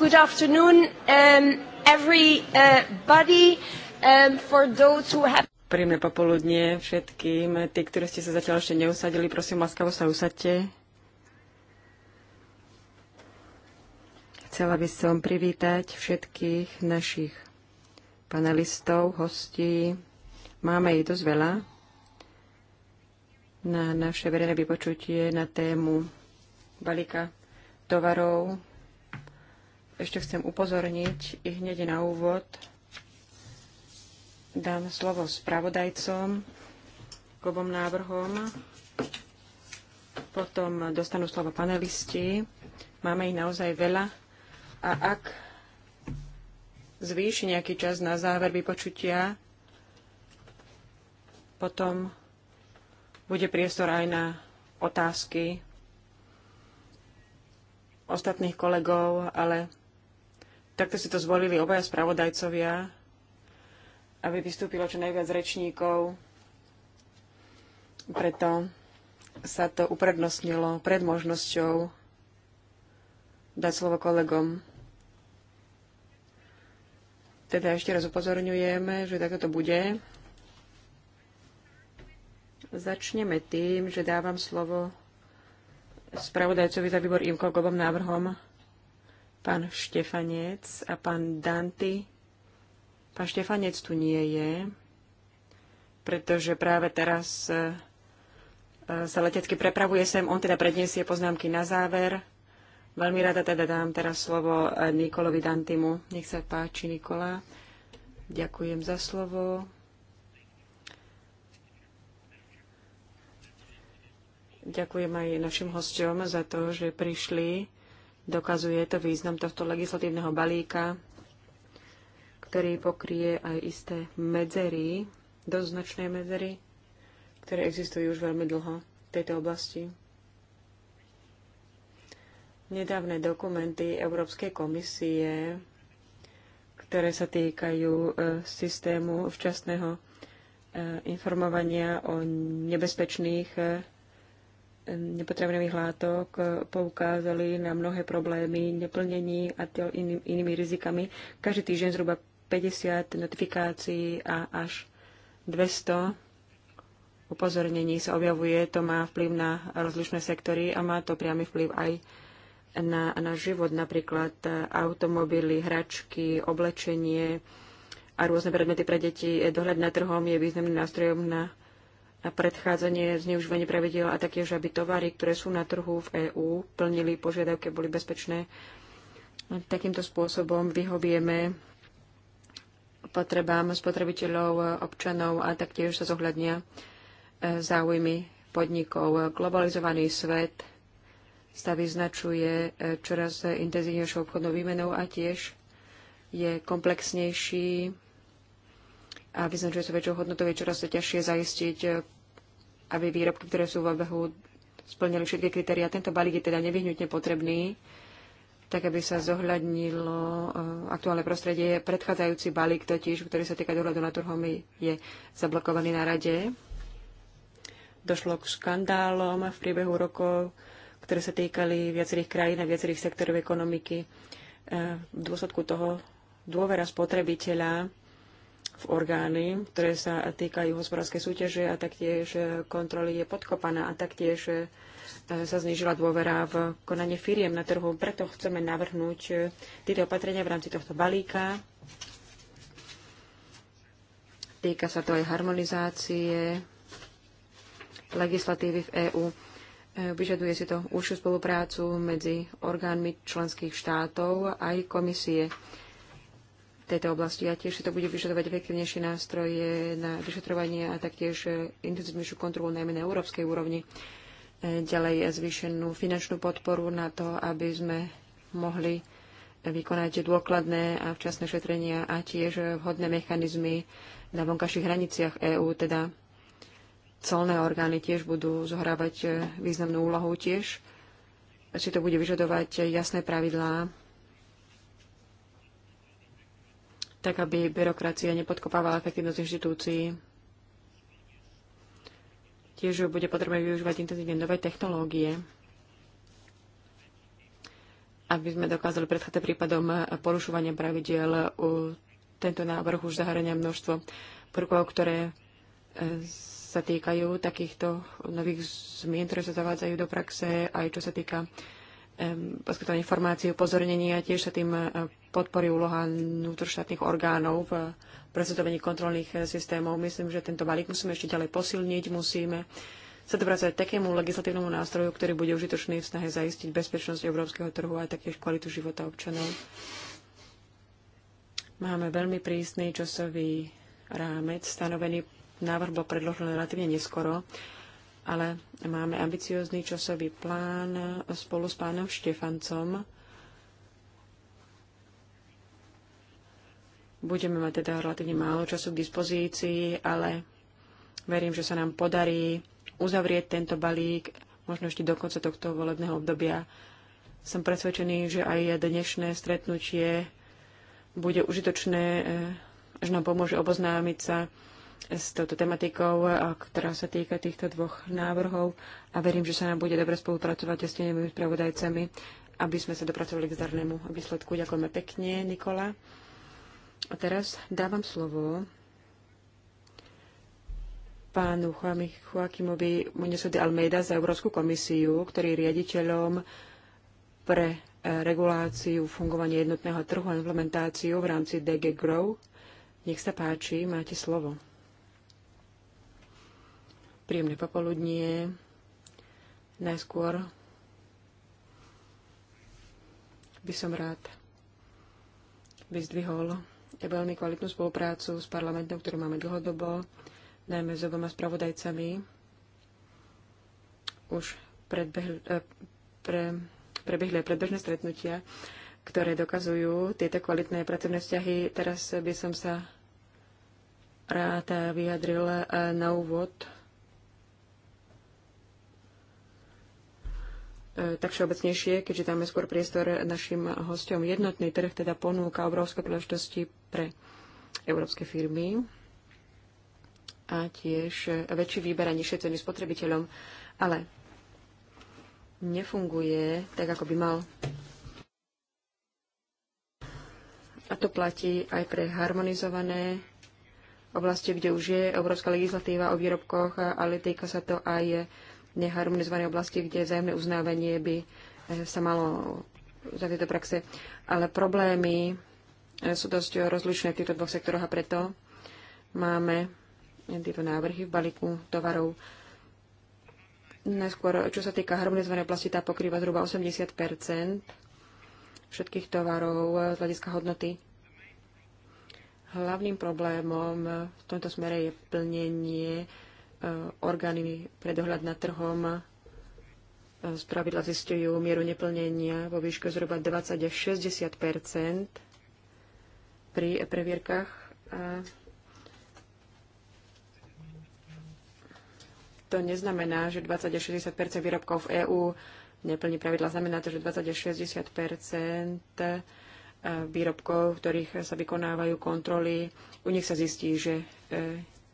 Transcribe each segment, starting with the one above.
Good afternoon, um, everybody, uh, um, for those who have... Príjemné popoludnie všetkým. Tí, ktorí ste sa zatiaľ ešte neusadili, prosím, láskavo sa usadte. Chcela by som privítať všetkých našich panelistov, hostí. Máme ich dosť veľa na naše verejné vypočutie na tému balíka tovarov ešte chcem upozorniť i hneď na úvod. Dám slovo spravodajcom k návrhom. Potom dostanú slovo panelisti. Máme ich naozaj veľa. A ak zvýši nejaký čas na záver vypočutia, potom bude priestor aj na otázky ostatných kolegov, ale Takto si to zvolili obaja spravodajcovia, aby vystúpilo čo najviac rečníkov. Preto sa to uprednostnilo pred možnosťou dať slovo kolegom. Teda ešte raz upozorňujeme, že takto to bude. Začneme tým, že dávam slovo spravodajcovi za výbor Imko Gobom návrhom Pán Štefanec a pán Danty. Pán Štefanec tu nie je, pretože práve teraz e, e, sa letecky prepravuje sem. On teda predniesie poznámky na záver. Veľmi rada teda dám teraz slovo e, Nikolovi Dantimu. Nech sa páči, Nikola. Ďakujem za slovo. Ďakujem aj našim hosťom za to, že prišli Dokazuje to význam tohto legislatívneho balíka, ktorý pokrie aj isté medzery, dosť značné medzery, ktoré existujú už veľmi dlho v tejto oblasti. Nedávne dokumenty Európskej komisie, ktoré sa týkajú e, systému včasného e, informovania o nebezpečných e, nepotrebných látok poukázali na mnohé problémy neplnení a iným, inými rizikami. Každý týždeň zhruba 50 notifikácií a až 200 upozornení sa objavuje. To má vplyv na rozličné sektory a má to priamy vplyv aj na, na život, napríklad automobily, hračky, oblečenie a rôzne predmety pre deti. Dohľad na trhom je významným nástrojom na na predchádzanie zneužívania pravidel a taktiež, aby tovary, ktoré sú na trhu v EÚ, plnili požiadavky, boli bezpečné. Takýmto spôsobom vyhovieme potrebám spotrebiteľov, občanov a taktiež sa zohľadnia e, záujmy podnikov. Globalizovaný svet sa vyznačuje e, čoraz intenzívnejšou obchodnou výmenou a tiež je komplexnejší a vyznačuje sa väčšou hodnotou, je čoraz ťažšie zaistiť, e, aby výrobky, ktoré sú v obehu, splnili všetky kritéria. Tento balík je teda nevyhnutne potrebný, tak aby sa zohľadnilo e, aktuálne prostredie. Predchádzajúci balík totiž, ktorý sa týka dohľadu na trhom, je zablokovaný na rade. Došlo k škandálom v priebehu rokov, ktoré sa týkali viacerých krajín a viacerých sektorov ekonomiky. E, v dôsledku toho dôvera spotrebiteľa v orgány, ktoré sa týkajú hospodárskej súťaže a taktiež e, kontroly je podkopaná a taktiež e, sa znižila dôvera v konanie firiem na trhu. Preto chceme navrhnúť e, tieto opatrenia v rámci tohto balíka. Týka sa to aj harmonizácie legislatívy v EÚ. Vyžaduje si to užšiu spoluprácu medzi orgánmi členských štátov aj komisie tejto oblasti a tiež si to bude vyžadovať efektívnejšie nástroje na vyšetrovanie a taktiež e, intenzívnejšiu kontrolu najmä na európskej úrovni. E, ďalej zvýšenú finančnú podporu na to, aby sme mohli vykonať dôkladné a včasné šetrenia a tiež vhodné mechanizmy na vonkajších hraniciach EÚ, teda colné orgány tiež budú zohrávať e, významnú úlohu tiež. Si to bude vyžadovať jasné pravidlá tak aby byrokracia nepodkopávala efektivnosť inštitúcií. Tiež bude potrebné využívať intenzívne nové technológie, aby sme dokázali predchádzať prípadom porušovania pravidiel. U tento návrh už zahrania množstvo prvkov, ktoré e, sa týkajú takýchto nových zmien, ktoré sa zavádzajú do praxe, aj čo sa týka poskytovanie informácií, upozornení a tiež sa tým eh, podporí úloha vnútroštátnych orgánov v presvetovaní kontrolných eh, systémov. Myslím, že tento balík musíme ešte ďalej posilniť, musíme sa dopracovať takému legislatívnemu nástroju, ktorý bude užitočný v snahe zaistiť bezpečnosť európskeho trhu a taktiež kvalitu života občanov. Máme veľmi prísny časový rámec stanovený. Návrh bol predložený relatívne neskoro ale máme ambiciózny časový plán spolu s pánom Štefancom. Budeme mať teda relatívne málo času k dispozícii, ale verím, že sa nám podarí uzavrieť tento balík možno ešte do konca tohto volebného obdobia. Som presvedčený, že aj dnešné stretnutie bude užitočné, že nám pomôže oboznámiť sa s touto tematikou, ktorá sa týka týchto dvoch návrhov a verím, že sa nám bude dobre spolupracovať s tými spravodajcami, aby sme sa dopracovali k zdarnému výsledku. Ďakujeme pekne, Nikola. A teraz dávam slovo pánu Joachimovi Munesu de Almeida za Európsku komisiu, ktorý je riaditeľom pre e, reguláciu fungovania jednotného trhu a implementáciu v rámci DG Grow. Nech sa páči, máte slovo. Príjemné popoludnie. Najskôr by som rád vyzdvihol veľmi kvalitnú spoluprácu s parlamentom, ktorú máme dlhodobo, najmä s oboma spravodajcami. Už predbehl, eh, pre, prebehli predbežné stretnutia, ktoré dokazujú tieto kvalitné pracovné vzťahy. Teraz by som sa rád vyjadril eh, na úvod E, tak všeobecnejšie, keďže tam je skôr priestor našim hostom. Jednotný trh teda ponúka obrovské príležitosti pre európske firmy a tiež väčší výber a nižšie ceny spotrebiteľom, ale nefunguje tak, ako by mal. A to platí aj pre harmonizované oblasti, kde už je európska legislatíva o výrobkoch, ale týka sa to aj neharmonizované oblasti, kde vzájomné uznávanie by eh, sa malo za tieto praxe. Ale problémy eh, sú dosť rozlišné v týchto dvoch sektoroch a preto máme tieto návrhy v balíku tovarov. Najskôr, čo sa týka harmonizovanej oblasti, tá pokrýva zhruba 80 všetkých tovarov eh, z hľadiska hodnoty. Hlavným problémom v tomto smere je plnenie E, orgány pre dohľad nad trhom e, z pravidla zistujú mieru neplnenia vo výške zhruba 20 až 60 pri previerkach. to neznamená, že 20 až 60 výrobkov v EÚ neplní pravidla. Znamená to, že 20 až 60 e, výrobkov, v ktorých sa vykonávajú kontroly, u nich sa zistí, že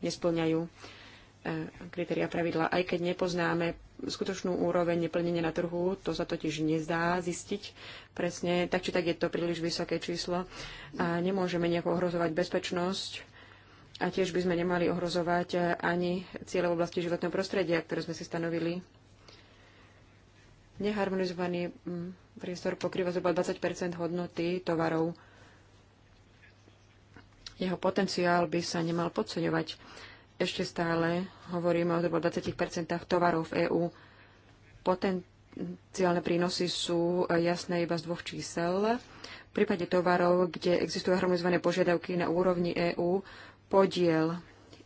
nesplňajú E, kritéria pravidla, aj keď nepoznáme skutočnú úroveň neplnenia na trhu, to sa totiž nezdá zistiť presne, tak či tak je to príliš vysoké číslo a nemôžeme nejako ohrozovať bezpečnosť a tiež by sme nemali ohrozovať e, ani cieľe v oblasti životného prostredia, ktoré sme si stanovili. Neharmonizovaný mm, priestor pokrýva zhruba 20 hodnoty tovarov. Jeho potenciál by sa nemal podceňovať ešte stále hovoríme o 20% tovarov v EÚ. Potenciálne prínosy sú jasné iba z dvoch čísel. V prípade tovarov, kde existujú harmonizované požiadavky na úrovni EÚ, podiel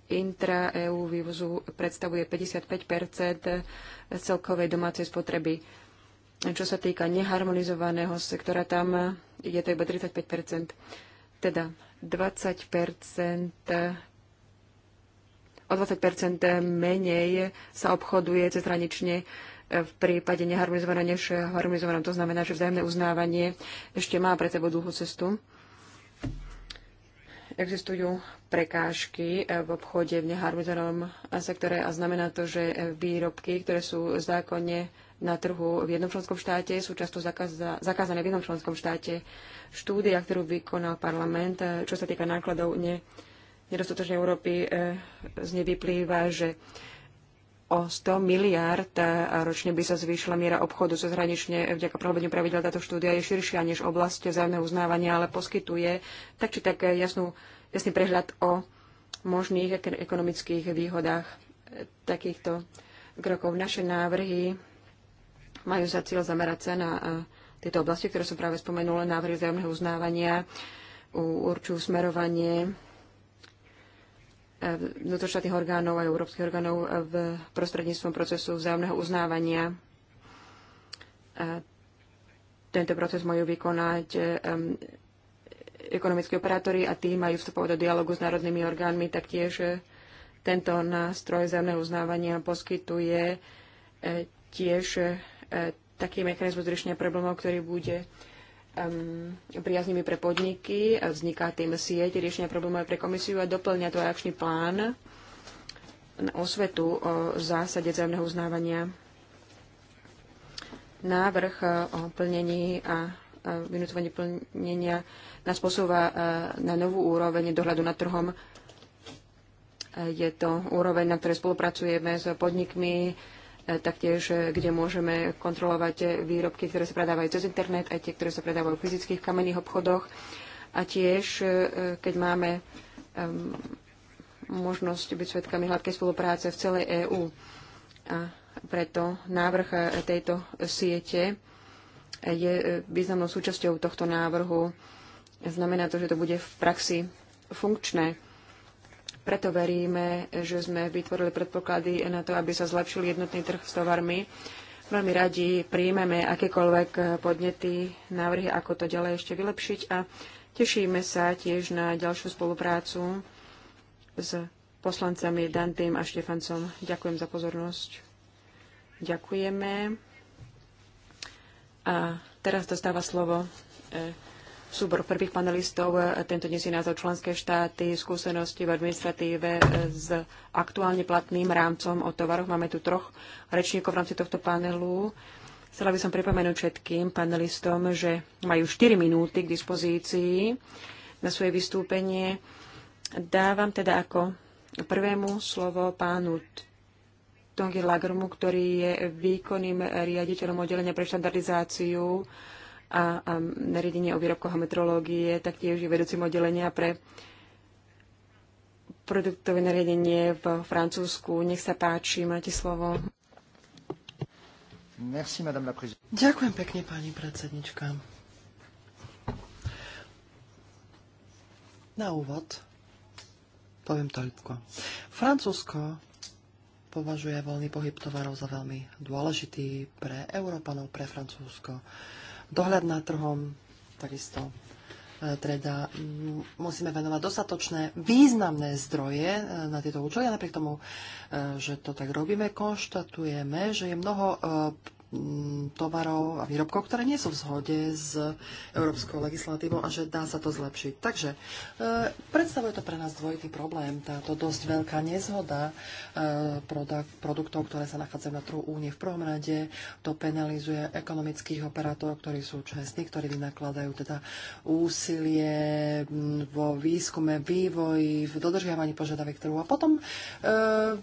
intra-EU vývozu predstavuje 55 celkovej domácej spotreby. Čo sa týka neharmonizovaného sektora, tam je to iba 35 Teda 20 o 20 menej sa obchoduje cezhranične v prípade neharmonizovaného než harmonizovaného. To znamená, že vzájomné uznávanie ešte má pre sebou dlhú cestu. Existujú prekážky v obchode v neharmonizovanom sektore a znamená to, že výrobky, ktoré sú zákonne na trhu v jednom členskom štáte, sú často zakázané v jednom členskom štáte. Štúdia, ktorú vykonal parlament, čo sa týka nákladov, ne, nedostatočnej Európy e, z nej vyplýva, že o 100 miliard e, ročne by sa zvýšila miera obchodu so zhranične e, vďaka prehlbeniu pravidel. Táto štúdia je širšia než oblasť vzájomného uznávania, ale poskytuje tak či tak jasnú, jasný prehľad o možných ekonomických výhodách takýchto krokov. Naše návrhy majú za cieľ zamerať sa na tieto oblasti, ktoré som práve spomenula, návrhy vzájomného uznávania, určujú smerovanie vnútroštátnych orgánov a európskych orgánov v prostredníctvom procesu vzájomného uznávania. Tento proces majú vykonať ekonomickí operátori a tí majú vstupovať do dialogu s národnými orgánmi. Taktiež e, tento nástroj vzájomného uznávania poskytuje e, tiež e, taký mechanizmus riešenia problémov, ktorý bude um, pre podniky, e, vzniká tým sieť riešenia problémov pre komisiu a doplňa to aj akčný plán na osvetu o zásade vzájomného uznávania. Návrh e, o plnení a e, vynúcovaní plnenia nás posúva na novú úroveň dohľadu nad trhom. Je to úroveň, na ktorej spolupracujeme s podnikmi, E, taktiež e, kde môžeme kontrolovať e, výrobky, ktoré sa predávajú cez internet, aj tie, ktoré sa predávajú v fyzických kamenných obchodoch. A tiež, keď máme možnosť byť svetkami hladkej spolupráce v celej EÚ. A preto návrh tejto siete je významnou súčasťou tohto návrhu. Znamená to, že to bude v praxi funkčné. Preto veríme, že sme vytvorili predpoklady na to, aby sa zlepšil jednotný trh s tovarmi. Veľmi radi príjmeme akékoľvek podnety, návrhy, ako to ďalej ešte vylepšiť a tešíme sa tiež na ďalšiu spoluprácu s poslancami Dantým a Štefancom. Ďakujem za pozornosť. Ďakujeme. A teraz dostáva slovo eh, súbor prvých panelistov. E, tento nesie názov členské štáty, skúsenosti v administratíve e, s aktuálne platným rámcom o tovaroch. Máme tu troch rečníkov v rámci tohto panelu. Chcela by som pripomenúť všetkým panelistom, že majú 4 minúty k dispozícii na svoje vystúpenie. Dávam teda ako prvému slovo pánu Tongi Lagrmu, ktorý je výkonným riaditeľom oddelenia pre štandardizáciu a, a nariadenie o výrobkoch a metrológie, taktiež je vedúcim oddelenia pre produktové nariadenie v Francúzsku. Nech sa páči, máte slovo. Merci, madame la Ďakujem pekne, pani predsednička. Na úvod poviem toľko. Francúzsko považuje voľný pohyb tovarov za veľmi dôležitý pre Európanov, pre Francúzsko dohľad na trhom, takisto e, teda musíme venovať dostatočné významné zdroje e, na tieto účely a napriek tomu, e, že to tak robíme, konštatujeme, že je mnoho Mm, tovarov a výrobkov, ktoré nie sú v zhode s európskou legislatívou a že dá sa to zlepšiť. Takže e, predstavuje to pre nás dvojitý problém, táto dosť veľká nezhoda e, produktov, ktoré sa nachádzajú na trhu únie. V prvom rade to penalizuje ekonomických operátorov, ktorí sú čestní, ktorí vynakladajú teda úsilie mm, vo výskume, vývoji, v dodržiavaní požiadaviek trhu a potom e,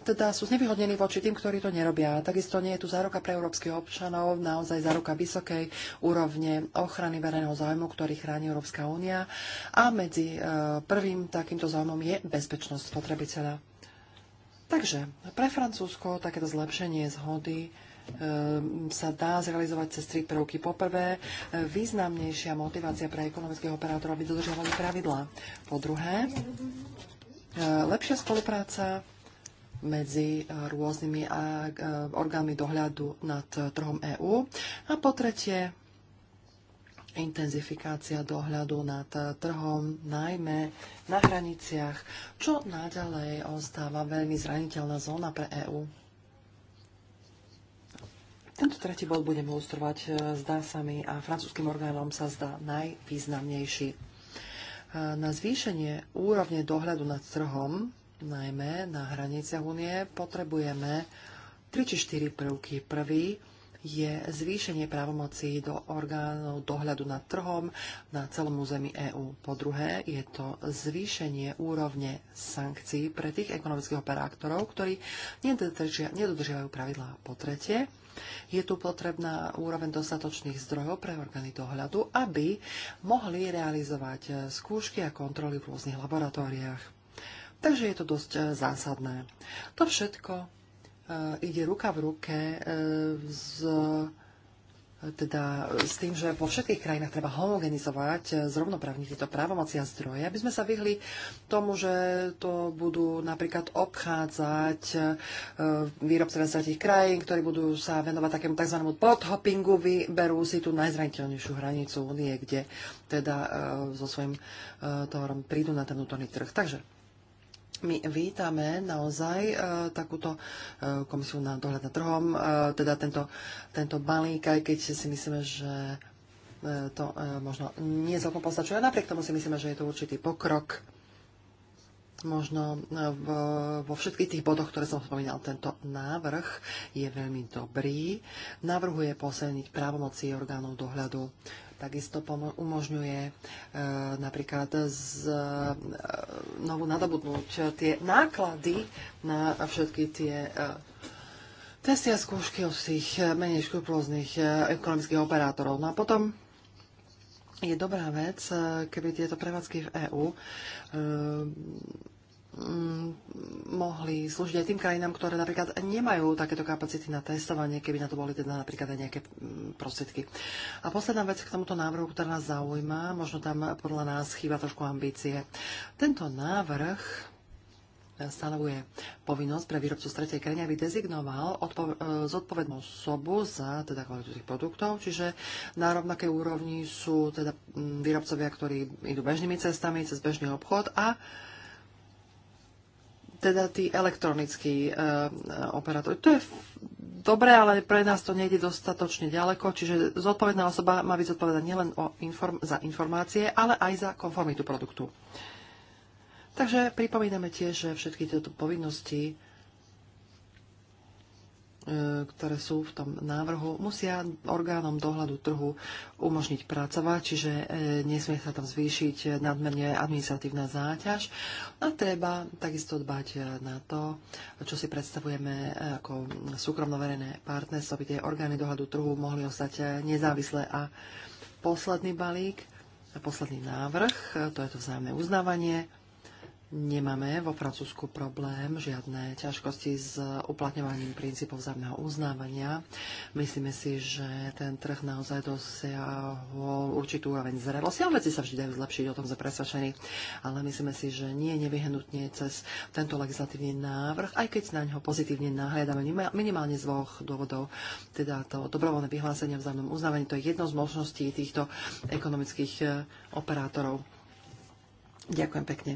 teda sú znevýhodnení voči tým, ktorí to nerobia. Takisto nie je tu zároka pre európskych občanov občanov naozaj ruka vysokej úrovne ochrany verejného záujmu, ktorý chráni Európska únia. A medzi e, prvým takýmto záujmom je bezpečnosť spotrebiteľa. Takže pre Francúzsko takéto zlepšenie zhody e, sa dá zrealizovať cez tri prvky. Poprvé, e, významnejšia motivácia pre ekonomických operátorov, aby dodržiavali pravidlá. Po druhé, lepšia spolupráca medzi eh, rôznymi eh, eh, orgánmi dohľadu nad trhom EÚ. A po tretie, intenzifikácia dohľadu nad trhom, najmä na hraniciach, čo naďalej ostáva veľmi zraniteľná zóna pre EÚ. Tento tretí bod budem ilustrovať, zdá sa mi, a francúzským orgánom sa zdá najvýznamnejší. Na zvýšenie úrovne dohľadu nad trhom najmä na hraniciach únie, potrebujeme 3 či 4 prvky. Prvý je zvýšenie právomocí do orgánov dohľadu nad trhom na celom území EÚ. Po druhé je to zvýšenie úrovne sankcií pre tých ekonomických operátorov, ktorí nedodržiavajú pravidlá. Po tretie je tu potrebná úroveň dostatočných zdrojov pre orgány dohľadu, aby mohli realizovať eh, skúšky a kontroly v rôznych laboratóriách. Takže je to dosť e, zásadné. To všetko e, ide ruka v ruke e, s, teda, s tým, že vo všetkých krajinách treba homogenizovať zrovnoprávne tieto právomoci a zdroje, aby sme sa vyhli tomu, že to budú napríklad obchádzať výrobce z krajín, ktorí budú sa venovať takému tzv. podhoppingu, vyberú si tú najzraniteľnejšiu hranicu niekde, teda so svojím tovarom prídu na ten vnútorný trh. Takže my vítame naozaj e, takúto e, komisiu na dohľad nad trhom, e, teda tento, tento balík, aj keď si myslíme, že e, to e, možno nie celkom postačuje. Napriek tomu si myslíme, že je to určitý pokrok možno e, v, vo všetkých tých bodoch, ktoré som spomínal, tento návrh je veľmi dobrý. Navrhuje posilniť právomoci orgánov dohľadu takisto umožňuje e, napríklad z, e, novú nadobudnúť tie náklady na všetky tie e, testy a skúšky od tých menej škrupulóznych ekonomických operátorov. No a potom je dobrá vec, keby tieto prevádzky v EÚ Mm, mohli slúžiť aj tým krajinám, ktoré napríklad nemajú takéto kapacity na testovanie, keby na to boli teda napríklad aj nejaké mm, prostriedky. A posledná vec k tomuto návrhu, ktorá nás zaujíma, možno tam podľa nás chýba trošku ambície. Tento návrh stanovuje povinnosť pre výrobcu z tretej krajiny, aby dezignoval e, zodpovednú osobu za teda kvalitu tých produktov, čiže na rovnakej úrovni sú teda mm, výrobcovia, ktorí idú bežnými cestami cez bežný obchod a teda tí elektronickí e, e operátori. To je dobré, ale pre nás to nejde dostatočne ďaleko, čiže zodpovedná osoba má byť zodpovedná nielen o inform- za informácie, ale aj za konformitu produktu. Takže pripomíname tiež, že všetky tieto povinnosti E, ktoré sú v tom návrhu, musia orgánom dohľadu trhu umožniť pracovať, čiže e, nesmie sa tam zvýšiť nadmerne administratívna záťaž. A treba takisto dbať na to, čo si predstavujeme e, ako súkromno-verejné partnerstvo, aby tie orgány dohľadu trhu mohli ostať nezávislé. A posledný balík, posledný návrh, to je to vzájomné uznávanie Nemáme vo Francúzsku problém, žiadne ťažkosti s uplatňovaním princípov vzájomného uznávania. Myslíme si, že ten trh naozaj dosiahol určitú úroveň zrelosti, ale veci sa vždy dajú zlepšiť, o tom sme presvedčení. Ale myslíme si, že nie je nevyhnutne cez tento legislatívny návrh, aj keď na ňo pozitívne nahliadame minimálne z dvoch dôvodov. Teda to dobrovoľné vyhlásenie v vzájomnom uznávaní, to je jedno z možností týchto ekonomických eh, operátorov. Ďakujem pekne.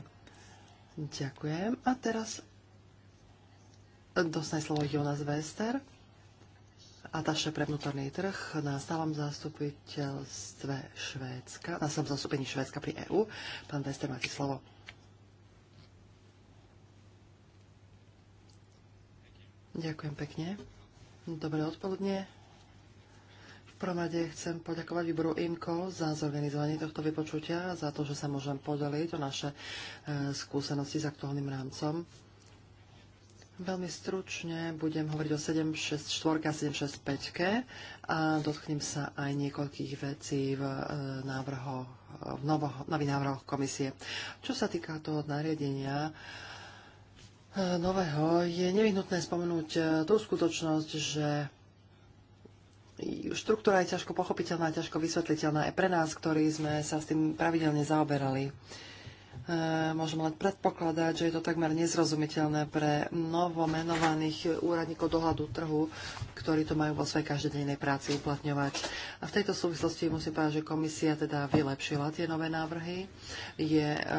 Ďakujem. A teraz dostane slovo Jonas Wester, ataše pre vnútorný trh na stálom zastupiteľstve Švédska, na stálom zastupení Švédska pri EÚ. Pán Wester, máte slovo. Ďakujem pekne. Dobré odpoludne prvom rade chcem poďakovať výboru IMCO za zorganizovanie tohto vypočutia, a za to, že sa môžem podeliť o naše e, skúsenosti s aktuálnym rámcom. Veľmi stručne budem hovoriť o 764 a 765 a dotknem sa aj niekoľkých vecí v, e, návrho, v novo, nových návrhoch komisie. Čo sa týka toho nariadenia, e, nového je nevyhnutné spomenúť e, tú skutočnosť, že štruktúra je ťažko pochopiteľná, ťažko vysvetliteľná aj pre nás, ktorí sme sa s tým pravidelne zaoberali. E, môžem len predpokladať, že je to takmer nezrozumiteľné pre novomenovaných úradníkov dohľadu trhu, ktorí to majú vo svojej každodennej práci uplatňovať. A v tejto súvislosti musím povedať, že komisia teda vylepšila tie nové návrhy, je, e,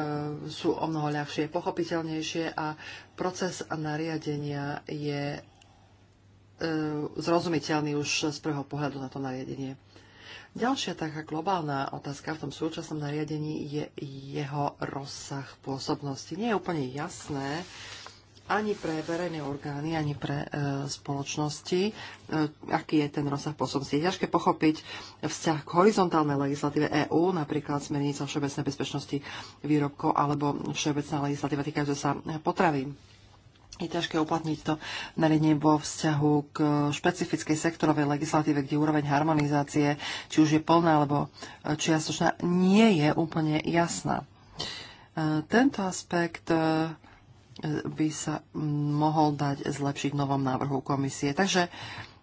sú o mnoho ľahšie, pochopiteľnejšie a proces nariadenia je E, zrozumiteľný už z prvého pohľadu na to nariadenie. Ďalšia taká globálna otázka v tom súčasnom nariadení je jeho rozsah pôsobnosti. Nie je úplne jasné ani pre verejné orgány, ani pre e, spoločnosti, e, aký je ten rozsah pôsobnosti. Je ťažké pochopiť vzťah k horizontálnej legislatíve EÚ, napríklad smernica všeobecnej bezpečnosti výrobkov alebo všeobecná legislatíva týkajúca sa potravín je ťažké uplatniť to nariadenie vo vzťahu k špecifickej sektorovej legislatíve, kde úroveň harmonizácie, či už je plná alebo eh, čiastočná, nie je úplne jasná. Eh, tento aspekt eh, by sa mohol dať zlepšiť v novom návrhu komisie. Takže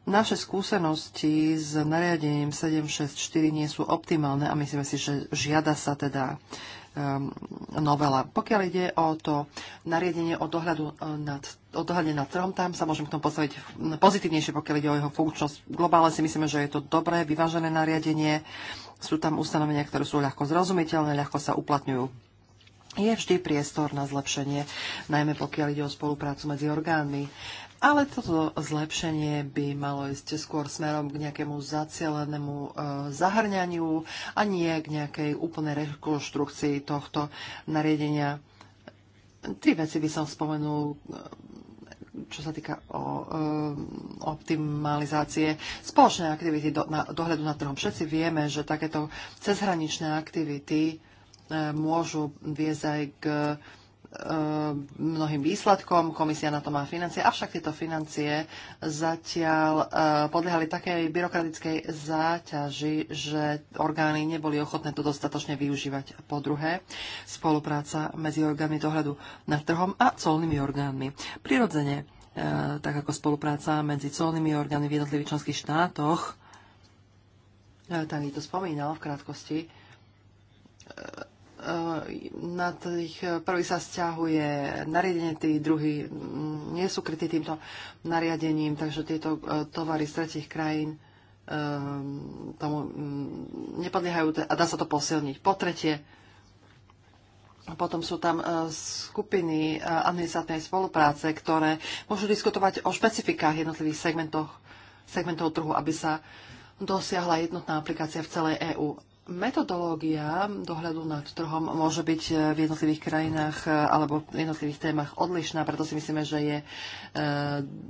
naše skúsenosti s nariadením 764 nie sú optimálne a myslíme si, že žiada sa teda Um, novela. Pokiaľ ide o to nariadenie o dohľadu uh, nad o dohľade nad trhom, tam sa môžem k tomu postaviť no, pozitívnejšie, pokiaľ ide o jeho funkčnosť. Globálne si myslíme, že je to dobré, vyvážené nariadenie. Sú tam ustanovenia, ktoré sú ľahko zrozumiteľné, ľahko sa uplatňujú. Je vždy priestor na zlepšenie, najmä pokiaľ ide o spoluprácu medzi orgánmi. Ale toto zlepšenie by malo ísť skôr smerom k nejakému zacielenému e, zahrňaniu a nie k nejakej úplnej rekonštrukcii tohto nariadenia. Tri veci by som spomenul e, čo sa týka o, e, optimalizácie spoločnej aktivity do, na, dohľadu na trhom. Všetci vieme, že takéto cezhraničné aktivity e, môžu viesť aj k e, Eh, mnohým výsledkom, komisia na to má financie, avšak tieto financie zatiaľ eh, podliehali takej byrokratickej záťaži, že orgány neboli ochotné to dostatočne využívať. Po druhé, spolupráca medzi orgánmi dohľadu nad trhom a colnými orgánmi. Prirodzene, eh, tak ako spolupráca medzi colnými orgánmi v jednotlivých členských štátoch, tak to spomínal v krátkosti, E, na tých e, prvý sa stiahuje nariadenie, tí druhý nie sú krytí týmto nariadením, takže tieto e, tovary z tretich krajín tomu nepodliehajú a dá sa to posilniť. Po tretie, potom sú tam skupiny administratívnej spolupráce, ktoré môžu diskutovať o špecifikách jednotlivých segmentov trhu, aby sa dosiahla jednotná aplikácia v celej EÚ metodológia dohľadu nad trhom môže byť eh, v jednotlivých krajinách eh, alebo v jednotlivých témach odlišná, preto si myslíme, že je eh,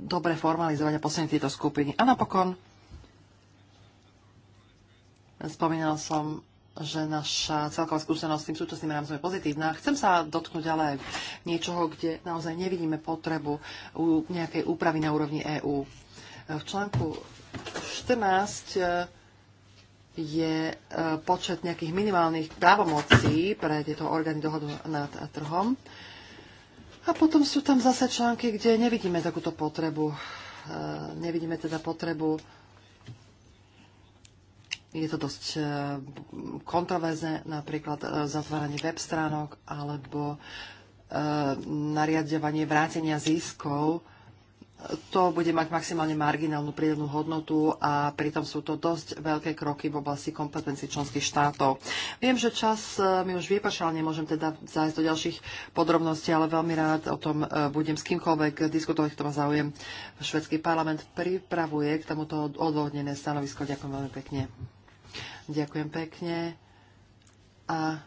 dobre formalizovať a posilniť tieto skupiny. A napokon spomínal som že naša celková skúsenosť s tým súčasným rámcom je pozitívna. Chcem sa dotknúť ale niečoho, kde naozaj nevidíme potrebu nejakej úpravy na úrovni EÚ. V článku 14 je e, počet nejakých minimálnych právomocí pre tieto orgány dohodu nad trhom. A potom sú tam zase články, kde nevidíme takúto potrebu. E, nevidíme teda potrebu. Je to dosť e, kontroverzne, napríklad zatváranie web stránok alebo nariadovanie vrátenia ziskov to bude mať maximálne marginálnu prídenú hodnotu a pritom sú to dosť veľké kroky v oblasti kompetencií členských štátov. Viem, že čas e, mi už vypašal, nemôžem teda zájsť do ďalších podrobností, ale veľmi rád o tom e, budem s kýmkoľvek diskutovať, kto ma záujem. Švedský parlament pripravuje k tomuto odvodnené stanovisko. Ďakujem veľmi pekne. Ďakujem pekne. A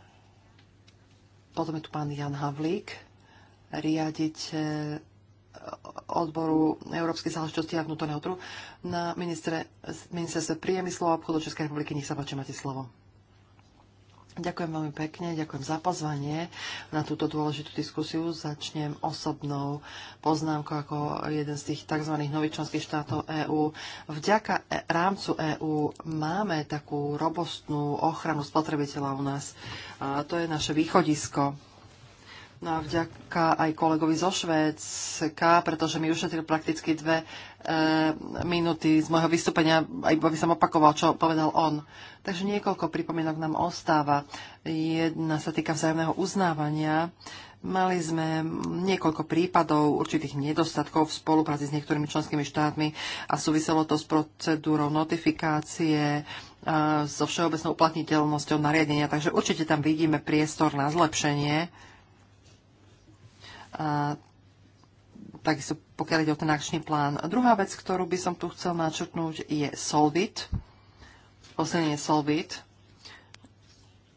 potom je tu pán Jan Havlík, riaditeľ odboru Európskej záležitosti a vnútorného trhu na ministre, ministerstve priemyslu a obchodu Českej republiky. Nech sa páči, máte slovo. Ďakujem veľmi pekne, ďakujem za pozvanie na túto dôležitú diskusiu. Začnem osobnou poznámkou ako jeden z tých tzv. nových členských štátov EÚ. Vďaka e- rámcu EÚ máme takú robustnú ochranu spotrebiteľa u nás. A to je naše východisko No a vďaka aj kolegovi zo Švédska, pretože mi ušetril prakticky dve e, minúty z môjho vystúpenia, iba by som opakoval, čo povedal on. Takže niekoľko pripomienok nám ostáva. Jedna sa týka vzájomného uznávania. Mali sme niekoľko prípadov určitých nedostatkov v spolupráci s niektorými členskými štátmi a súviselo to s procedúrou notifikácie, a so všeobecnou uplatniteľnosťou nariadenia. Takže určite tam vidíme priestor na zlepšenie a takisto pokiaľ ide o ten akčný plán. A druhá vec, ktorú by som tu chcel načrtnúť, je Solvit. Oznenie Solvit.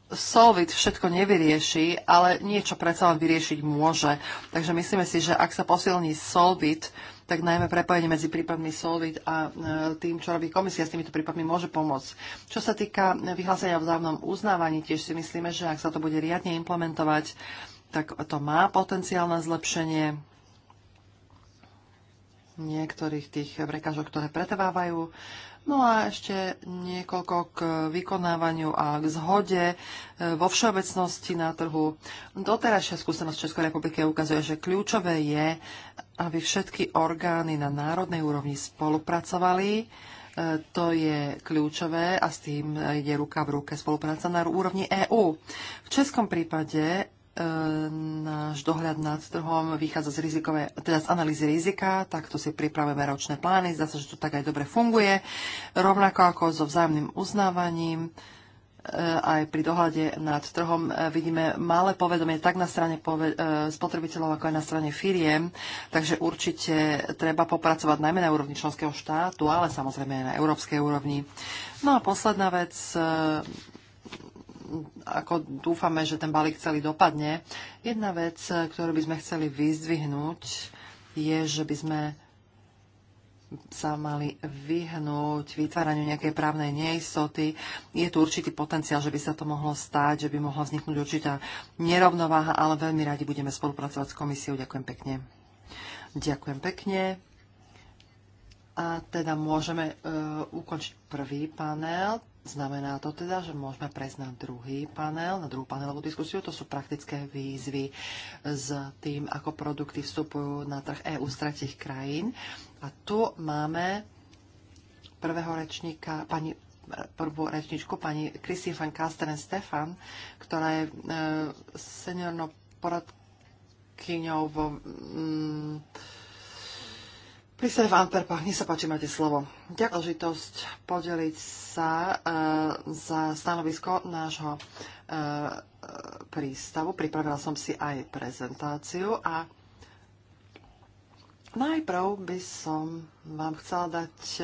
Solvit všetko nevyrieši, ale niečo predsa len vyriešiť môže. Takže myslíme si, že ak sa posilní Solvit, tak najmä prepojenie medzi prípadmi Solvit a e, tým, čo robí komisia s týmito prípadmi, môže pomôcť. Čo sa týka vyhlásenia v vzájomnom uznávaní, tiež si myslíme, že ak sa to bude riadne implementovať, tak to má potenciál na zlepšenie niektorých tých prekážok, ktoré pretrvávajú. No a ešte niekoľko k vykonávaniu a k zhode e, vo všeobecnosti na trhu. Doterajšia skúsenosť Českej republiky ukazuje, že kľúčové je, aby všetky orgány na národnej úrovni spolupracovali. E, to je kľúčové a s tým ide ruka v ruke spolupráca na úrovni EÚ. V českom prípade náš dohľad nad trhom vychádza z, rizikové, teda z analýzy rizika, takto si pripravujeme ročné plány, zdá sa, že to tak aj dobre funguje, rovnako ako so vzájomným uznávaním eh, aj pri dohľade nad trhom eh, vidíme malé povedomie tak na strane eh, spotrebiteľov, ako aj na strane firiem, takže určite treba popracovať najmä na úrovni členského štátu, ale samozrejme aj na európskej úrovni. No a posledná vec, ako dúfame, že ten balík celý dopadne. Jedna vec, ktorú by sme chceli vyzdvihnúť, je, že by sme sa mali vyhnúť vytváraniu nejakej právnej neistoty. Je tu určitý potenciál, že by sa to mohlo stať, že by mohla vzniknúť určitá nerovnováha, ale veľmi radi budeme spolupracovať s komisiou. Ďakujem pekne. Ďakujem pekne. A teda môžeme uh, ukončiť prvý panel. Znamená to teda, že môžeme prejsť na druhý panel, na druhú panelovú diskusiu. To sú praktické výzvy s tým, ako produkty vstupujú na trh EU z tretich krajín. A tu máme prvého rečníka, pani prvú rečničku, pani Kristín van Kasteren Stefan, ktorá je e, seniornou poradkyňou vo mm, Pristaj v Antwerpách, nech sa páči, máte slovo. Ďakujem za podeliť sa e, za stanovisko nášho e, prístavu. Pripravila som si aj prezentáciu a najprv by som vám chcela dať e,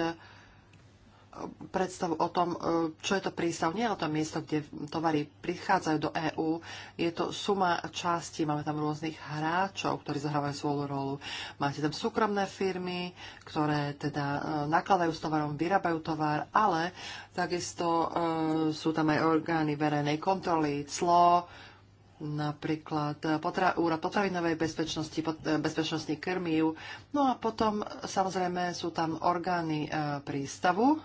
predstavu o tom, e, čo je to prístav. Nie je to miesto, kde tovary prichádzajú do EÚ. Je to suma častí. Máme tam rôznych hráčov, ktorí zahrávajú svoju rolu. Máte tam súkromné firmy, ktoré teda e, nakladajú s tovarom, vyrábajú tovar, ale takisto e, sú tam aj orgány verejnej kontroly, clo, napríklad potra- úrad potravinovej bezpečnosti, pot- bezpečnosti krmív. No a potom samozrejme sú tam orgány e, prístavu,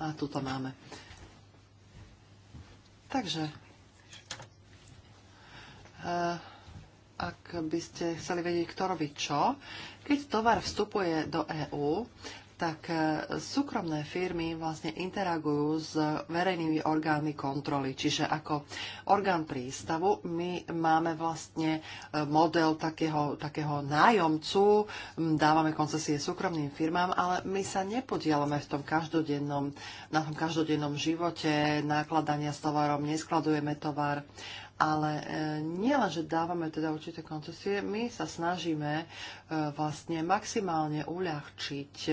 A tu to máme. Takže, eh, ak by ste chceli vedieť, kto robí čo, keď tovar vstupuje do EÚ, tak e, súkromné firmy vlastne interagujú s verejnými orgánmi kontroly. Čiže ako orgán prístavu my máme vlastne e, model takého, takého nájomcu, dávame koncesie súkromným firmám, ale my sa nepodielame v tom každodennom, na tom každodennom živote nákladania s tovarom, neskladujeme tovar ale e, nielen, že dávame teda určité koncesie, my sa snažíme e, vlastne maximálne uľahčiť e,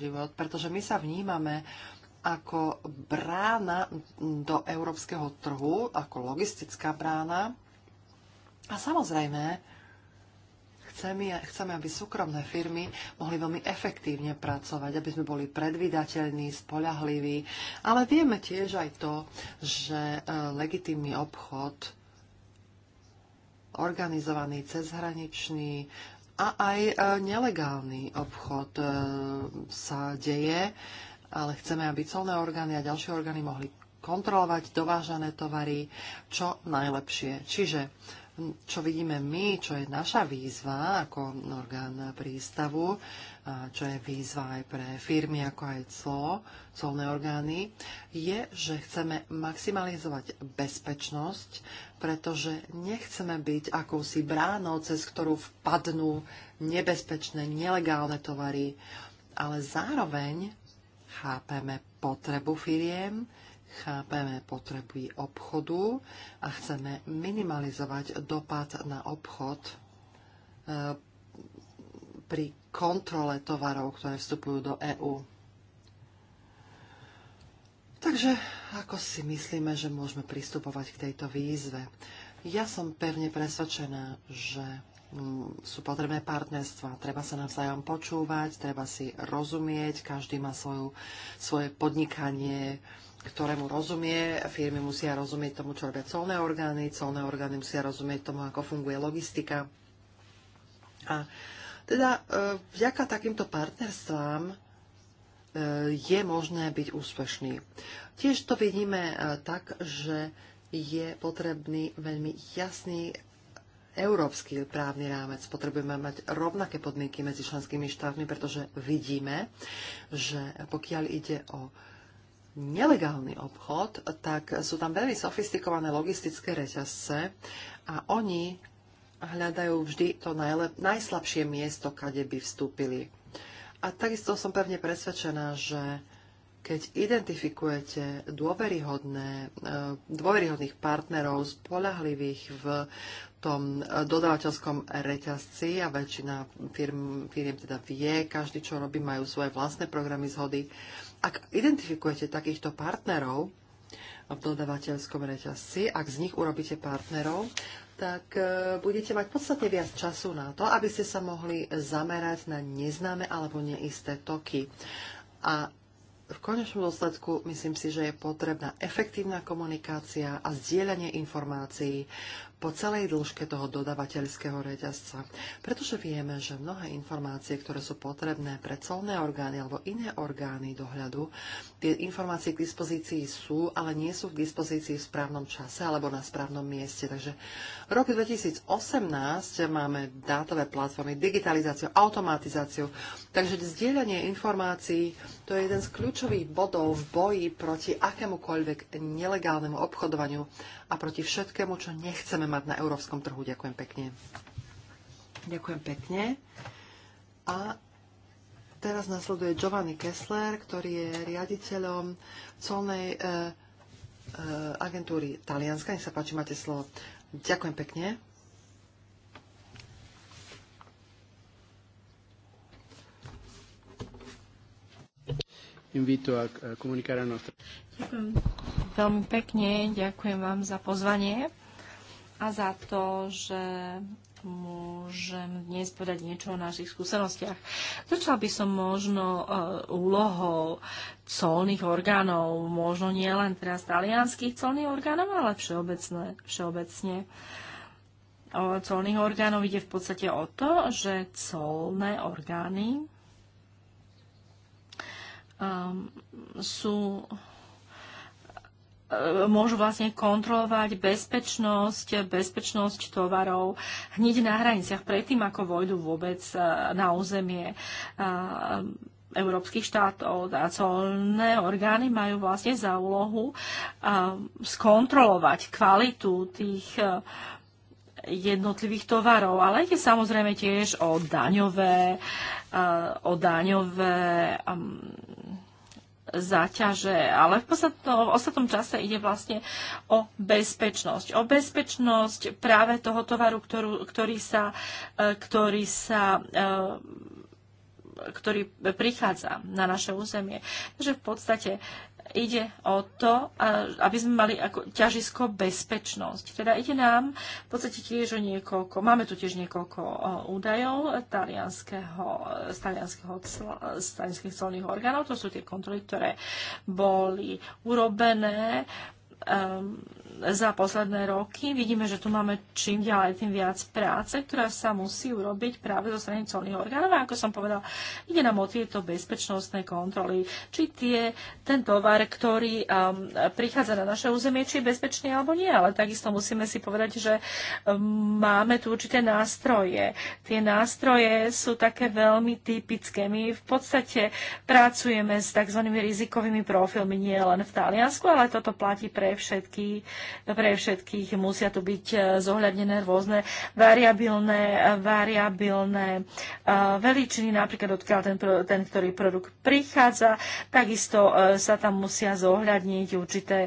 život, pretože my sa vnímame ako brána do európskeho trhu, ako logistická brána. A samozrejme, Chceme, chceme, aby súkromné firmy mohli veľmi efektívne pracovať, aby sme boli predvydateľní, spoľahliví, ale vieme tiež aj to, že e, legitímny obchod organizovaný cezhraničný a aj e, nelegálny obchod e, sa deje, ale chceme, aby colné orgány a ďalšie orgány mohli kontrolovať dovážané tovary čo najlepšie. Čiže čo vidíme my, čo je naša výzva ako orgán prístavu, čo je výzva aj pre firmy, ako aj clo, colné orgány, je, že chceme maximalizovať bezpečnosť, pretože nechceme byť akousi bránou, cez ktorú vpadnú nebezpečné, nelegálne tovary, ale zároveň chápeme potrebu firiem, Chápeme potreby obchodu a chceme minimalizovať dopad na obchod e, pri kontrole tovarov, ktoré vstupujú do EÚ. Takže ako si myslíme, že môžeme pristupovať k tejto výzve? Ja som pevne presvedčená, že mm, sú potrebné partnerstva. Treba sa navzájom počúvať, treba si rozumieť, každý má svoju, svoje podnikanie, ktorému rozumie, firmy musia rozumieť tomu, čo robia colné orgány, colné orgány musia rozumieť tomu, ako funguje logistika. A teda e, vďaka takýmto partnerstvám e, je možné byť úspešný. Tiež to vidíme e, tak, že je potrebný veľmi jasný európsky právny rámec. Potrebujeme mať rovnaké podmienky medzi členskými štátmi, pretože vidíme, že pokiaľ ide o nelegálny obchod, tak sú tam veľmi sofistikované logistické reťazce a oni hľadajú vždy to najlep- najslabšie miesto, kade by vstúpili. A takisto som pevne presvedčená, že keď identifikujete dôveryhodné, e, dôveryhodných partnerov, spolahlivých v tom e, dodávateľskom reťazci a väčšina firm, firm teda vie, každý čo robí, majú svoje vlastné programy zhody, ak identifikujete takýchto partnerov v dodavateľskom reťazci, ak z nich urobíte partnerov, tak e, budete mať podstatne viac času na to, aby ste sa mohli zamerať na neznáme alebo neisté toky. A v konečnom dôsledku myslím si, že je potrebná efektívna komunikácia a zdieľanie informácií po celej dĺžke toho dodavateľského reťazca. Pretože vieme, že mnohé informácie, ktoré sú potrebné pre colné orgány alebo iné orgány dohľadu, tie informácie k dispozícii sú, ale nie sú k dispozícii v správnom čase alebo na správnom mieste. Takže rok 2018 máme dátové platformy, digitalizáciu, automatizáciu, Takže zdieľanie informácií to je jeden z kľúčových bodov v boji proti akémukoľvek nelegálnemu obchodovaniu a proti všetkému, čo nechceme mať na európskom trhu. Ďakujem pekne. Ďakujem pekne. A teraz nasleduje Giovanni Kessler, ktorý je riaditeľom colnej e, e, agentúry Talianska. Nech sa páči, máte slovo. Ďakujem pekne. invito a comunicare a nostra. Ďakujem veľmi pekne, ďakujem vám za pozvanie a za to, že môžem dnes povedať niečo o našich skúsenostiach. Začala by som možno e, úlohou colných orgánov, možno nie len teraz talianských colných orgánov, ale všeobecne. všeobecne. O colných orgánov ide v podstate o to, že colné orgány Ehm, sú e, môžu vlastne kontrolovať bezpečnosť, bezpečnosť tovarov hneď na hraniciach, predtým ako vojdu vôbec e, na územie e, európskych štátov. A colné orgány majú vlastne za úlohu skontrolovať kvalitu tých jednotlivých tovarov, ale ide samozrejme tiež o daňové, o daňové záťaže, ale v, ostatnom čase ide vlastne o bezpečnosť. O bezpečnosť práve toho tovaru, ktorú, ktorý sa, e, ktorý sa e, ktorý prichádza na naše územie. Takže v podstate ide o to, aby sme mali ako ťažisko bezpečnosť. Teda ide nám v podstate tiež o niekoľko, máme tu tiež niekoľko údajov talianského, z talianského, z talianských colných orgánov, to sú tie kontroly, ktoré boli urobené Ehm, za posledné roky. Vidíme, že tu máme čím ďalej tým viac práce, ktorá sa musí urobiť práve zo strany colných orgánov. A ako som povedal, ide nám o tieto bezpečnostné kontroly. Či tie, ten tovar, ktorý um, prichádza na naše územie, či je bezpečný alebo nie. Ale takisto musíme si povedať, že um, máme tu určité nástroje. Tie nástroje sú také veľmi typické. My v podstate pracujeme s tzv. rizikovými profilmi nie len v Taliansku, ale toto platí pre pre, všetky, pre všetkých. Musia tu byť e, zohľadnené rôzne variabilné, variabilné e, veličiny, napríklad odkiaľ ten, ten, ktorý produkt prichádza. Takisto e, sa tam musia zohľadniť určité,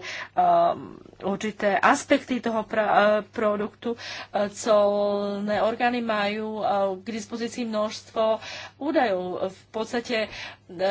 určité aspekty toho pra, produktu. Colné orgány majú k dispozícii množstvo údajov. V podstate E,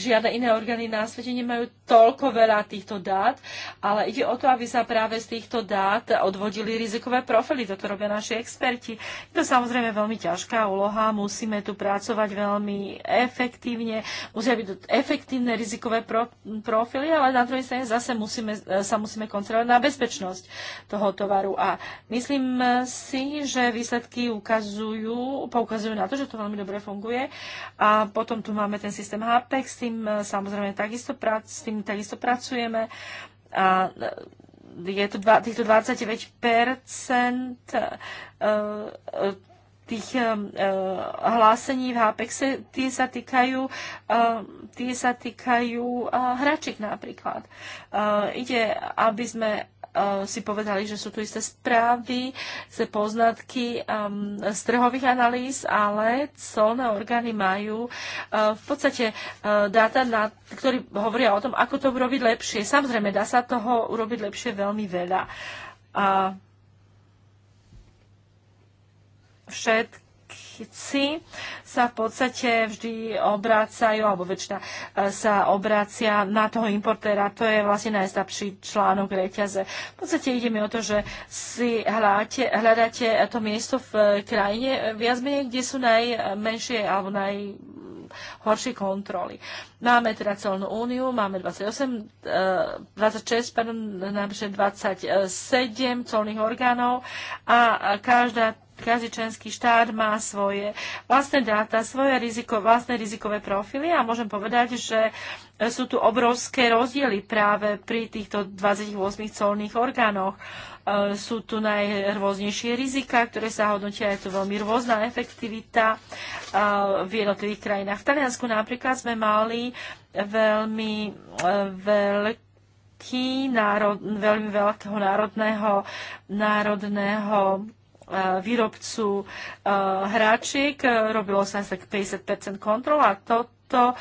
žiadne iné orgány na svete nemajú toľko veľa týchto dát, ale ide o to, aby sa práve z týchto dát odvodili rizikové profily. Toto robia naši experti. Je to samozrejme veľmi ťažká úloha, musíme tu pracovať veľmi efektívne, musia byť efektívne rizikové pro, profily, ale na druhej strane zase musíme, e, sa musíme koncentrovať na bezpečnosť toho tovaru. A myslím si, že výsledky ukazujú, poukazujú na to, že to veľmi dobre funguje. A potom tu máme ten systém HPEC, s tým e, samozrejme takisto, prac, s tým takisto pracujeme. A e, je to dva, týchto 29 e, tých hlásení v HPEXe, tie sa týkajú, tie sa týkajú hračiek napríklad. Ide, aby sme Eh, si povedali, že sú tu isté správy, isté poznatky um, z trhových analýz, ale colné orgány majú uh, v podstate uh, dáta, na, ktorý hovoria o tom, ako to urobiť lepšie. Samozrejme, dá sa toho urobiť lepšie veľmi veľa. Uh, všetky politici sa v podstate vždy obrácajú, alebo väčšina e, sa obrácia na toho importéra. To je vlastne najstarší článok reťaze. V podstate ide mi o to, že si hľadáte, hľadáte to miesto v krajine viac menej, kde sú najmenšie alebo naj horšie kontroly. Máme teda celnú úniu, máme 28, 26, eh, pardon, 27 colných orgánov a každá každý členský štát má svoje vlastné dáta, svoje riziko, vlastné rizikové profily a môžem povedať, že sú tu obrovské rozdiely práve pri týchto 28 colných orgánoch. Eh, sú tu najrôznejšie rizika, ktoré sa hodnotia. Je tu veľmi rôzna efektivita eh, v jednotlivých krajinách. V Taliansku napríklad sme mali veľmi eh, veľké národ, veľmi veľkého národného, národného E, výrobcu e, hráčik, e, Robilo sa tak 50% kontrol a to to,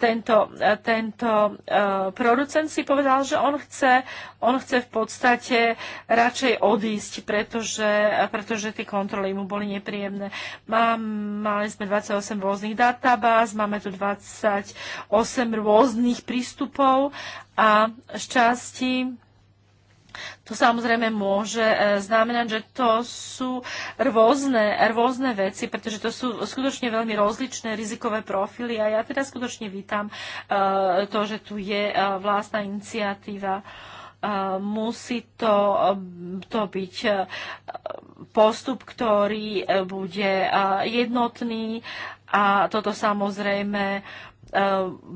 tento, tento producent si povedal, že on chce, on chce v podstate radšej odísť, pretože, pretože tie kontroly mu boli nepríjemné. Mám, mali sme 28 rôznych databáz, máme tu 28 rôznych prístupov a šťastí to samozrejme môže e, znamenať, že to sú rôzne, rôzne veci, pretože to sú skutočne veľmi rozličné rizikové profily a ja teda skutočne vítam e, to, že tu je e, vlastná iniciatíva. Musí to, to byť postup, ktorý bude jednotný a toto samozrejme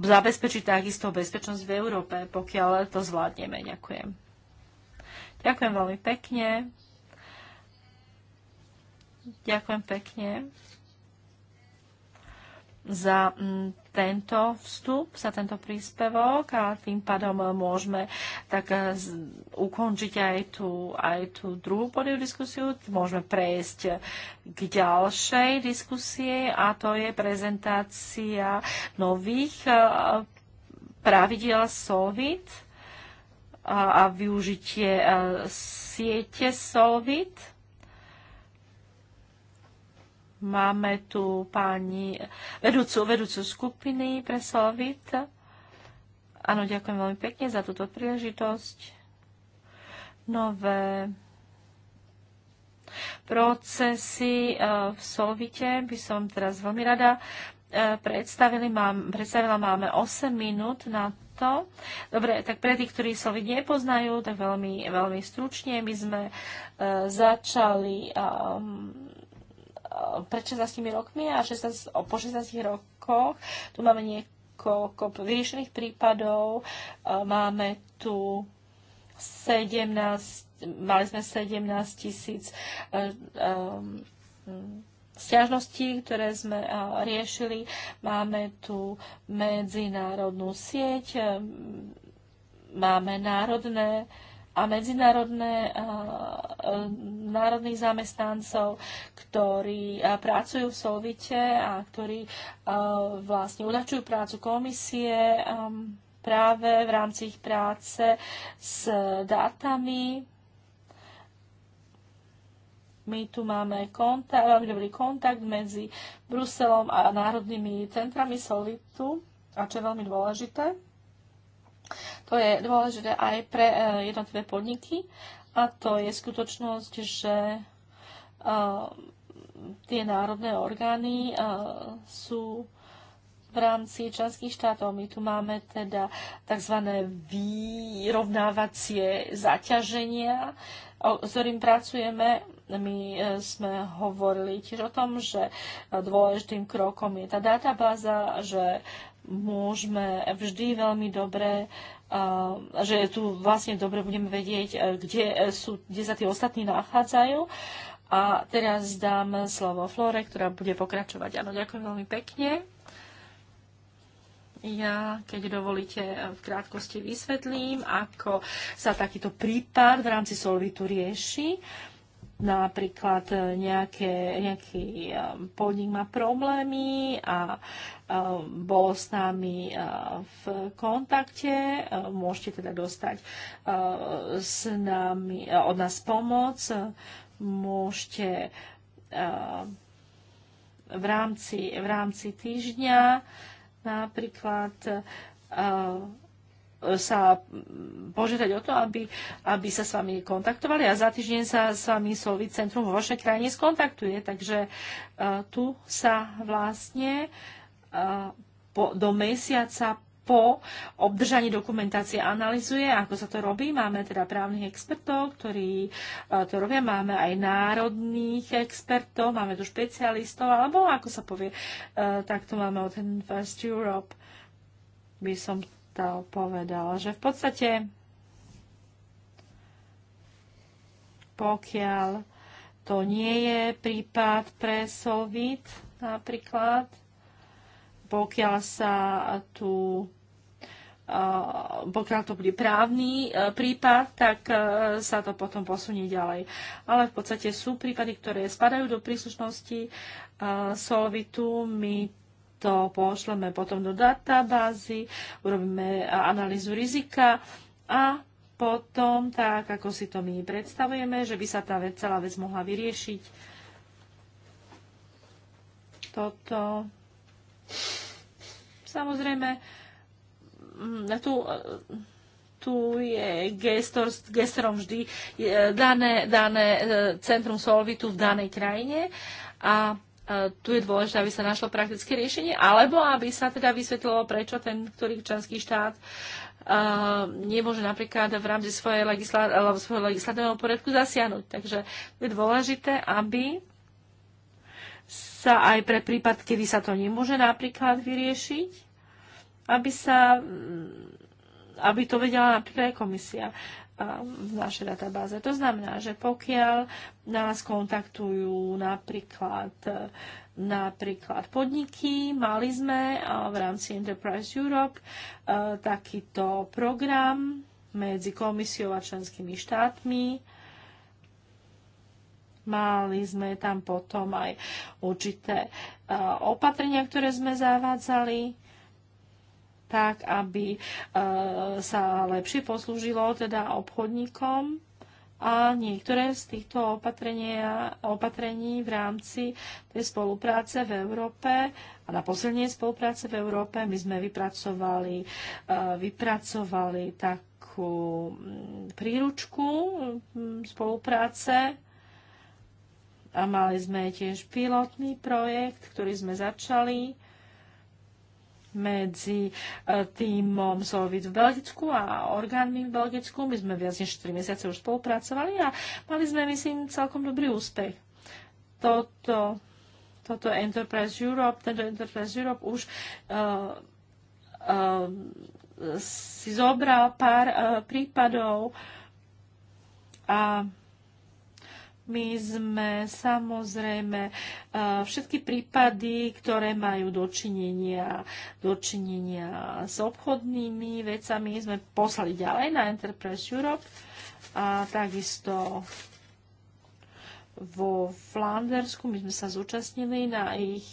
zabezpečiť takisto bezpečnosť v Európe, pokiaľ to zvládneme. Ďakujem. Ďakujem veľmi pekne. Ďakujem pekne za mm, tento vstup, za tento príspevok a tým pádom môžeme tak eh, ukončiť aj tú, aj tú druhú podiu diskusiu. Môžeme prejsť k ďalšej diskusie a to je prezentácia nových eh, pravidiel Solvit a využitie e, siete Solvit. Máme tu pani vedúcu, vedúcu skupiny pre Solvit. Áno, ďakujem veľmi pekne za túto príležitosť. Nové procesy e, v Solvite by som teraz veľmi rada E, predstavili, mám, predstavila máme 8 minút na to. Dobre, tak pre tých, ktorí Solvit nepoznajú, tak veľmi, veľmi stručne. My sme e, začali um, pred 16 rokmi a 16, po 16 rokoch tu máme niekoľko vyriešených prípadov. E, máme tu 17, mali sme 17 tisíc um, stiažnosti, ktoré sme riešili. Máme tu medzinárodnú sieť, máme národné a medzinárodné národných zamestnancov, ktorí pracujú v Solvite a ktorí vlastne uľahčujú prácu komisie práve v rámci ich práce s dátami my tu máme kontakt, veľmi dobrý kontakt medzi Bruselom a národnými centrami Solitu, a čo je veľmi dôležité. To je dôležité aj pre e, jednotlivé podniky a to je skutočnosť, že e, tie národné orgány e, sú v rámci členských štátov. My tu máme teda tzv. vyrovnávacie zaťaženia, s ktorým pracujeme my e, sme hovorili tiež o tom, že dôležitým krokom je tá databáza, že môžeme vždy veľmi dobre že tu vlastne dobre budeme vedieť, e, kde, sú, kde sa tí ostatní nachádzajú. A teraz dám slovo Flore, ktorá bude pokračovať. Áno, ďakujem veľmi pekne. Ja, keď dovolíte, v krátkosti vysvetlím, ako sa takýto prípad v rámci Solvitu rieši napríklad e, nejaké, nejaký e, podnik má problémy a e, bol s nami v kontakte, môžete teda dostať s nami, od nás pomoc, môžete v rámci, v rámci týždňa napríklad sa požiadať o to, aby, aby sa s vami kontaktovali a za týždeň sa s vami Solvit Centrum vo vašej krajine skontaktuje. Takže uh, tu sa vlastne uh, po, do mesiaca po obdržaní dokumentácie analizuje, ako sa to robí. Máme teda právnych expertov, ktorí e, to robia. Máme aj národných expertov, máme tu špecialistov, alebo ako sa povie, to máme od First Europe. By som to povedal, že v podstate pokiaľ to nie je prípad pre Solvit napríklad, pokiaľ sa tu pokiaľ to bude právny e, prípad, tak e, sa to potom posunie ďalej. Ale v podstate sú prípady, ktoré spadajú do príslušnosti e, Solvitu. My to pošleme potom do databázy, urobíme analýzu rizika a potom, tak ako si to my predstavujeme, že by sa tá vec, celá vec mohla vyriešiť. Toto. Samozrejme, mm, tu, tu je gestor, gestorom vždy dané, dané e, centrum solvitu v danej krajine a E, tu je dôležité, aby sa našlo praktické riešenie, alebo aby sa teda vysvetlilo, prečo ten ktorý členský štát uh, nemôže napríklad v rámci svojej legisla- alebo svojho legislatívneho poriadku zasiahnuť. Takže je dôležité, aby sa aj pre prípad, kedy sa to nemôže napríklad vyriešiť, aby sa aby to vedela napríklad aj komisia v našej databáze. To znamená, že pokiaľ nás kontaktujú napríklad, napríklad podniky, mali sme v rámci Enterprise Europe takýto program medzi komisiou a členskými štátmi. Mali sme tam potom aj určité opatrenia, ktoré sme zavádzali tak, aby e, sa lepšie poslúžilo teda obchodníkom a niektoré z týchto opatrení v rámci tej spolupráce v Európe a na posilnenie spolupráce v Európe my sme vypracovali, e, vypracovali takú mm, príručku mm, spolupráce a mali sme tiež pilotný projekt, ktorý sme začali medzi e, týmom Solvit v Belgicku a orgánmi v Belgicku. My sme viac než 4 mesiace už spolupracovali a mali sme, myslím, celkom dobrý úspech. Toto, toto Enterprise Europe, tento Enterprise Europe už uh, uh, si zobral pár uh, prípadov a my sme samozrejme e, všetky prípady, ktoré majú dočinenia, dočinenia s obchodnými vecami, sme poslali ďalej na Enterprise Europe a takisto vo Flandersku. My sme sa zúčastnili na ich,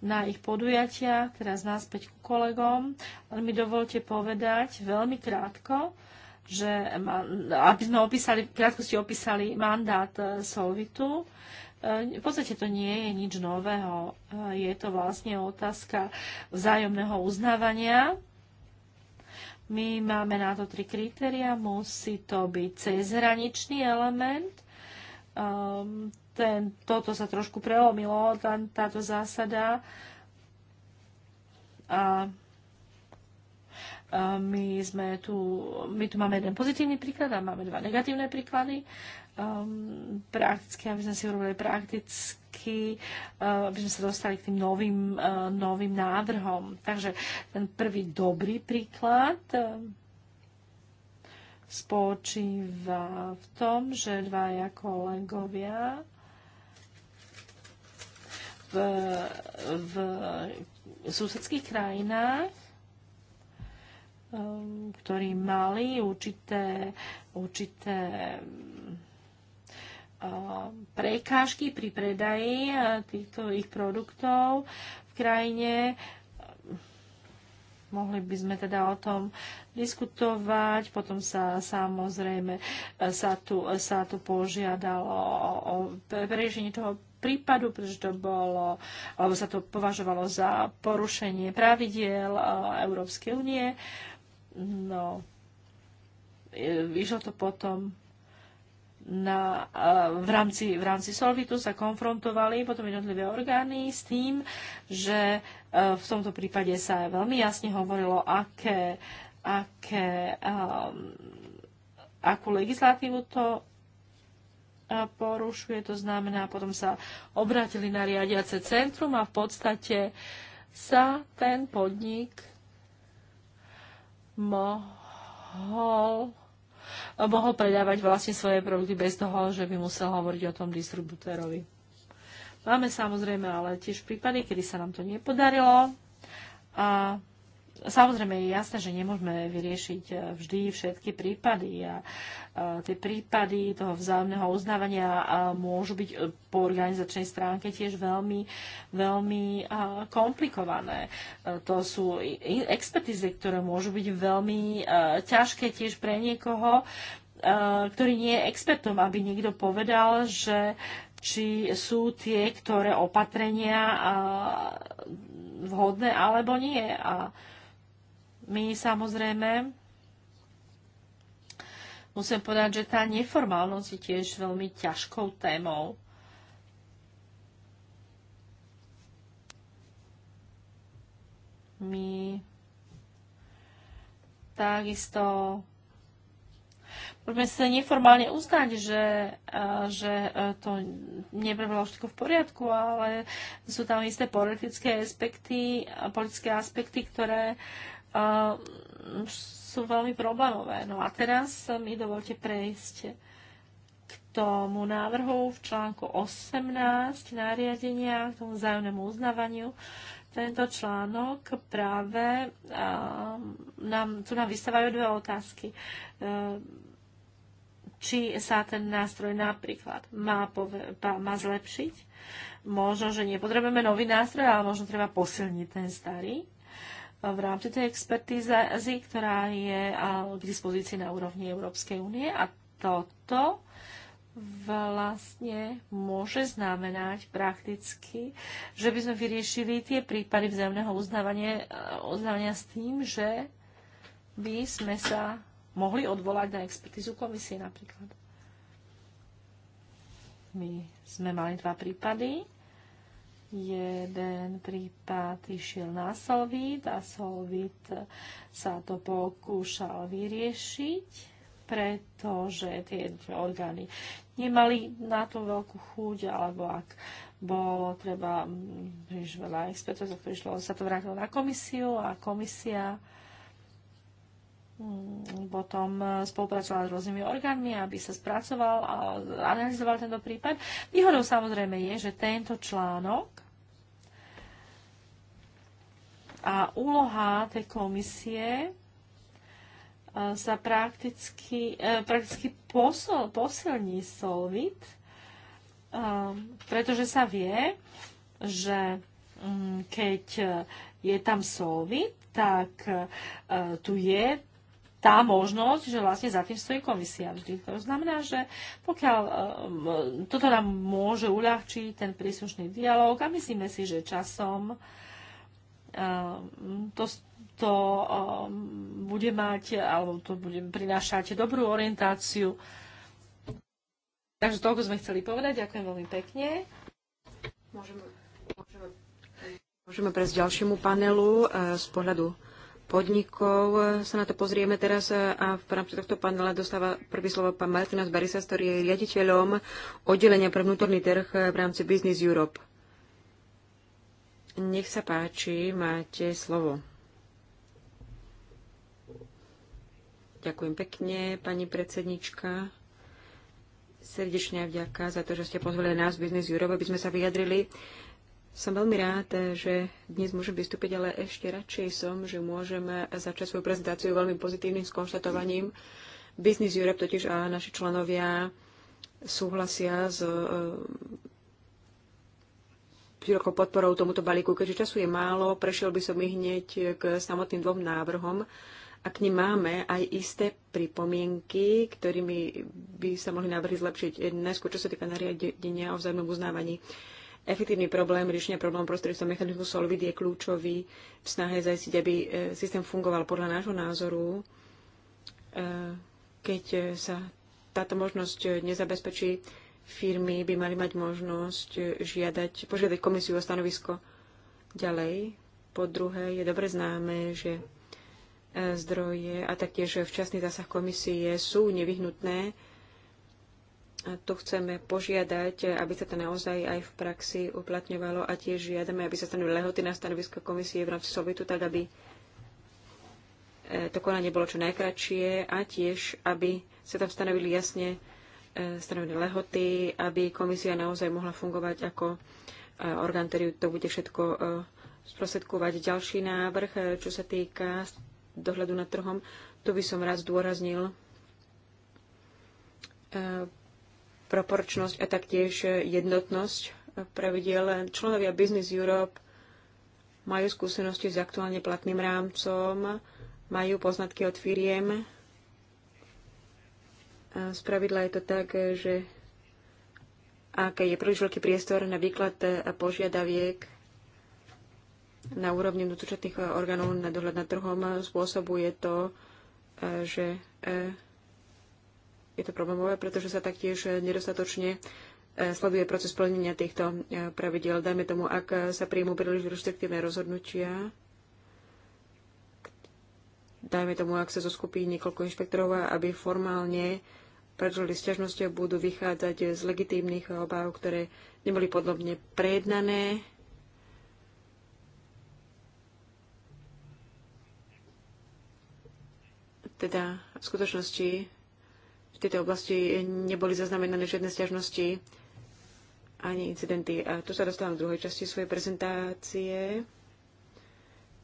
na ich podujatiach, teraz náspäť ku kolegom. Ale mi dovolte povedať veľmi krátko, že aby sme opísali, v krátkosti opísali mandát e, Solvitu. E, v podstate to nie je nič nového. E, je to vlastne otázka vzájomného uznávania. My máme na to tri kritéria. Musí to byť cezhraničný element. Ehm, ten, toto sa trošku prelomilo, tá, táto zásada. A my, sme tu, my tu máme jeden pozitívny príklad a máme dva negatívne príklady. Um, prakticky, aby sme si urobili prakticky, uh, aby sme sa dostali k tým novým, uh, novým návrhom. Takže ten prvý dobrý príklad uh, spočíva v tom, že dvaja kolegovia v, v susedských krajinách Eh, ktorí mali určité, určité eh, prekážky pri predaji eh, týchto ich produktov v krajine. Mohli by sme teda o tom diskutovať, potom sa samozrejme sa tu, sa tu požiadalo o, o preriešenie toho prípadu, pretože to bolo, alebo sa to považovalo za porušenie pravidiel Európskej únie. Um, No, e, vyšlo to potom na, v, rámci, v rámci Solvitu sa konfrontovali potom jednotlivé orgány s tým, že e, v tomto prípade sa veľmi jasne hovorilo, aké, aké, um, akú legislatívu to e, porušuje, to znamená, potom sa obratili na riadiace centrum a v podstate sa ten podnik mohol mohol predávať vlastne svoje produkty bez toho, že by musel hovoriť o tom distribútorovi. Máme samozrejme ale tiež prípady, kedy sa nám to nepodarilo a Samozrejme je jasné, že nemôžeme vyriešiť eh, vždy všetky prípady a eh, tie prípady toho vzájomného uznávania eh, môžu byť po organizačnej stránke tiež veľmi, veľmi komplikované. To sú expertízy, ktoré môžu byť veľmi ťažké tiež pre niekoho, ktorý nie je expertom, aby niekto povedal, že či sú tie, ktoré opatrenia vhodné alebo nie. A my samozrejme musím povedať, že tá neformálnosť je tiež veľmi ťažkou témou. My takisto Poďme sa neformálne uznať, že, že e, to neprebehlo všetko v poriadku, ale sú tam isté politické aspekty, politické aspekty ktoré uh, Mm, sú veľmi problémové. No a teraz mi dovolte prejsť k tomu návrhu v článku 18 nariadenia, k tomu vzájomnému uznávaniu. Tento článok práve nám, tu nám vystávajú dve otázky e, či sa ten nástroj napríklad má, pove- má zlepšiť. Možno, že nepotrebujeme nový nástroj, ale možno treba posilniť ten starý v rámci tej expertízy, ktorá je eh, k dispozícii na úrovni Európskej únie a toto vlastne môže znamenať prakticky, že by sme vyriešili tie prípady vzájomného uznávania, eh, uznávania s tým, že by sme sa mohli odvolať na expertizu komisie napríklad. My sme mali dva prípady Jeden prípad išiel na Solvit a Solvit sa to pokúšal vyriešiť, pretože tie orgány nemali na to veľkú chuť, alebo ak bolo treba mm, príliš veľa expertov, to išlo, sa to vrátilo na komisiu a komisia mm, potom spolupracovala s rôznymi orgánmi, aby sa spracoval a analyzoval tento prípad. Výhodou samozrejme je, že tento článok A úloha tej komisie sa e, prakticky, e, prakticky posol, posilní Solvit, e, pretože sa vie, že mm, keď je tam Solvit, tak tu je tá možnosť, že vlastne za tým stojí komisia vždy. To znamená, že pokiaľ toto nám môže uľahčiť ten príslušný dialog a myslíme si, že časom uh, Ehm, to, to ehm, bude mať, alebo to bude prinášať dobrú orientáciu. Takže toľko sme chceli povedať. Ďakujem veľmi pekne. Môžeme, môžeme, môžeme prejsť ďalšiemu panelu e, z pohľadu podnikov. E, sa na to pozrieme teraz e, a v rámci tohto panela dostáva prvý slovo pán Martinas Barisas, ktorý je riaditeľom oddelenia pre vnútorný trh v rámci Business Europe. Nech sa páči, máte slovo. Ďakujem pekne, pani predsednička. Srdečne vďaka za to, že ste pozvali nás Business Europe, aby sme sa vyjadrili. Som veľmi rád, že dnes môžem vystúpiť, ale ešte radšej som, že môžeme začať svoju prezentáciu veľmi pozitívnym skonštatovaním. Business Europe totiž a naši členovia súhlasia s širokou podporou tomuto balíku. Keďže času je málo, prešiel by som ich hneď k samotným dvom návrhom. A k nim máme aj isté pripomienky, ktorými by sa mohli návrhy zlepšiť. Najskôr, čo sa týka nariadenia o vzájomnom uznávaní. Efektívny problém, riešenia problém prostredníctvom mechanizmu Solvid je kľúčový v snahe zajistiť, aby e, systém fungoval podľa nášho názoru. E, keď sa táto možnosť nezabezpečí, firmy by mali mať možnosť žiadať, požiadať komisiu o stanovisko ďalej. Po druhé, je dobre známe, že e, zdroje a taktiež včasný zásah komisie sú nevyhnutné. A tu chceme požiadať, aby sa to naozaj aj v praxi uplatňovalo a tiež žiadame, aby sa stanovili lehoty na stanovisko komisie v rámci Sovietu, tak aby e, to konanie bolo čo najkračšie a tiež, aby sa tam stanovili jasne E, stanovené lehoty, aby komisia naozaj mohla fungovať ako e, orgán, ktorý to bude všetko e, sprostredkovať. Ďalší návrh, čo sa týka dohľadu nad trhom, tu by som raz zdôraznil proporčnosť a taktiež jednotnosť pravidel. Členovia Business Europe majú skúsenosti s aktuálne platným rámcom, majú poznatky od firiem, Spravidla je to tak, že ak je príliš veľký priestor na výklad požiadaviek na úrovni vnútočetných orgánov na dohľad nad trhom, spôsobuje to, že e, je to problémové, pretože sa taktiež nedostatočne e, sleduje proces plnenia týchto e, pravidel. Dajme tomu, ak sa príjmu príliš restriktívne rozhodnutia, dajme tomu, ak sa zoskupí niekoľko inšpektorov, aby formálne predložili stiažnosti budú vychádzať z legitímnych obáv, ktoré neboli podobne prejednané. Teda v skutočnosti v tejto oblasti neboli zaznamenané žiadne stiažnosti ani incidenty. A tu sa dostávam v druhej časti svojej prezentácie,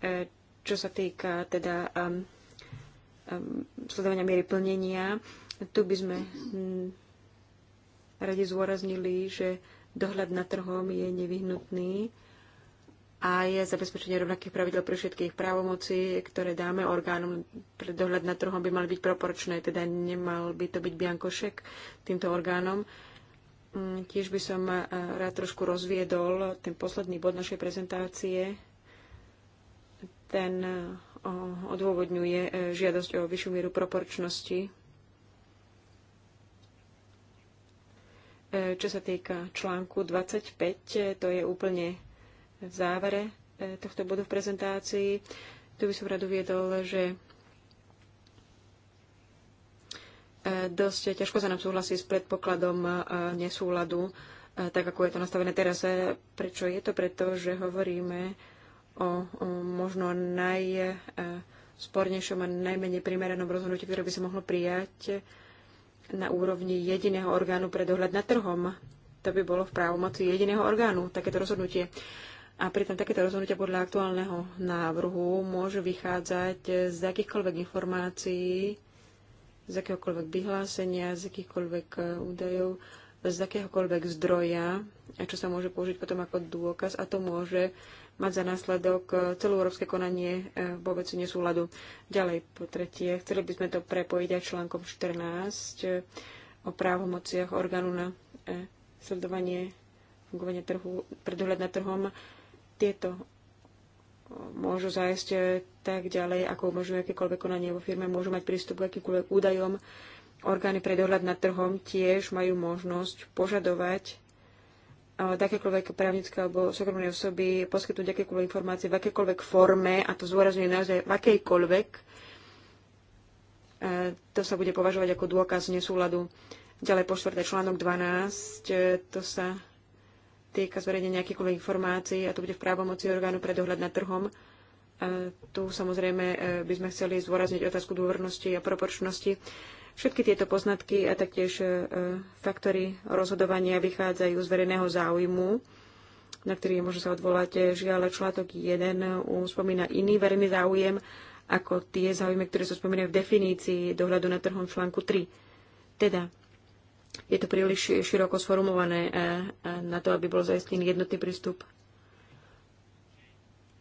e, čo sa týka teda um, um, sledovania miery plnenia tu by sme mm, radi zôraznili, že dohľad na trhom je nevyhnutný a je zabezpečenie rovnakých pravidel pre všetkých právomocí, ktoré dáme orgánom pre dohľad na trhom by mali byť proporčné, teda nemal by to byť biankošek týmto orgánom. Mm, tiež by som eh, rád trošku rozviedol ten posledný bod našej prezentácie. Ten eh, odôvodňuje eh, žiadosť o vyššiu mieru proporčnosti E, čo sa týka článku 25, e, to je úplne v závere e, tohto bodu v prezentácii. Tu by som rád uviedol, že dosť ťažko sa nám súhlasí s predpokladom nesúladu, tak ako je to nastavené teraz. Prečo je to? Preto, že hovoríme o, o možno najspornejšom a najmenej primeranom rozhodnutí, ktoré by sa mohlo prijať na úrovni jediného orgánu pre dohľad nad trhom. To by bolo v právomoci jediného orgánu, takéto rozhodnutie. A pritom takéto rozhodnutia podľa aktuálneho návrhu môžu vychádzať z akýchkoľvek informácií, z akéhokoľvek vyhlásenia, z akýchkoľvek eh, údajov, z akéhokoľvek zdroja, čo sa môže použiť potom ako dôkaz a to môže mať za následok e, celoeurópske konanie e, vo veci nesúladu. Ďalej, po tretie, chceli by sme to prepojiť aj článkom 14 e, o právomociach orgánu na sledovanie fungovania trhu, predohľad nad trhom. Tieto môžu zájsť tak ďalej, ako umožňuje akékoľvek konanie vo firme, môžu mať prístup k akýmkoľvek údajom. Orgány predohľad dohľad nad trhom tiež majú možnosť požadovať takékoľvek právnické alebo súkromné osoby poskytnúť akékoľvek informácie v akékoľvek forme, a to zúrazňuje naozaj v akejkoľvek, e, to sa bude považovať ako dôkaz nesúladu. Ďalej po štvrté článok 12, e, to sa týka zverejnenia akýkoľvek informácií a to bude v právomoci orgánu pre dohľad nad trhom. A e, tu samozrejme by sme chceli zdôrazniť otázku dôvernosti a proporčnosti. Všetky tieto poznatky a taktiež e, faktory rozhodovania vychádzajú z verejného záujmu, na ktorý môže možno sa odvoláte. Žiaľ, článok 1 e, spomína iný verejný záujem ako tie záujmy, ktoré sú spomínajú v definícii dohľadu na trhom článku 3. Teda je to príliš široko sformulované e, na to, aby bol zaistený jednotný prístup.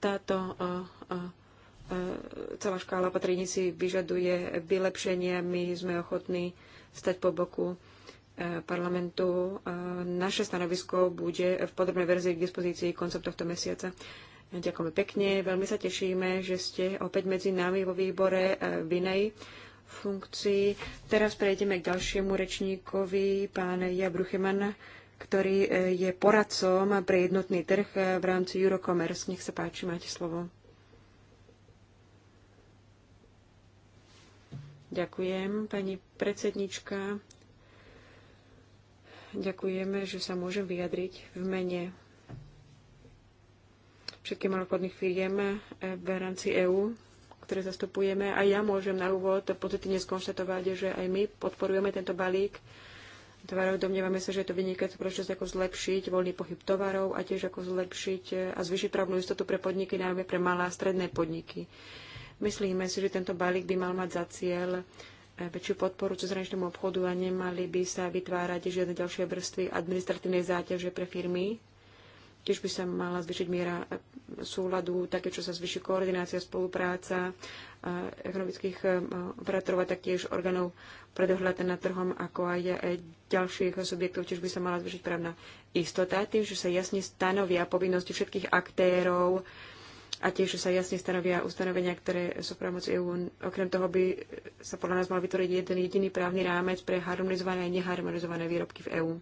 Táto E, celá škála opatrení si vyžaduje vylepšenie. My sme ochotní stať po boku e, parlamentu. E, naše stanovisko bude v podrobnej verzii k dispozícii koncom tohto mesiaca. Ďakujeme pekne, veľmi sa tešíme, že ste opäť medzi nami vo výbore v inej funkcii. Teraz prejdeme k ďalšiemu rečníkovi, pán Jabrucheman, ktorý je poradcom pre jednotný trh v rámci Eurocommerce. Nech sa páči, máte slovo. Ďakujem, pani predsednička. Ďakujeme, že sa môžem vyjadriť v mene všetkých malokodných firiem eh, v rámci EÚ, ktoré zastupujeme. A ja môžem na úvod pozitívne skonštatovať, že aj my podporujeme tento balík tovarov. Domnievame sa, že je to vynikajúca proces, ako zlepšiť voľný pohyb tovarov a tiež ako zlepšiť eh, a zvyšiť právnu istotu pre podniky, najmä pre malé a stredné podniky. Myslíme si, že tento balík by mal mať za cieľ eh, väčšiu podporu cezhraničnému obchodu a nemali by sa vytvárať žiadne ďalšie vrstvy administratívnej záťaže pre firmy. Tiež by sa mala zvyšiť miera eh, súladu, také, čo sa zvyši koordinácia, spolupráca eh, ekonomických operátorov a taktiež orgánov pre na nad trhom, ako aj ďalších subjektov. Tiež by sa mala zvyšiť právna istota tým, že sa jasne stanovia povinnosti všetkých aktérov, a tiež sa jasne stanovia ustanovenia, ktoré sú právomoc EÚ. Okrem toho by sa podľa nás mal vytvoriť jeden jediný právny rámec pre harmonizované a neharmonizované výrobky v EÚ.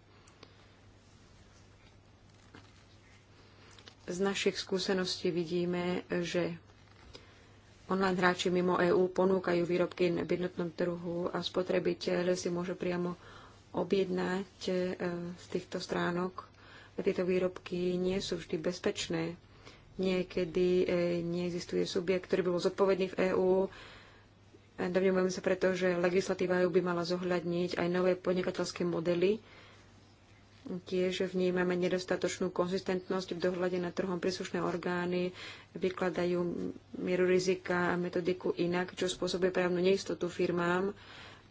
Z našich skúseností vidíme, že online hráči mimo EÚ ponúkajú výrobky na jednotnom trhu a spotrebiteľ si môže priamo objednať e, z týchto stránok. Tieto výrobky nie sú vždy bezpečné Niekedy e, neexistuje subjekt, ktorý by bol zodpovedný v EÚ. Domnievam sa preto, že legislatíva EÚ by mala zohľadniť aj nové podnikateľské modely. Tiež vnímame nedostatočnú konzistentnosť v dohľade na trhom. Príslušné orgány vykladajú mieru rizika a metodiku inak, čo spôsobuje právnu neistotu firmám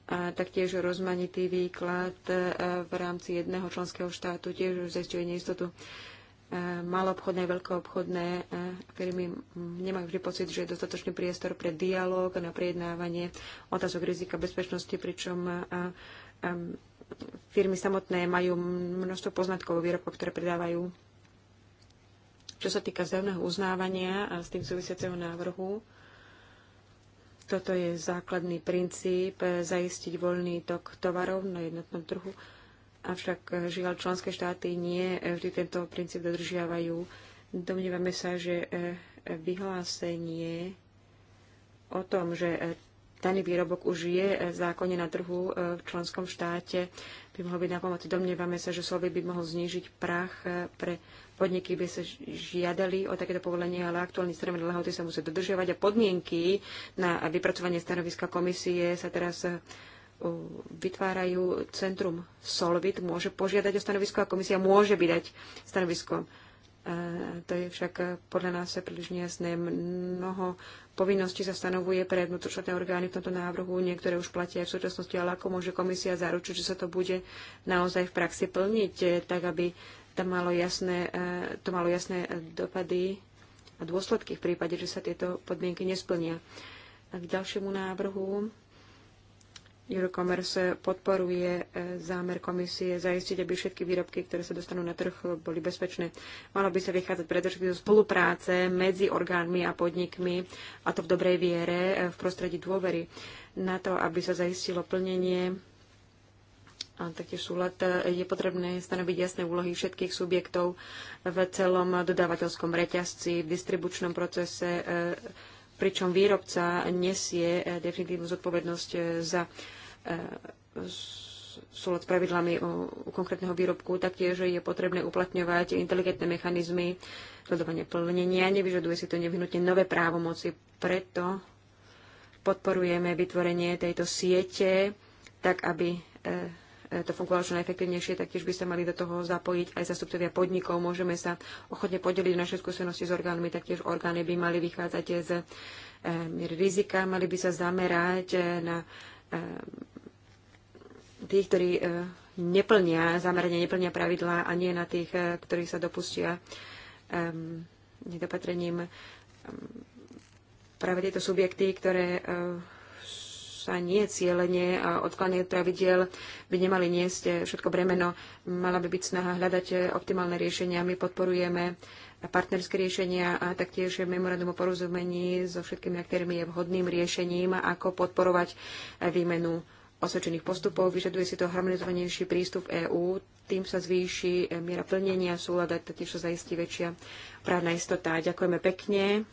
a taktiež rozmanitý výklad e, v rámci jedného členského štátu tiež zistuje neistotu maloobchodné, veľkoobchodné e, firmy nemajú vždy pocit, že je dostatočný priestor pre dialog na prejednávanie otázok rizika bezpečnosti, pričom e, e, firmy samotné majú množstvo poznatkov o výrobkoch, ktoré predávajú. Čo sa týka vzájomného uznávania a s tým súvisiaceho návrhu, toto je základný princíp zaistiť voľný tok tovarov na jednotnom trhu. Avšak eh, žiaľ členské štáty nie eh, vždy tento princíp dodržiavajú. Domnievame sa, že eh, vyhlásenie o tom, že daný výrobok už je zákonne na trhu v členskom štáte, by mohol byť na napomoci. Domnievame sa, že slovy by mohol znížiť prach pre podniky, by sa žiadali o takéto povolenie, ale aktuálny stremen lehoty sa musí dodržiavať a podmienky na vypracovanie stanoviska komisie sa teraz vytvárajú centrum Solvit, môže požiadať o stanovisko a komisia môže vydať stanovisko. E, to je však e, podľa nás príliš nejasné. Mnoho povinností sa stanovuje pre vnútroštátne orgány v tomto návrhu, niektoré už platia aj v súčasnosti, ale ako môže komisia zaručiť, že sa to bude naozaj v praxi plniť, e, tak aby tam malo jasné, to malo jasné dopady a dôsledky v prípade, že sa tieto podmienky nesplnia. A k ďalšiemu návrhu Eurocommerce podporuje e, zámer komisie zaistiť, aby všetky výrobky, ktoré sa dostanú na trh, boli bezpečné. Malo by sa vychádzať predovšetkým zo spolupráce medzi orgánmi a podnikmi, a to v dobrej viere, e, v prostredí dôvery, na to, aby sa zaistilo plnenie a taktiež súlad, e, je potrebné stanoviť jasné úlohy všetkých subjektov v celom dodávateľskom reťazci, v distribučnom procese, pričom výrobca nesie definitívnu zodpovednosť za E, súlad s pravidlami u konkrétneho výrobku. Taktiež je potrebné uplatňovať inteligentné mechanizmy sledovania plnenia. Nevyžaduje si to nevyhnutne nové právomoci. Preto podporujeme vytvorenie tejto siete, tak aby e, e, to fungovalo čo najefektívnejšie, taktiež by sa mali do toho zapojiť aj zastupcovia podnikov. Môžeme sa ochotne podeliť naše skúsenosti s orgánmi, taktiež orgány by mali vychádzať z rizika, mali by sa zamerať na tých, ktorí e, neplnia, zamerane neplnia pravidlá a nie na tých, e, ktorí sa dopustia um, nedopatrením. Práve tieto subjekty, ktoré uh, sa nie cieľenie a odklany od pravidiel by nemali niesť všetko bremeno. Mala by byť snaha hľadať optimálne riešenia. My podporujeme partnerské riešenia a taktiež memorandum o porozumení so všetkými aktérmi je vhodným riešením, ako podporovať výmenu osvedčených postupov, vyžaduje si to harmonizovanejší prístup EÚ, tým sa zvýši eh, miera plnenia súlada, totiž sa zaistí väčšia právna istota. Ďakujeme pekne.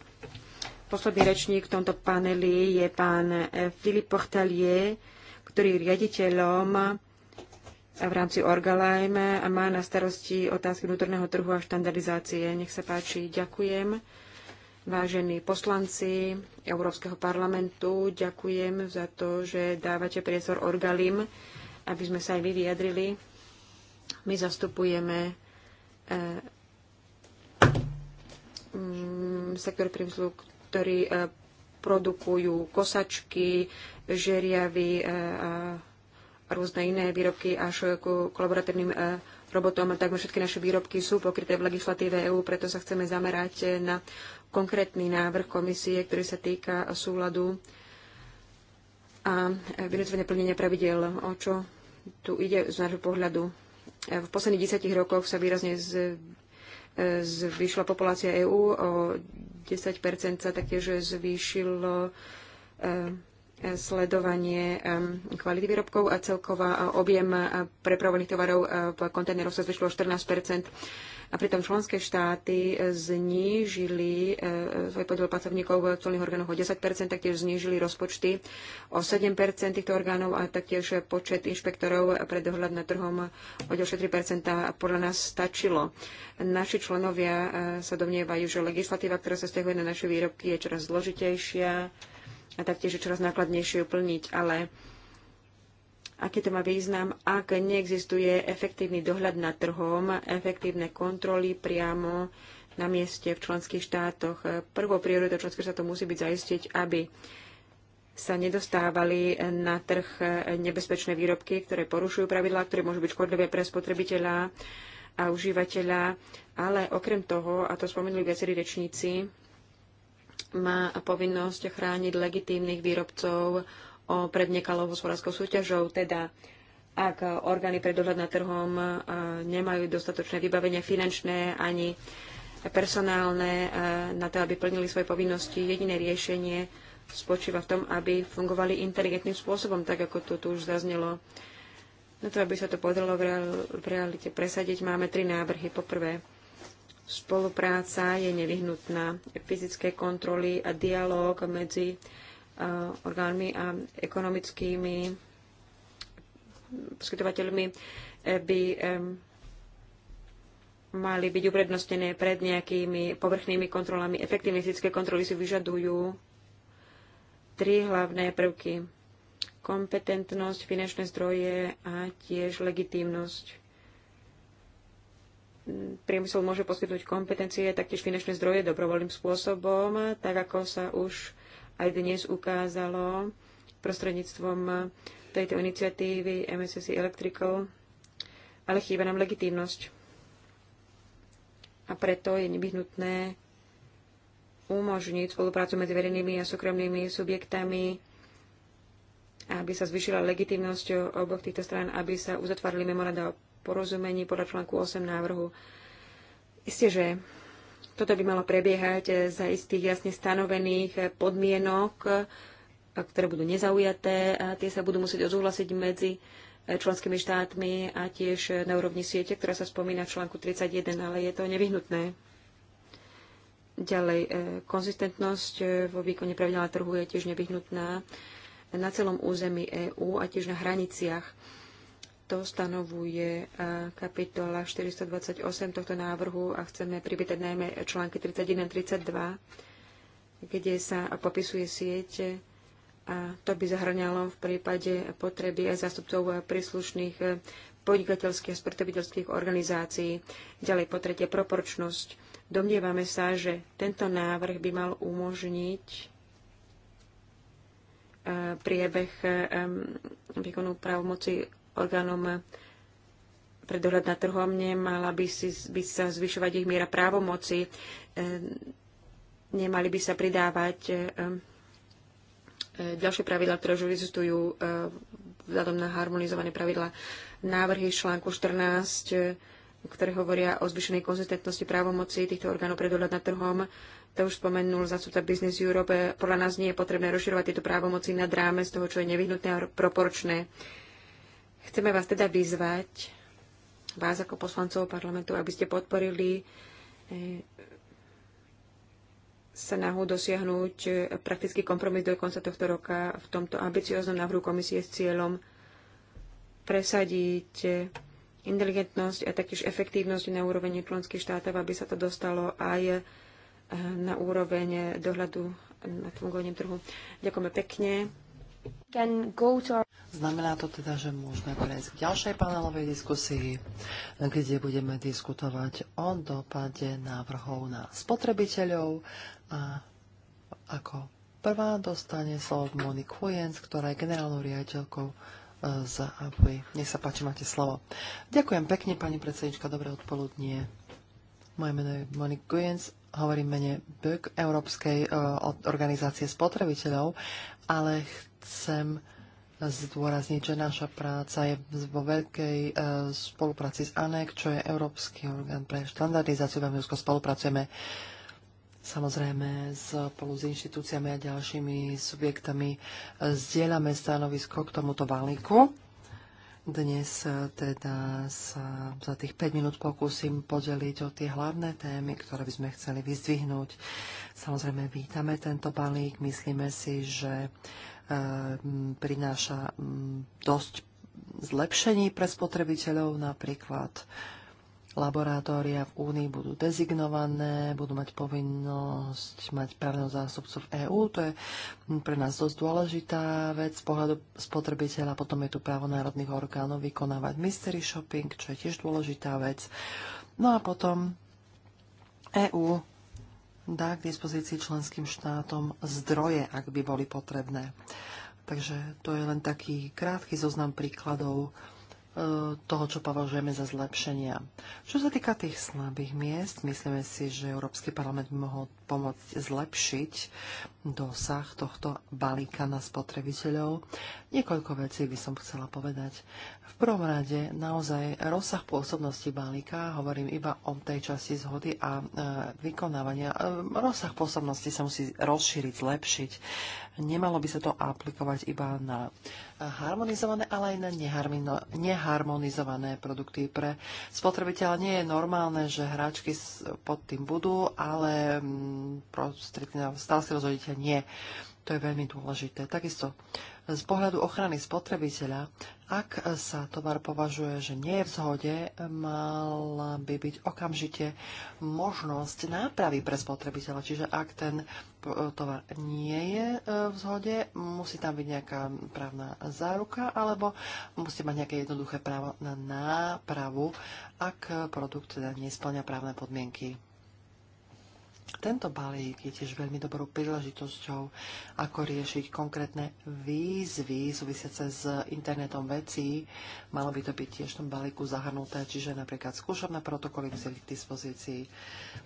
Posledný rečník v tomto paneli je pán Filip eh, Portalier, ktorý je riaditeľom v rámci Orgalime a má na starosti otázky vnútorného trhu a štandardizácie. Nech sa páči, ďakujem. Vážení poslanci Európskeho parlamentu, ďakujem za to, že dávate priestor Orgalim, aby sme sa aj vy vyjadrili. My zastupujeme eh, mm, sektor priemyslu, ktorí eh, produkujú kosačky, žeriavy eh, a rôzne iné výrobky až ku kolaboratívnym robotom, takmer všetky naše výrobky sú pokryté v legislatíve EÚ, preto sa chceme zamerať na konkrétny návrh komisie, ktorý sa týka súladu a vynúcovania plnenia pravidel, o čo tu ide z nášho pohľadu. V posledných desiatich rokoch sa výrazne z, zvýšila populácia EÚ, o 10 sa taktiež zvýšilo eh, sledovanie kvality výrobkov a celková objem prepravovaných tovarov v kontajneroch sa zvyšilo 14 a pritom členské štáty e, znížili e, svoj podiel pracovníkov v colných orgánoch o 10 taktiež znížili rozpočty o 7 týchto orgánov a taktiež počet inšpektorov pre dohľad nad trhom o ďalšie 3 podľa nás stačilo. Naši členovia e, sa domnievajú, že legislatíva, ktorá sa stiahuje na naše výrobky, je čoraz zložitejšia a taktiež je čoraz nákladnejšie ju plniť, ale aký to má význam, ak neexistuje efektívny dohľad nad trhom, efektívne kontroly priamo na mieste v členských štátoch. Prvou prioritou členských štátov musí byť zaistiť, aby sa nedostávali na trh nebezpečné výrobky, ktoré porušujú pravidlá, ktoré môžu byť škodlivé pre spotrebiteľa a užívateľa. Ale okrem toho, a to spomenuli viacerí rečníci, má povinnosť chrániť legitímnych výrobcov pred nekalou hospodárskou súťažou, teda ak orgány pre dohľad nad trhom e, nemajú dostatočné vybavenie finančné ani personálne e, na to, aby plnili svoje povinnosti. Jediné riešenie spočíva v tom, aby fungovali inteligentným spôsobom, tak ako to tu už zaznelo. Na to, aby sa to podalo v realite presadiť, máme tri návrhy. Poprvé, Spolupráca je nevyhnutná. Fyzické kontroly a dialog medzi orgánmi a ekonomickými poskytovateľmi e, by e, mali byť uprednostnené pred nejakými povrchnými kontrolami. Efektívne fyzické kontroly si vyžadujú tri hlavné prvky. Kompetentnosť, finančné zdroje a tiež legitímnosť priemysel môže poskytnúť kompetencie, taktiež finančné zdroje dobrovoľným spôsobom, tak ako sa už aj dnes ukázalo prostredníctvom tejto iniciatívy MSSI Electrical, ale chýba nám legitímnosť. A preto je nevyhnutné umožniť spoluprácu medzi verejnými a súkromnými subjektami, aby sa zvyšila legitimnosť oboch týchto strán, aby sa uzatvárali memoranda o porozumení podľa článku 8 návrhu. Isté, že toto by malo prebiehať za istých jasne stanovených podmienok, ktoré budú nezaujaté a tie sa budú musieť odsúhlasiť medzi členskými štátmi a tiež na úrovni siete, ktorá sa spomína v článku 31, ale je to nevyhnutné. Ďalej, e, konzistentnosť vo výkone pravidla trhu je tiež nevyhnutná na celom území EÚ a tiež na hraniciach to stanovuje e, kapitola 428 tohto návrhu a chceme privítať najmä články 31 a 32, kde sa popisuje sieť a to by zahrňalo v prípade potreby aj zástupcov príslušných podnikateľských a spotrebiteľských organizácií. Ďalej po tretie proporčnosť. Domnievame sa, že tento návrh by mal umožniť e, priebeh e, výkonu právomoci orgánom pre dohľad na trhom nemala by, si, by sa zvyšovať ich miera právomoci, e, nemali by sa pridávať e, e, ďalšie pravidla, ktoré už existujú vzhľadom na harmonizované pravidla návrhy článku 14, ktoré hovoria o zvyšenej konzistentnosti právomoci týchto orgánov pre dohľad nad trhom. To už spomenul zastupca Business Europe. Podľa nás nie je potrebné rozširovať tieto právomoci nad z toho, čo je nevyhnutné a proporčné. Uh, Chceme vás teda vyzvať, vás ako poslancov parlamentu, aby ste podporili e, snahu dosiahnuť e, praktický kompromis do konca tohto roka v tomto ambicióznom návrhu komisie s cieľom presadiť e, inteligentnosť a taktiež efektívnosť na úroveň členských štátov, aby sa to dostalo aj na úroveň dohľadu nad fungovaním trhu. Ďakujeme pekne. Znamená to teda, že môžeme prejsť k ďalšej panelovej diskusii, kde budeme diskutovať o dopade návrhov na spotrebiteľov a ako prvá dostane slovo Monique Huyens, ktorá je generálnou riaditeľkou e, z API. Nech sa páči, máte slovo. Ďakujem pekne, pani predsednička, dobré odpoludnie. Moje meno je Monique Huyens hovorím mene BÖK, Európskej e, organizácie spotrebiteľov, ale chcem zdôrazniť, že naša práca je vo veľkej e, spolupráci s ANEK, čo je Európsky orgán pre štandardizáciu. Veľmi úzko spolupracujeme samozrejme spolu s inštitúciami a ďalšími subjektami. E, zdieľame stanovisko k tomuto balíku dnes eh, teda sa za tých 5 minút pokúsim podeliť o tie hlavné témy, ktoré by sme chceli vyzdvihnúť. Samozrejme, vítame tento balík. Myslíme si, že eh, prináša mm, dosť zlepšení pre spotrebiteľov, napríklad Laboratória v Únii budú dezignované, budú mať povinnosť mať právnu zástupcu v EÚ. To je pre nás dosť dôležitá vec z pohľadu spotrebiteľa. Potom je tu právo národných orgánov vykonávať mystery shopping, čo je tiež dôležitá vec. No a potom EÚ dá k dispozícii členským štátom zdroje, ak by boli potrebné. Takže to je len taký krátky zoznam príkladov, toho, čo považujeme za zlepšenia. Čo sa týka tých slabých miest, myslíme si, že Európsky parlament by mohol pomôcť zlepšiť dosah tohto balíka na spotrebiteľov. Niekoľko vecí by som chcela povedať. V prvom rade naozaj rozsah pôsobnosti balíka, hovorím iba o tej časti zhody a e, vykonávania. E, rozsah pôsobnosti sa musí rozšíriť, zlepšiť. Nemalo by sa to aplikovať iba na harmonizované, ale aj na neharmonizované produkty pre spotrebiteľa. Nie je normálne, že hráčky pod tým budú, ale stále si rozhodíte nie. To je veľmi dôležité. Takisto z pohľadu ochrany spotrebiteľa ak sa tovar považuje, že nie je v zhode, mala by byť okamžite možnosť nápravy pre spotrebiteľa. Čiže ak ten tovar nie je e, v zhode, musí tam byť nejaká právna záruka alebo musí mať nejaké jednoduché právo na nápravu, ak produkt teda nesplňa právne podmienky. Tento balík je tiež veľmi dobrou príležitosťou, ako riešiť konkrétne výzvy súvisiace s internetom vecí. Malo by to byť tiež v tom balíku zahrnuté, čiže napríklad skúšobné protokoly by k dispozícii,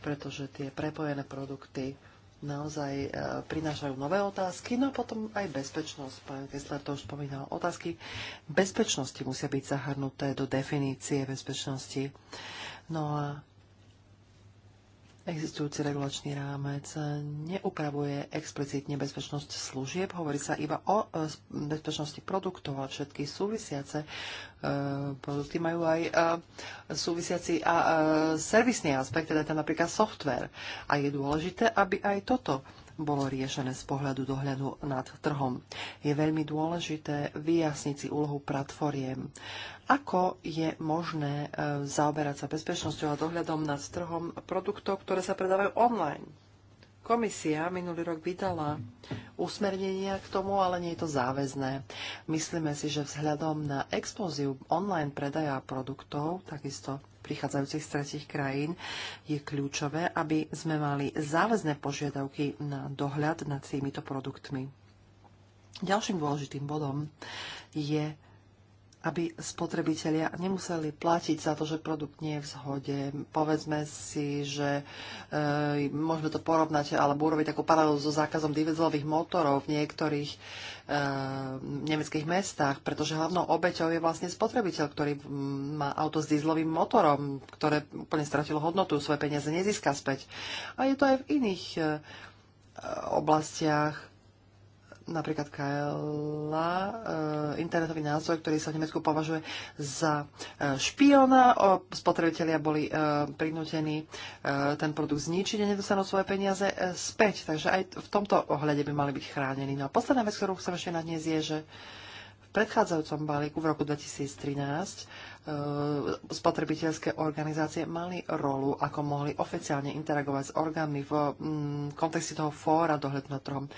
pretože tie prepojené produkty naozaj e, prinášajú nové otázky, no a potom aj bezpečnosť. Pán Kessler to už spomínal. Otázky bezpečnosti musia byť zahrnuté do definície bezpečnosti. No a Existujúci regulačný rámec neupravuje explicitne bezpečnosť služieb, hovorí sa iba o e, bezpečnosti produktov a všetky súvisiace e, produkty majú aj e, súvisiaci a servisný aspekt, teda tam napríklad software. A je dôležité, aby aj toto bolo riešené z pohľadu dohľadu nad trhom. Je veľmi dôležité vyjasniť si úlohu platformiem. Ako je možné e, zaoberať sa bezpečnosťou a dohľadom nad trhom produktov, ktoré sa predávajú online? Komisia minulý rok vydala usmernenia k tomu, ale nie je to záväzné. Myslíme si, že vzhľadom na expoziu online predaja produktov, takisto prichádzajúcich z tretich krajín, je kľúčové, aby sme mali záväzné požiadavky na dohľad nad týmito produktmi. Ďalším dôležitým bodom je aby spotrebitelia nemuseli platiť za to, že produkt nie je v zhode. Povedzme si, že e, môžeme to porovnať alebo urobiť takú paralelu so zákazom divizlových motorov v niektorých e, nemeckých mestách, pretože hlavnou obeťou je vlastne spotrebiteľ, ktorý má auto s dieselovým motorom, ktoré úplne stratilo hodnotu, svoje peniaze nezíska späť. A je to aj v iných e, oblastiach napríklad Kajla, eh, internetový názor, ktorý sa v Nemecku považuje za eh, špiona. Spotrebitelia boli eh, prinútení ten produkt zničiť a nedostanú svoje peniaze späť. Takže aj v tomto ohľade by mali byť chránení. No a posledná vec, ktorú chcem ešte na dnes je, že v predchádzajúcom balíku v roku 2013 E, spotrebiteľské organizácie mali rolu, ako mohli oficiálne interagovať s orgánmi v mm, kontexte toho fóra dohľad nad trhom.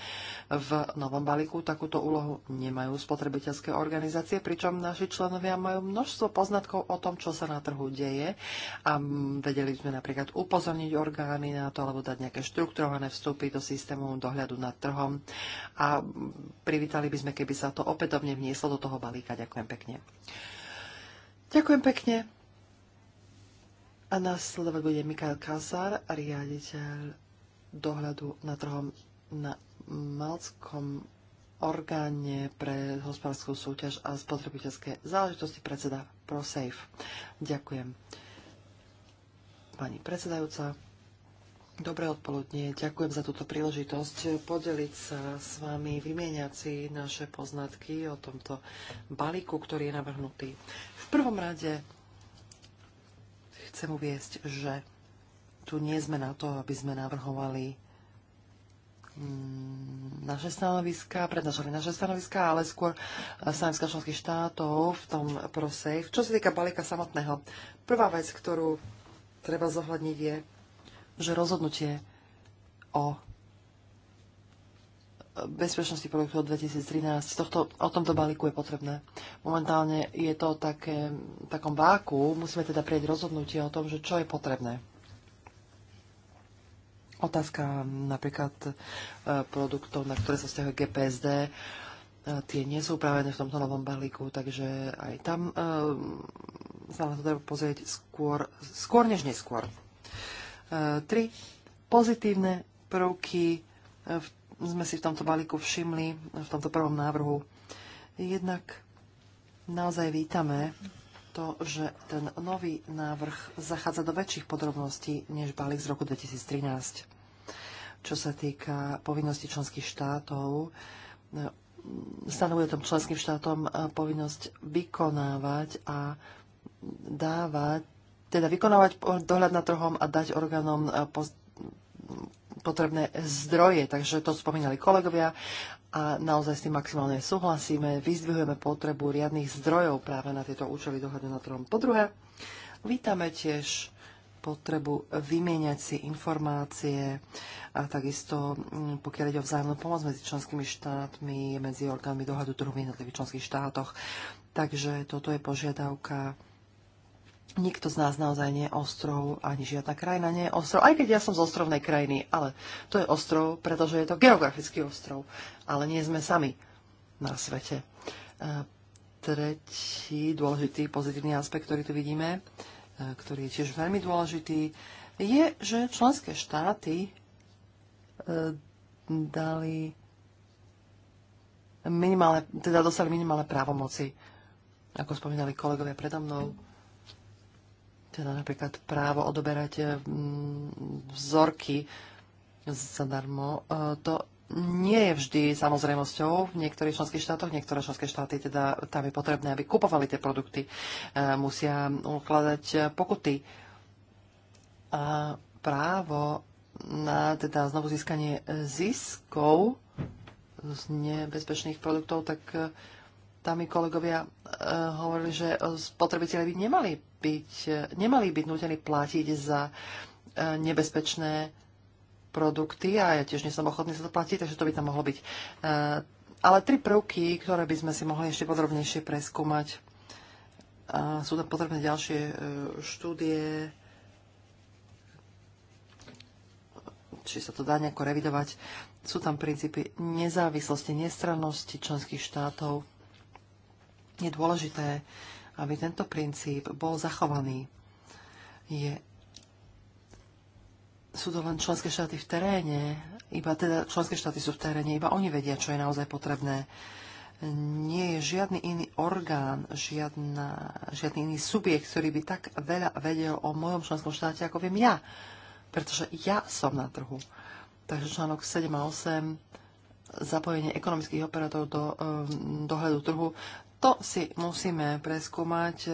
V novom balíku takúto úlohu nemajú spotrebiteľské organizácie, pričom naši členovia majú množstvo poznatkov o tom, čo sa na trhu deje a mm, vedeli sme napríklad upozorniť orgány na to, alebo dať nejaké štrukturované vstupy do systému dohľadu nad trhom a mm, privítali by sme, keby sa to opätovne vnieslo do toho balíka. Ďakujem pekne. Ďakujem pekne. A následovať bude Mikael Kasar, riaditeľ dohľadu na trhom na malckom orgáne pre hospodárskú súťaž a spotrebiteľské záležitosti predseda ProSafe. Ďakujem. Pani predsedajúca, Dobré odpoludnie. Ďakujem za túto príležitosť podeliť sa s vami, vymieňať si naše poznatky o tomto balíku, ktorý je navrhnutý prvom rade chcem uviesť, že tu nie sme na to, aby sme navrhovali mm, naše stanoviská, prednášali naše stanoviská, ale skôr eh, stanoviská členských štátov v tom prosej. Čo sa týka balíka samotného, prvá vec, ktorú treba zohľadniť je, že rozhodnutie o bezpečnosti od 2013. Tohto, o tomto balíku je potrebné. Momentálne je to také, v takom váku. Musíme teda prieť rozhodnutie o tom, že čo je potrebné. Otázka napríklad e, produktov, na ktoré sa stiahuje GPSD, e, tie nie sú upravené v tomto novom balíku, takže aj tam e, sa na to treba pozrieť skôr, skôr než neskôr. Tri pozitívne prvky v sme si v tomto balíku všimli, v tomto prvom návrhu. Jednak naozaj vítame to, že ten nový návrh zachádza do väčších podrobností než balík z roku 2013, čo sa týka povinnosti členských štátov stanovuje tom členským štátom e, povinnosť vykonávať a dávať, teda vykonávať dohľad nad trhom a dať orgánom e, potrebné zdroje, takže to spomínali kolegovia a naozaj s tým maximálne súhlasíme. Vyzdvihujeme potrebu riadných zdrojov práve na tieto účely dohody na trhom. Po druhé, vítame tiež potrebu vymieňať si informácie a takisto mm, pokiaľ ide o vzájomnú pomoc medzi členskými štátmi, medzi orgánmi dohľadu trhu v jednotlivých členských štátoch. Takže toto je požiadavka Nikto z nás naozaj nie je ostrov, ani žiadna krajina nie je ostrov, aj keď ja som z ostrovnej krajiny, ale to je ostrov, pretože je to geografický ostrov, ale nie sme sami na svete. E, tretí dôležitý pozitívny aspekt, ktorý tu vidíme, e, ktorý je tiež veľmi dôležitý, je, že členské štáty e, dali minimálne, teda dostali minimálne právomoci, ako spomínali kolegovia predo mnou teda napríklad právo odoberať eh, mm, vzorky zadarmo. Eh, to nie je vždy samozrejmosťou v niektorých členských štátoch. Niektoré členské štáty teda tam je potrebné, aby kupovali tie produkty. Eh, musia ukladať pokuty. A právo na teda znovu získanie ziskov z nebezpečných produktov, tak tam mi kolegovia uh, hovorili, že eh, spotrebitelia by nemali byť, eh, nemali byť nutení platiť za uh, nebezpečné produkty a ja tiež nie som ochotný sa to platiť, takže to by tam mohlo byť. Uh, ale tri prvky, ktoré by sme si mohli ešte podrobnejšie preskúmať. Uh, sú tam potrebné ďalšie uh, štúdie, či sa to dá nejako revidovať. Sú tam princípy nezávislosti, nestrannosti členských štátov je dôležité, aby tento princíp bol zachovaný. Je, sú to len členské štáty v teréne, iba teda členské štáty sú v teréne, iba oni vedia, čo je naozaj potrebné. Nie je žiadny iný orgán, žiadna, žiadny iný subjekt, ktorý by tak veľa vedel o mojom členskom štáte, ako viem ja. Pretože ja som na trhu. Takže článok 7 a 8 zapojenie ekonomických operátorov do um, dohľadu trhu. To si musíme preskúmať. E,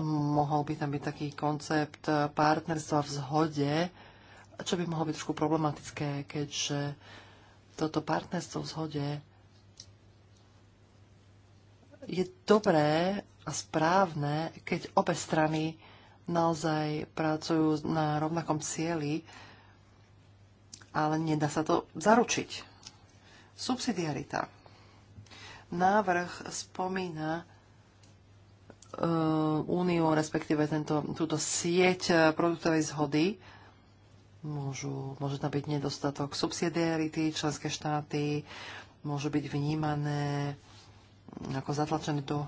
mohol by tam byť taký koncept partnerstva v zhode, čo by mohlo byť trošku problematické, keďže toto partnerstvo v zhode je dobré a správne, keď obe strany naozaj pracujú na rovnakom cieli, ale nedá sa to zaručiť. Subsidiarita návrh spomína e, úniu, respektíve tento, túto sieť e, produktovej zhody. Môžu, môže tam byť nedostatok subsidiarity, členské štáty môžu byť vnímané ako zatlačené do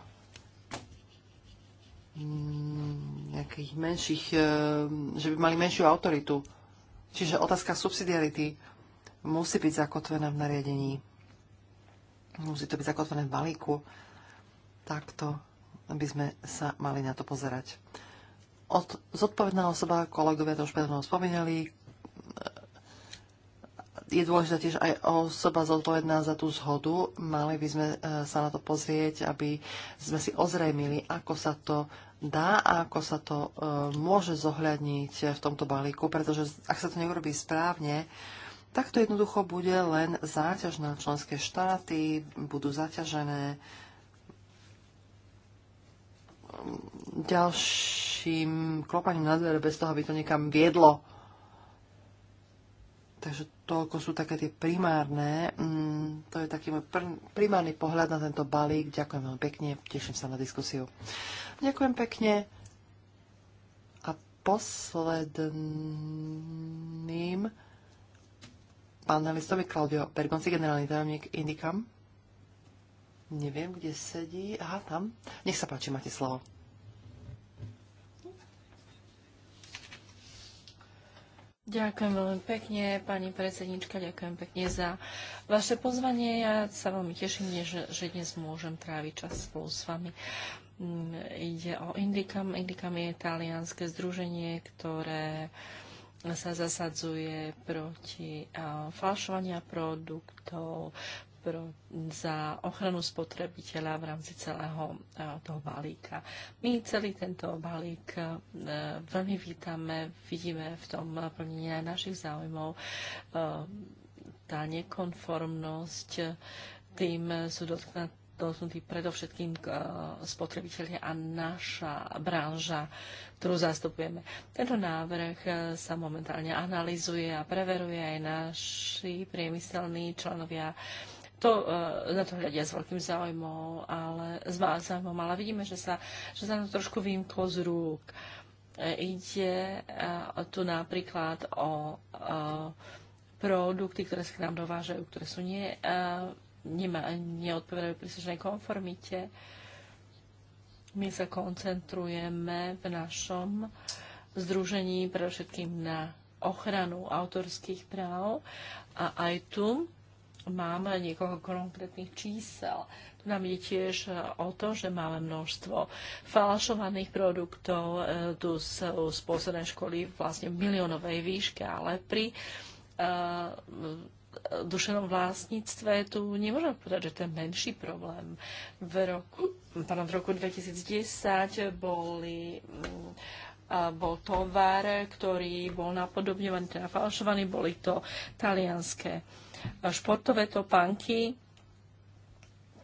mm, nejakých menších, e, že by mali menšiu autoritu. Čiže otázka subsidiarity musí byť zakotvená v nariadení. Musí to byť zakotvené v balíku. Takto by sme sa mali na to pozerať. Od, zodpovedná osoba, kolegovia to už pevno spomínali, je dôležitá tiež aj osoba zodpovedná za tú zhodu. Mali by sme e, sa na to pozrieť, aby sme si ozrejmili, ako sa to dá a ako sa to e, môže zohľadniť v tomto balíku, pretože ak sa to neurobí správne, Takto jednoducho bude len záťaž na členské štáty, budú zaťažené ďalším klopaním na dvere bez toho, aby to niekam viedlo. Takže toľko sú také tie primárne. Mm, to je taký môj pr- primárny pohľad na tento balík. Ďakujem veľmi pekne, teším sa na diskusiu. Ďakujem pekne. A posledným panelistom je Claudio Bergonci, generálny tajomník Indicam. Neviem, kde sedí. Aha, tam. Nech sa páči, máte slovo. Ďakujem veľmi pekne, pani predsednička, ďakujem pekne za vaše pozvanie. Ja sa veľmi teším, že, že dnes môžem tráviť čas spolu s vami. Mm, ide o Indicam. Indicam je italianské združenie, ktoré uh, sa zasadzuje proti falšovania produktov, pro, za ochranu spotrebiteľa v rámci celého toho balíka. My celý tento balík veľmi vítame, vidíme v tom plnení aj našich záujmov. Tá nekonformnosť tým sú dotknuté dotknutí predovšetkým e, spotrebitelia a naša branža, ktorú zastupujeme. Tento návrh e, sa momentálne analizuje a preveruje aj naši priemyselní členovia to, e, na to hľadia s veľkým záujmom, ale, s záujmom, ale vidíme, že sa, že sa to trošku vymklo z rúk. Ide tu napríklad o, o produkty, ktoré sa k nám dovážajú, ktoré sú nie nemá, neodpovedajú príslušnej konformite. My sa koncentrujeme v našom združení pre všetkým na ochranu autorských práv a aj tu máme niekoľko konkrétnych čísel. Tu nám je tiež o to, že máme množstvo falšovaných produktov. E, tu sú spôsobené školy vlastne v miliónovej výške, ale pri e, duševnom vlastníctve tu nemôžem povedať, že to je menší problém. V roku, pardon, v roku 2010 boli mm, bol tovar, ktorý bol napodobňovaný, teda falšovaný, boli to talianské športové topánky,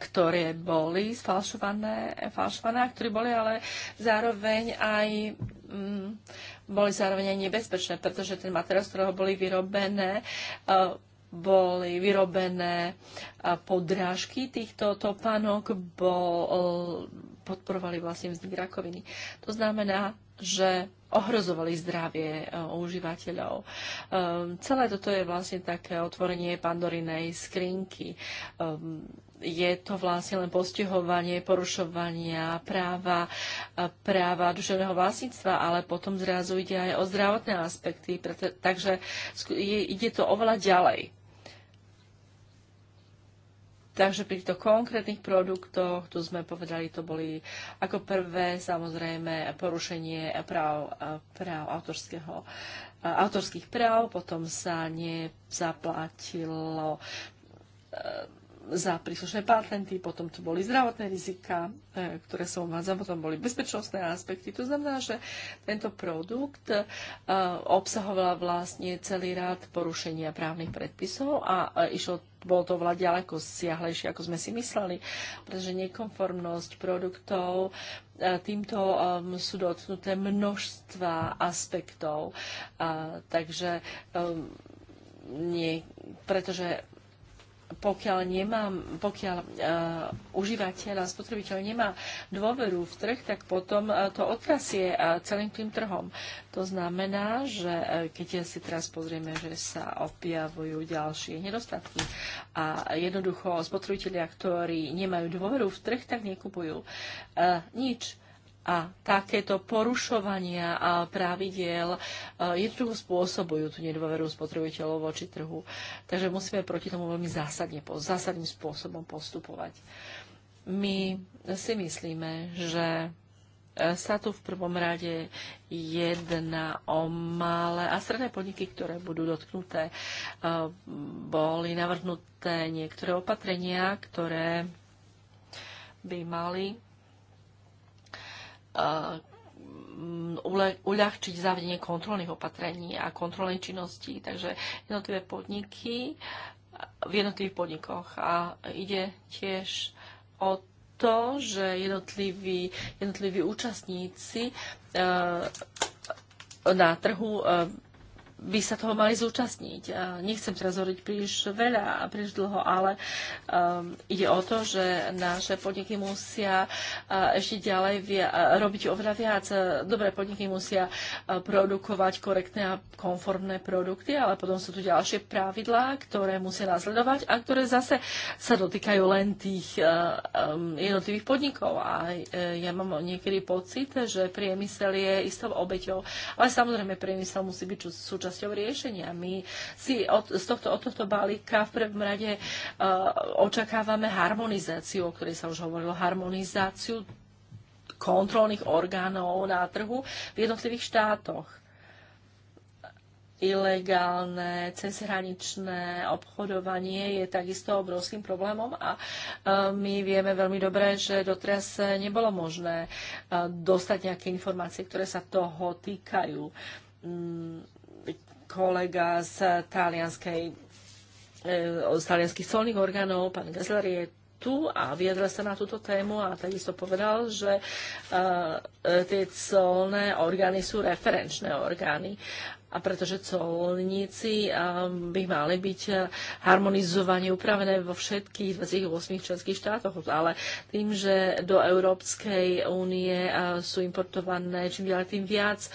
ktoré boli sfalšované, falšované, ktoré boli ale zároveň aj mm, boli zároveň aj nebezpečné, pretože ten materiál, z ktorého boli vyrobené, uh, boli vyrobené podrážky týchto topánok, bol, podporovali vlastne vznik rakoviny. To znamená, že ohrozovali zdravie e, užívateľov. Um, celé toto je vlastne také otvorenie pandorinej skrinky. Um, je to vlastne len postihovanie porušovania práva, práva duševného vlastníctva, ale potom zrazu ide aj o zdravotné aspekty, preto, takže ide to oveľa ďalej Takže pri týchto konkrétnych produktoch, tu sme povedali, to boli ako prvé samozrejme porušenie práv, práv autorského, autorských práv, potom sa nezaplatilo za príslušné patenty, potom tu boli zdravotné rizika, e, ktoré som uvádzam, potom boli bezpečnostné aspekty. To znamená, že tento produkt obsahoval e, obsahovala vlastne celý rád porušenia právnych predpisov a e, išlo bolo to oveľa ďaleko siahlejšie, ako sme si mysleli, pretože nekonformnosť produktov, týmto um, sú dotknuté množstva aspektov. A, takže um, nie, pretože pokiaľ, nemám, pokiaľ uh, užívateľ a spotrebiteľ nemá dôveru v trh, tak potom uh, to otrasie uh, e, celým tým trhom. To znamená, že uh, keď si teraz pozrieme, že sa objavujú ďalšie nedostatky a jednoducho spotrebitelia, ktorí nemajú dôveru v trh, tak nekupujú uh, nič. Uh, a takéto porušovania a pravidiel e, jednoducho spôsobujú tú nedôveru spotrebiteľov voči trhu. Takže musíme proti tomu veľmi zásadne, zásadným spôsobom postupovať. My si myslíme, že e, sa tu v prvom rade jedna o malé a stredné podniky, ktoré budú dotknuté. E, boli navrhnuté niektoré opatrenia, ktoré by mali Uh, uľahčiť zavedenie kontrolných opatrení a kontrolnej činnosti. Takže jednotlivé podniky v jednotlivých podnikoch. A ide tiež o to, že jednotliví, jednotliví účastníci uh, na trhu uh, by sa toho mali zúčastniť. Nechcem teraz hovoriť príliš veľa a príliš dlho, ale um, ide o to, že naše podniky musia uh, ešte ďalej via, uh, robiť oveľa viac. Uh, dobré podniky musia uh, produkovať korektné a konformné produkty, ale potom sú tu ďalšie pravidlá, ktoré musia nasledovať a ktoré zase sa dotýkajú len tých uh, um, jednotlivých podnikov. A uh, ja mám niekedy pocit, že priemysel je istou obeťou. Ale samozrejme, priemysel musí byť súčasťou súčasťou riešenia. My si od, z tohto, od tohto balíka v prvom rade uh, očakávame harmonizáciu, o ktorej sa už hovorilo, harmonizáciu kontrolných orgánov na trhu v jednotlivých štátoch ilegálne cezhraničné obchodovanie je takisto obrovským problémom a e, my vieme veľmi dobre, že doteraz nebolo možné e, dostať nejaké informácie, ktoré sa toho týkajú mm, kolega z talianskej e, z talianských colných orgánov, pán Gessler, je tu a vyjadril sa na túto tému a takisto povedal, že uh, tie colné orgány sú referenčné orgány a pretože colníci by mali byť harmonizovane upravené vo všetkých 28 členských štátoch, ale tým, že do Európskej únie sú importované čím ďalej tým viac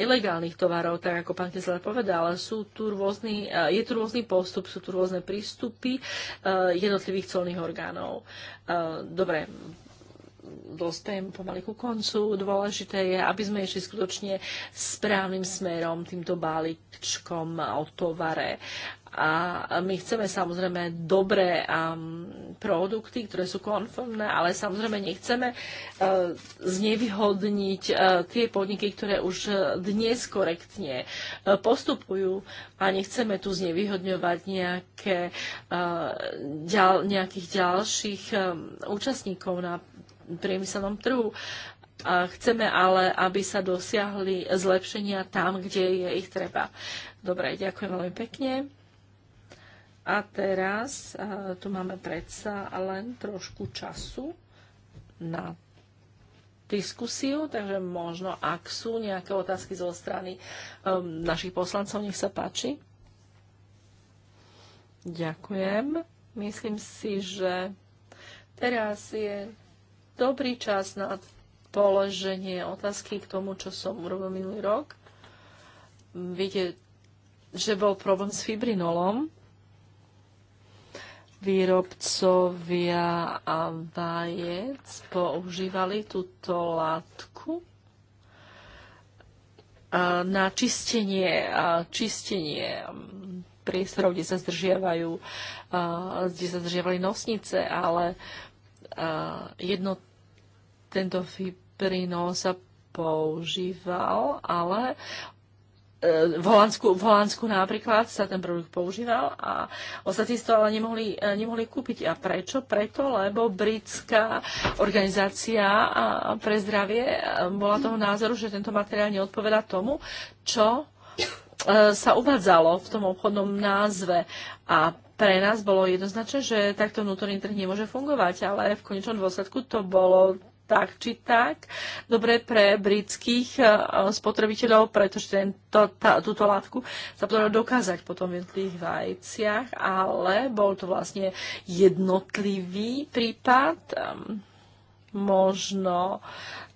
ilegálnych tovarov, tak ako pán Kesler povedal, sú tu rôzny, je tu rôzny postup, sú tu rôzne prístupy jednotlivých colných orgánov. Dobre, dostajem pomaly ku koncu. Dôležité je, aby sme išli skutočne správnym smerom týmto balíčkom o tovare. A my chceme samozrejme dobré um, produkty, ktoré sú konformné, ale samozrejme nechceme uh, znevýhodniť uh, tie podniky, ktoré už dnes korektne uh, postupujú a nechceme tu znevýhodňovať nejaké, uh, ďal, nejakých ďalších um, účastníkov na priemyselnom trhu. A chceme ale, aby sa dosiahli zlepšenia tam, kde je ich treba. Dobre, ďakujem veľmi pekne. A teraz tu máme predsa len trošku času na diskusiu, takže možno ak sú nejaké otázky zo strany um, našich poslancov, nech sa páči. Ďakujem. Myslím si, že teraz je dobrý čas na položenie otázky k tomu, čo som urobil minulý rok. Viete, že bol problém s fibrinolom. Výrobcovia a vajec používali túto látku na čistenie, čistenie priestorov, kde sa zdržiavajú, kde sa zdržiavali nosnice, ale jedno, tento Fibrino sa používal, ale e, v Holandsku, v Holandsku napríklad sa ten produkt používal a ostatní to ale nemohli, e, nemohli kúpiť. A prečo? Preto, lebo britská organizácia pre zdravie e, bola toho názoru, že tento materiál neodpoveda tomu, čo sa uvádzalo v tom obchodnom názve. A pre nás bolo jednoznačné, že takto vnútorný trh nemôže fungovať, ale v konečnom dôsledku to bolo tak či tak dobre pre britských e, spotrebiteľov, pretože tento, tá, túto látku sa podarilo dokázať potom v jednotlivých vajciach, ale bol to vlastne jednotlivý prípad možno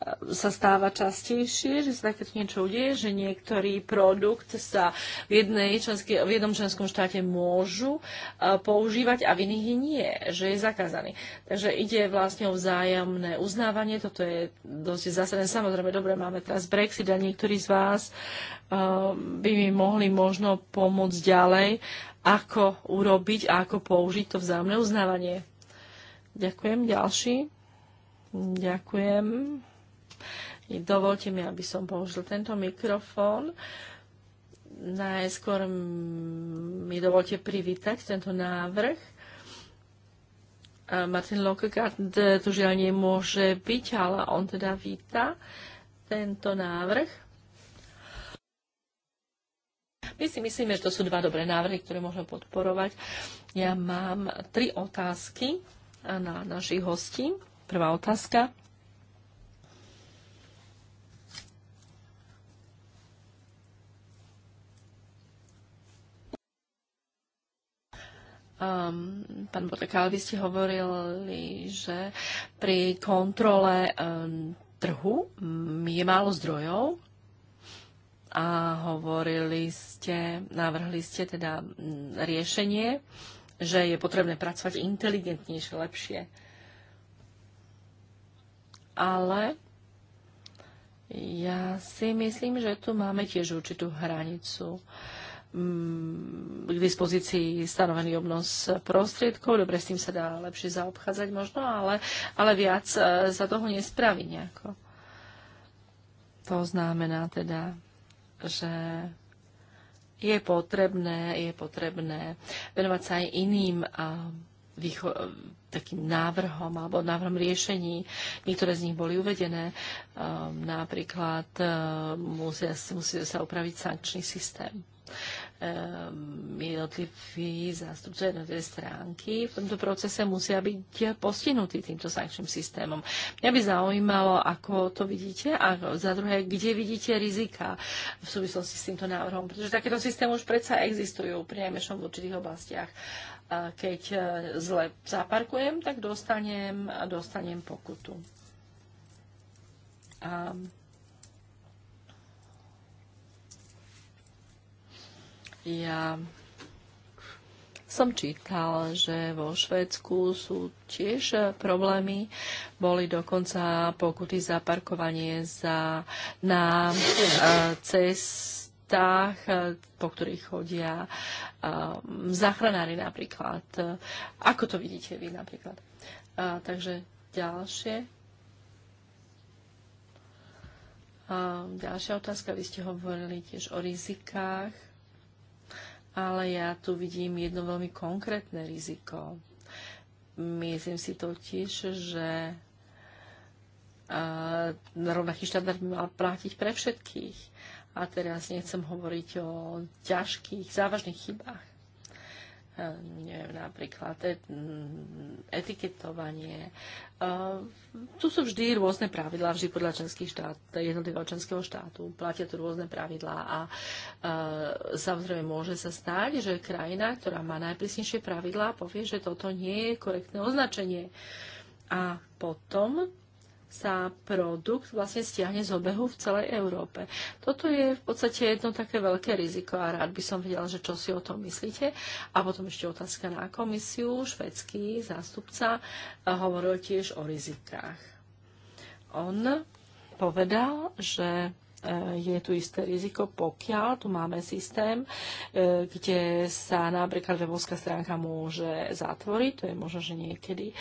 eh, sa stáva častejšie, že sa takéto niečo udeje, že niektorý produkt sa v, jednej členské, v jednom členskom štáte môžu eh, používať a v iných nie, že je zakázaný. Takže ide vlastne o vzájomné uznávanie, toto je dosť zásadné. Samozrejme, dobre, máme teraz Brexit a niektorí z vás eh, by mi mohli možno pomôcť ďalej, ako urobiť a ako použiť to vzájomné uznávanie. Ďakujem. Ďalší. Ďakujem. Dovolte mi, aby som použil tento mikrofón. Najskôr mi dovolte privítať tento návrh. Martin Lokegaard tu žiaľ nemôže byť, ale on teda víta tento návrh. My si myslíme, že to sú dva dobré návrhy, ktoré môžeme podporovať. Ja mám tri otázky na našich hostí. Prvá otázka. Um, pán Bodekal, vy ste hovorili, že pri kontrole um, trhu je málo zdrojov a hovorili ste, navrhli ste teda riešenie, že je potrebné pracovať inteligentnejšie, lepšie ale ja si myslím, že tu máme tiež určitú hranicu mm, k dispozícii stanovený obnos prostriedkov. Dobre, s tým sa dá lepšie zaobchádzať možno, ale, ale viac e, sa toho nespraví nejako. To znamená teda, že je potrebné, je potrebné venovať sa aj iným takým návrhom alebo návrhom riešení. Niektoré z nich boli uvedené. Um, napríklad um, musia, musí sa upraviť sankčný systém. Um, jednotliví zástupcovia jednotlivé stránky v tomto procese musia byť postihnutí týmto sankčným systémom. Mňa by zaujímalo, ako to vidíte a za druhé, kde vidíte rizika v súvislosti s týmto návrhom, pretože takéto systémy už predsa existujú pri najmäšom v určitých oblastiach keď e, zle zaparkujem, tak dostanem, dostanem pokutu. A ja som čítal, že vo Švedsku sú tiež e, problémy. Boli dokonca pokuty za parkovanie za, na e, cest cestách, eh, po ktorých chodia eh, záchranári napríklad. Eh, ako to vidíte vy napríklad? Takže ďalšie. Ďalšia otázka. Vy ste hovorili tiež o rizikách, ale ja tu vidím jedno veľmi konkrétne riziko. Myslím si totiž, že rovnaký štandard by mal platiť pre všetkých. A teraz nechcem hovoriť o ťažkých, závažných chybách. E, neviem, napríklad e, etiketovanie. E, tu sú vždy rôzne pravidlá, vždy podľa členských štát, jednotlivého členského štátu. Platia tu rôzne pravidlá a samozrejme môže sa stať, že krajina, ktorá má najprísnejšie pravidlá, povie, že toto nie je korektné označenie. A potom sa produkt vlastne stiahne z obehu v celej Európe. Toto je v podstate jedno také veľké riziko a rád by som vedela, že čo si o tom myslíte. A potom ešte otázka na komisiu. Švedský zástupca eh, hovoril tiež o rizikách. On povedal, že je tu isté riziko, pokiaľ tu máme systém, e, kde sa napríklad webovská stránka môže zatvoriť, to je možno, že niekedy, e,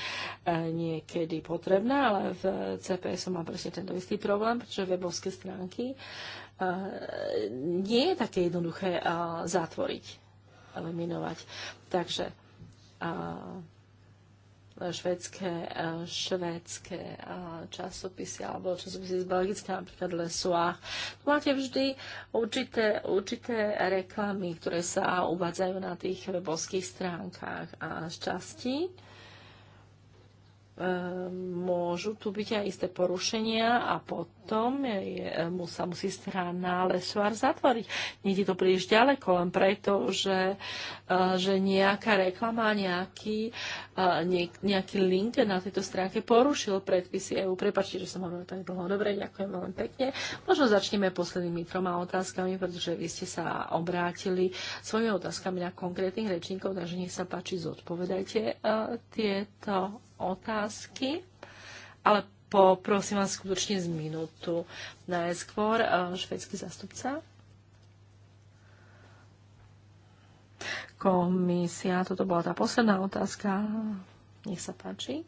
niekedy potrebné, ale v CPS má presne tento istý problém, pretože webovské stránky e, nie je také jednoduché zatvoriť, eliminovať. Takže švedské, e, švedské e, časopisy alebo časopisy z Belgické, napríklad Tu Máte vždy určité, určité reklamy, ktoré sa uvádzajú na tých webovských stránkach a šťastí môžu tu byť aj isté porušenia a potom je, mu sa musí strana lesuár zatvoriť. je to príliš ďaleko, len preto, že, e, že nejaká reklama, nejaký, e, nejaký link na tejto stránke porušil predpisy EU. Prepačte, že som hovoril tak dlho. Dobre, ďakujem veľmi pekne. Možno začneme poslednými troma otázkami, pretože vy ste sa obrátili svojimi otázkami na konkrétnych rečníkov, takže nech sa páči, zodpovedajte e, tieto otázky, ale poprosím vás skutočne z minútu. Najskôr eh, švedský zastupca. Komisia, toto bola tá posledná otázka. Nech sa páči.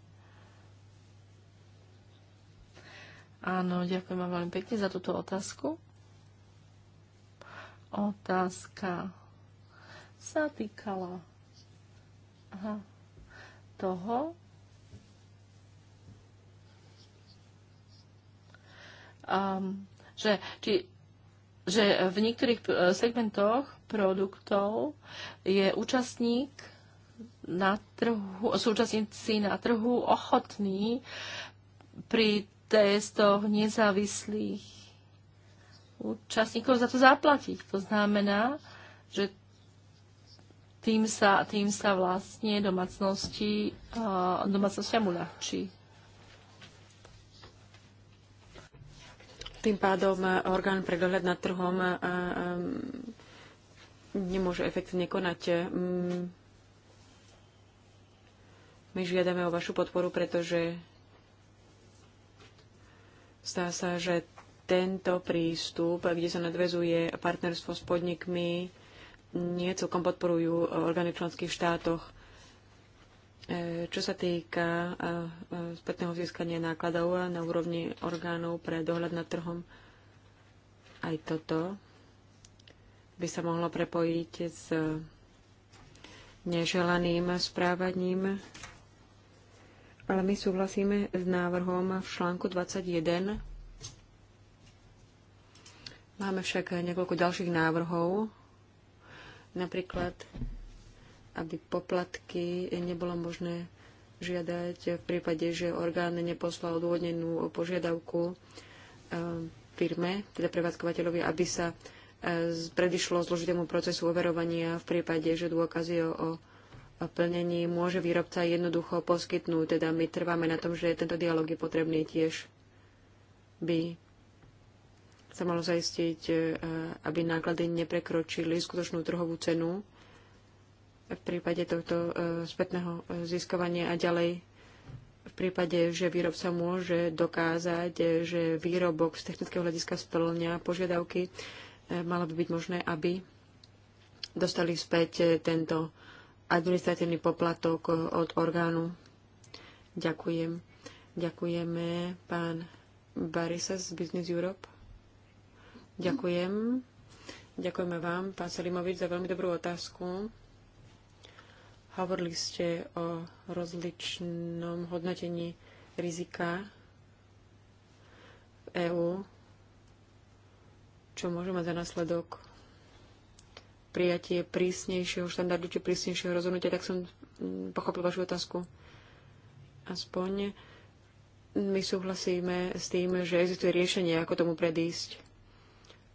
Áno, ďakujem vám veľmi pekne za túto otázku. Otázka sa týkala aha, toho, um, že, či, že v niektorých eh, segmentoch produktov je účastník na trhu, súčasníci na trhu ochotní pri testoch nezávislých účastníkov za to zaplatiť. To znamená, že tým sa, tým sa vlastne domácnosti, eh, domácnostiam uľahčí Tým pádom orgán pre dohľad nad trhom nemôže efektívne konať. Mm. My žiadame o vašu podporu, pretože zdá sa, že tento prístup, kde sa nadvezuje partnerstvo s podnikmi, nie celkom podporujú orgány v členských štátoch. Čo sa týka e, e, spätného získania nákladov na úrovni orgánov pre dohľad nad trhom, aj toto by sa mohlo prepojiť s neželaným správaním. Ale my súhlasíme s návrhom v článku 21. Máme však niekoľko ďalších návrhov, napríklad aby poplatky nebolo možné žiadať v prípade, že orgán neposlal odôvodnenú požiadavku e, firme, teda prevádzkovateľovi, aby sa e, predišlo zložitému procesu overovania v prípade, že dôkazy o plnení môže výrobca jednoducho poskytnúť. Teda my trváme na tom, že tento dialog je potrebný tiež by sa malo zaistiť, e, aby náklady neprekročili skutočnú trhovú cenu v prípade tohto e, spätného e, získovania a ďalej v prípade, že výrobca môže dokázať, e, že výrobok z technického hľadiska splňa požiadavky, malo by byť možné, aby dostali späť tento administratívny poplatok od orgánu. Ďakujem. Ďakujeme pán Barisa z Business Europe. Ďakujem. Ďakujeme vám, pán Selimovič, za veľmi dobrú otázku. Hovorili ste o rozličnom hodnotení rizika v EÚ, čo môže mať za následok prijatie prísnejšieho štandardu či prísnejšieho rozhodnutia, tak som mm, pochopil vašu otázku. Aspoň my súhlasíme s tým, že existuje riešenie, ako tomu predísť.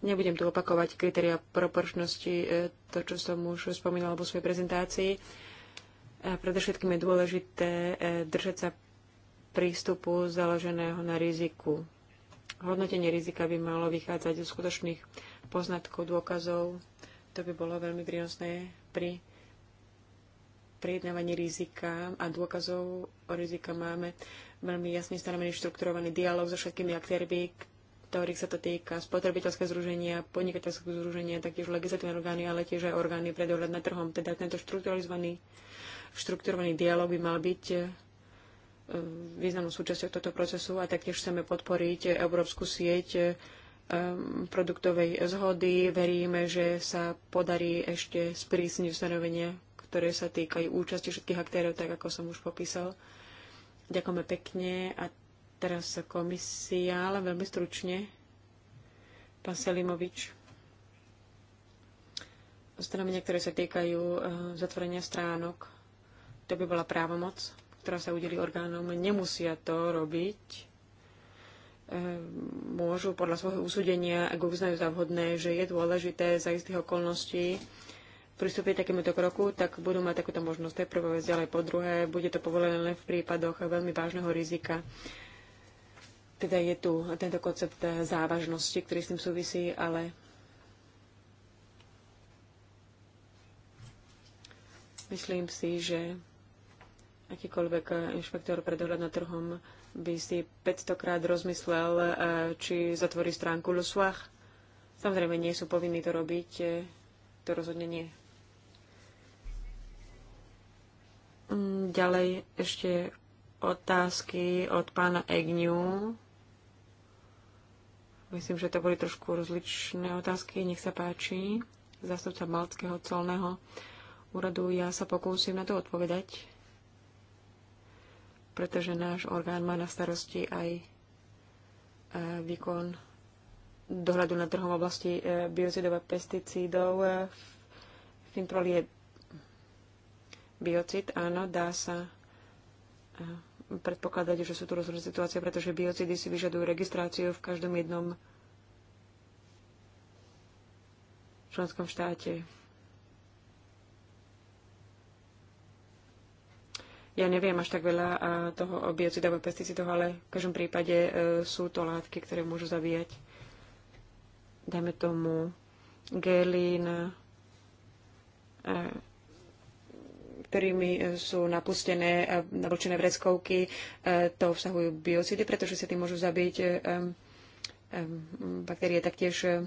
Nebudem tu opakovať kritéria proporčnosti, e, to, čo som už spomínala vo svojej prezentácii. Predovšetkým je dôležité e, držať sa prístupu založeného na riziku. Hodnotenie rizika by malo vychádzať zo skutočných poznatkov, dôkazov. To by bolo veľmi prínosné pri prejednávaní rizika a dôkazov o rizika máme veľmi jasne stanovený štrukturovaný dialog so všetkými aktérmi, ktorých sa to týka, spotrebiteľské združenia, podnikateľské združenia, taktiež legislatívne orgány, ale tiež aj orgány pre dohľad na trhom. Teda tento štrukturalizovaný štrukturovaný dialog by mal byť e, významnou súčasťou tohto procesu a taktiež chceme podporiť európsku sieť e, produktovej zhody. Veríme, že sa podarí ešte sprísniť ustanovenia, ktoré sa týkajú účasti všetkých aktérov, tak ako som už popísal. Ďakujeme pekne a teraz komisia, ale veľmi stručne. Pán Selimovič. Ustanovenia, ktoré sa týkajú e, zatvorenia stránok to by bola právomoc, ktorá sa udeli orgánom. Nemusia to robiť. E, môžu podľa svojho úsudenia, ak uznajú za vhodné, že je dôležité za istých okolností pristúpiť takémuto kroku, tak budú mať takúto možnosť. To je prvá vec, ďalej po druhé, bude to povolené len v prípadoch veľmi vážneho rizika. Teda je tu tento koncept závažnosti, ktorý s tým súvisí, ale myslím si, že akýkoľvek eh, inšpektor pre dohľad na trhom by si 500 krát rozmyslel, eh, či zatvorí stránku Lusuach. Samozrejme, nie sú povinní to robiť, eh, to rozhodne nie. Mm, ďalej ešte otázky od pána Egniu. Myslím, že to boli trošku rozličné otázky. Nech sa páči. Zástupca Baltského colného úradu. Ja sa pokúsim na to odpovedať pretože náš orgán má na starosti aj e, výkon dohľadu na trhom oblasti e, biocidov a pesticídov. E, Fintrol je biocid, áno, dá sa predpokladať, že sú tu rozhodné situácie, pretože biocidy si vyžadujú registráciu v každom jednom členskom štáte. Ja neviem až tak veľa eh, toho o eh, biocidov a pesticidoch, ale v každom prípade eh, sú to látky, ktoré môžu zabíjať. Dajme tomu gely na ktorými sú napustené, navlčené vreckovky, to obsahujú biocidy, pretože sa tým môžu zabiť baktérie. Taktiež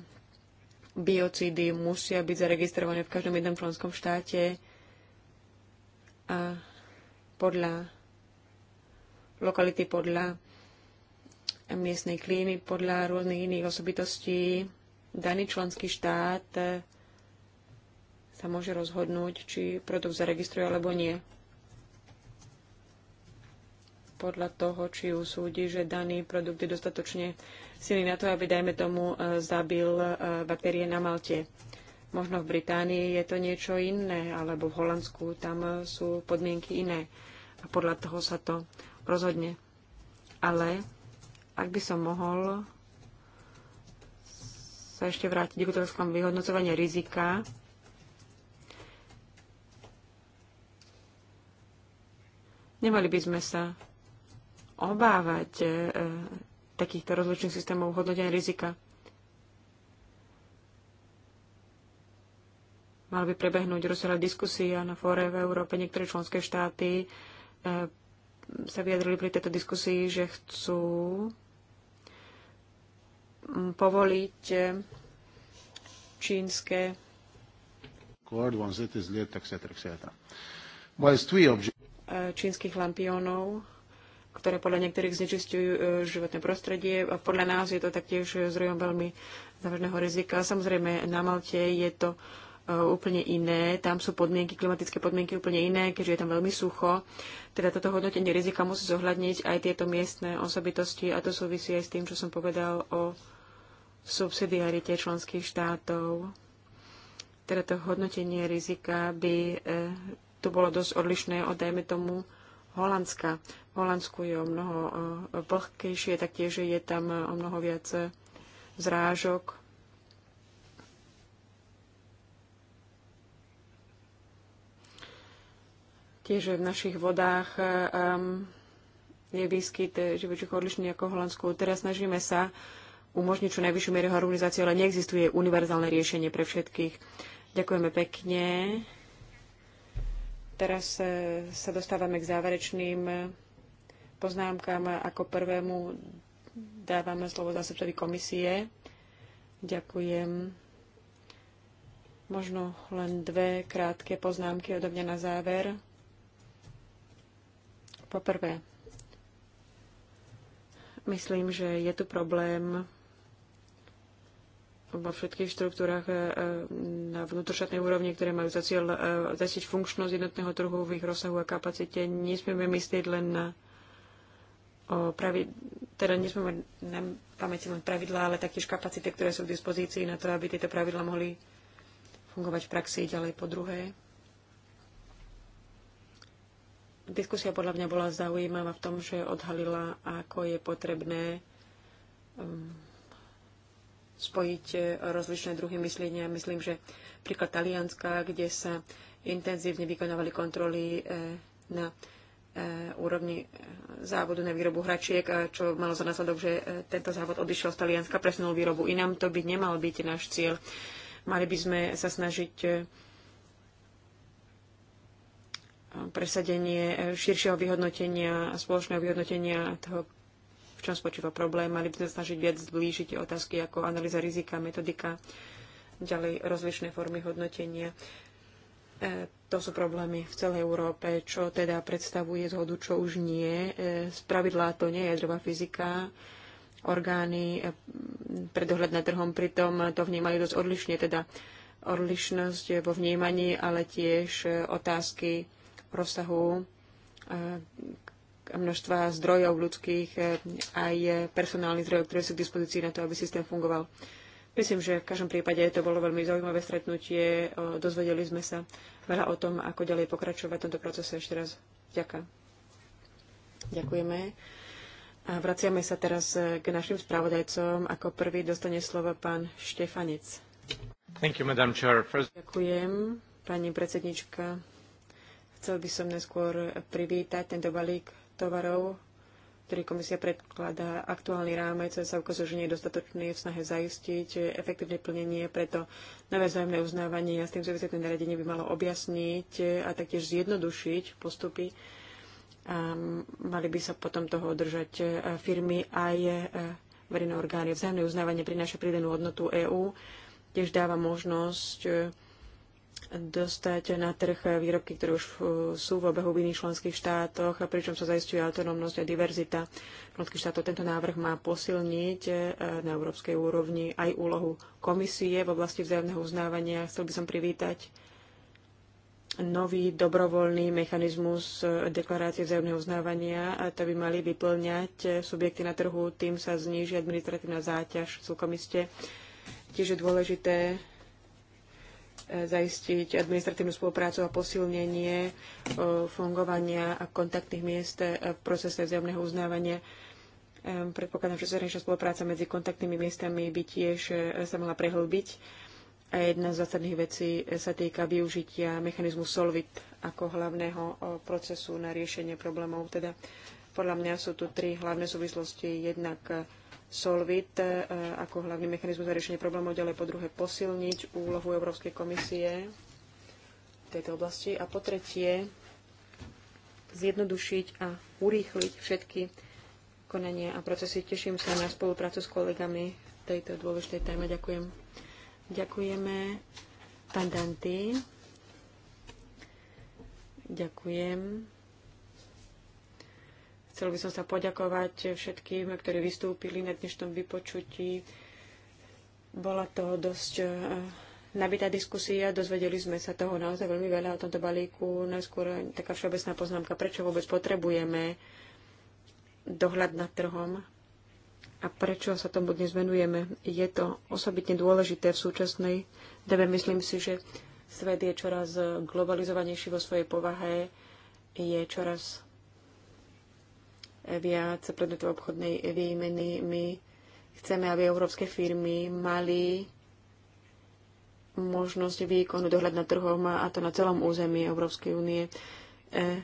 biocidy musia byť zaregistrované v každom jednom členskom štáte. A podľa lokality, podľa miestnej klímy, podľa rôznych iných osobitostí daný členský štát eh, sa môže rozhodnúť, či produkt zaregistruje alebo nie. Podľa toho, či usúdi, že daný produkt je dostatočne silný na to, aby, dajme tomu, eh, zabil eh, baktérie na Malte. Možno v Británii je to niečo iné, alebo v Holandsku tam sú podmienky iné a podľa toho sa to rozhodne. Ale ak by som mohol sa ešte vrátiť k otázkam vyhodnocovania rizika, nemali by sme sa obávať e, takýchto rozličných systémov hodnotenia rizika. Mal by prebehnúť rozsiahla diskusia na fóre v Európe. Niektoré členské štáty E, sa vyjadrili pri tejto diskusii, že chcú mm, povoliť e, čínske e, čínskych lampiónov, ktoré podľa niektorých znečistujú životné prostredie. A podľa nás je to taktiež zrojom veľmi závažného rizika. Samozrejme, na Malte je to Eh, úplne iné. Tam sú podmienky, klimatické podmienky úplne iné, keďže je tam veľmi sucho. Teda toto hodnotenie rizika musí zohľadniť aj tieto miestne osobitosti a to súvisí aj s tým, čo som povedal o subsidiarite členských štátov. Teda to hodnotenie rizika by eh, tu bolo dosť odlišné od, dajme tomu, Holandska. V Holandsku je o mnoho vlhkejšie, eh, taktiež je tam o mnoho viac zrážok Tiež v našich vodách um, je výskyt eh, živočích odlišný ako v Holandsku. Teraz snažíme sa umožniť čo najvyššiu mieru harmonizáciu, ale neexistuje univerzálne riešenie pre všetkých. Ďakujeme pekne. Teraz eh, sa dostávame k záverečným poznámkam. Ako prvému dávame slovo zásobcovi komisie. Ďakujem. Možno len dve krátke poznámky odo mňa na záver. Poprvé, myslím, že je tu problém vo všetkých štruktúrach e, na vnútrošatnej úrovni, ktoré majú za cieľ e, zasiť funkčnosť jednotného trhu v ich rozsahu a kapacite. Nesmieme myslieť len na o pravi, teda nesmieme na pamäti len pravidlá, ale taktiež kapacity, ktoré sú k dispozícii na to, aby tieto pravidlá mohli fungovať v praxi ďalej po druhé. Diskusia podľa mňa bola zaujímavá v tom, že odhalila, ako je potrebné um, spojiť eh, rozličné druhy myslenia. Myslím, že príklad Talianska, kde sa intenzívne vykonávali kontroly eh, na eh, úrovni závodu na výrobu hračiek, čo malo za následok, že tento závod odišiel z Talianska, presunul výrobu inám. To by nemal byť náš cieľ. Mali by sme sa snažiť presadenie eh, širšieho vyhodnotenia a spoločného vyhodnotenia toho, v čom spočíva problém. Mali by sme snažiť viac zblížiť otázky ako analýza rizika, metodika, ďalej rozličné formy hodnotenia. E, to sú problémy v celej Európe, čo teda predstavuje zhodu, čo už nie. E, z to nie je jadrová fyzika, orgány e, predohľad na trhom, pritom to vnímajú dosť odlišne, teda odlišnosť vo vnímaní, ale tiež otázky rozsahu eh, množstva zdrojov ľudských eh, aj personálnych zdrojov, ktoré sú k dispozícii na to, aby systém fungoval. Myslím, že v každom prípade to bolo veľmi zaujímavé stretnutie. Dozvedeli sme sa veľa o tom, ako ďalej pokračovať v tomto procese. Ešte raz ďaká. Ďakujeme. A vraciame sa teraz eh, k našim spravodajcom. Ako prvý dostane slovo pán Štefanec. Thank you, Madam Chair. First... Ďakujem, pani predsednička. Chcel by som neskôr privítať tento balík tovarov, ktorý komisia predkladá aktuálny rámec, sa ukazuje, že nie je dostatočný v snahe zaistiť efektívne plnenie, preto nové vzájomné uznávanie a s tým súvisiacim naradenie by malo objasniť a taktiež zjednodušiť postupy. A mali by sa potom toho držať e, firmy aj e, verejné orgány. Vzájomné uznávanie prináša pridanú hodnotu EÚ, tiež dáva možnosť e, dostať na trh výrobky, ktoré už eh, sú v obehu v iných členských štátoch, a pričom sa zaistuje autonómnosť a diverzita členských štátov. Tento návrh má posilniť eh, na európskej úrovni aj úlohu komisie v oblasti vzájomného uznávania. Chcel by som privítať nový dobrovoľný mechanizmus eh, deklarácie vzájomného uznávania. A to by mali vyplňať subjekty na trhu, tým sa zníži administratívna záťaž v celkom iste. Tiež je dôležité zaistiť administratívnu spoluprácu a posilnenie e, fungovania a kontaktných miest e, v procese vzájomného uznávania. E, predpokladám, že zahraničná spolupráca medzi kontaktnými miestami by tiež sa mohla prehlbiť. A jedna z zásadných vecí sa týka využitia mechanizmu Solvit ako hlavného procesu na riešenie problémov. Teda podľa mňa sú tu tri hlavné súvislosti. Jednak Solvit e, ako hlavný mechanizmus za riešenie problémov, ďalej po druhé posilniť úlohu Európskej komisie v tejto oblasti a po tretie zjednodušiť a urýchliť všetky konania a procesy. Teším sa na spoluprácu s kolegami v tejto dôležitej téme. Ďakujem. Ďakujeme. Danty. Ďakujem. Chcel by som sa poďakovať všetkým, ktorí vystúpili na dnešnom vypočutí. Bola to dosť eh, nabitá diskusia, dozvedeli sme sa toho naozaj veľmi veľa o tomto balíku. Najskôr taká všeobecná poznámka, prečo vôbec potrebujeme dohľad nad trhom a prečo sa tomu dnes venujeme. Je to osobitne dôležité v súčasnej dobe. Myslím si, že svet je čoraz globalizovanejší vo svojej povahe, je čoraz viac predmetov obchodnej výmeny. My chceme, aby európske firmy mali možnosť výkonu dohľad na trhom a to na celom území Európskej únie. E,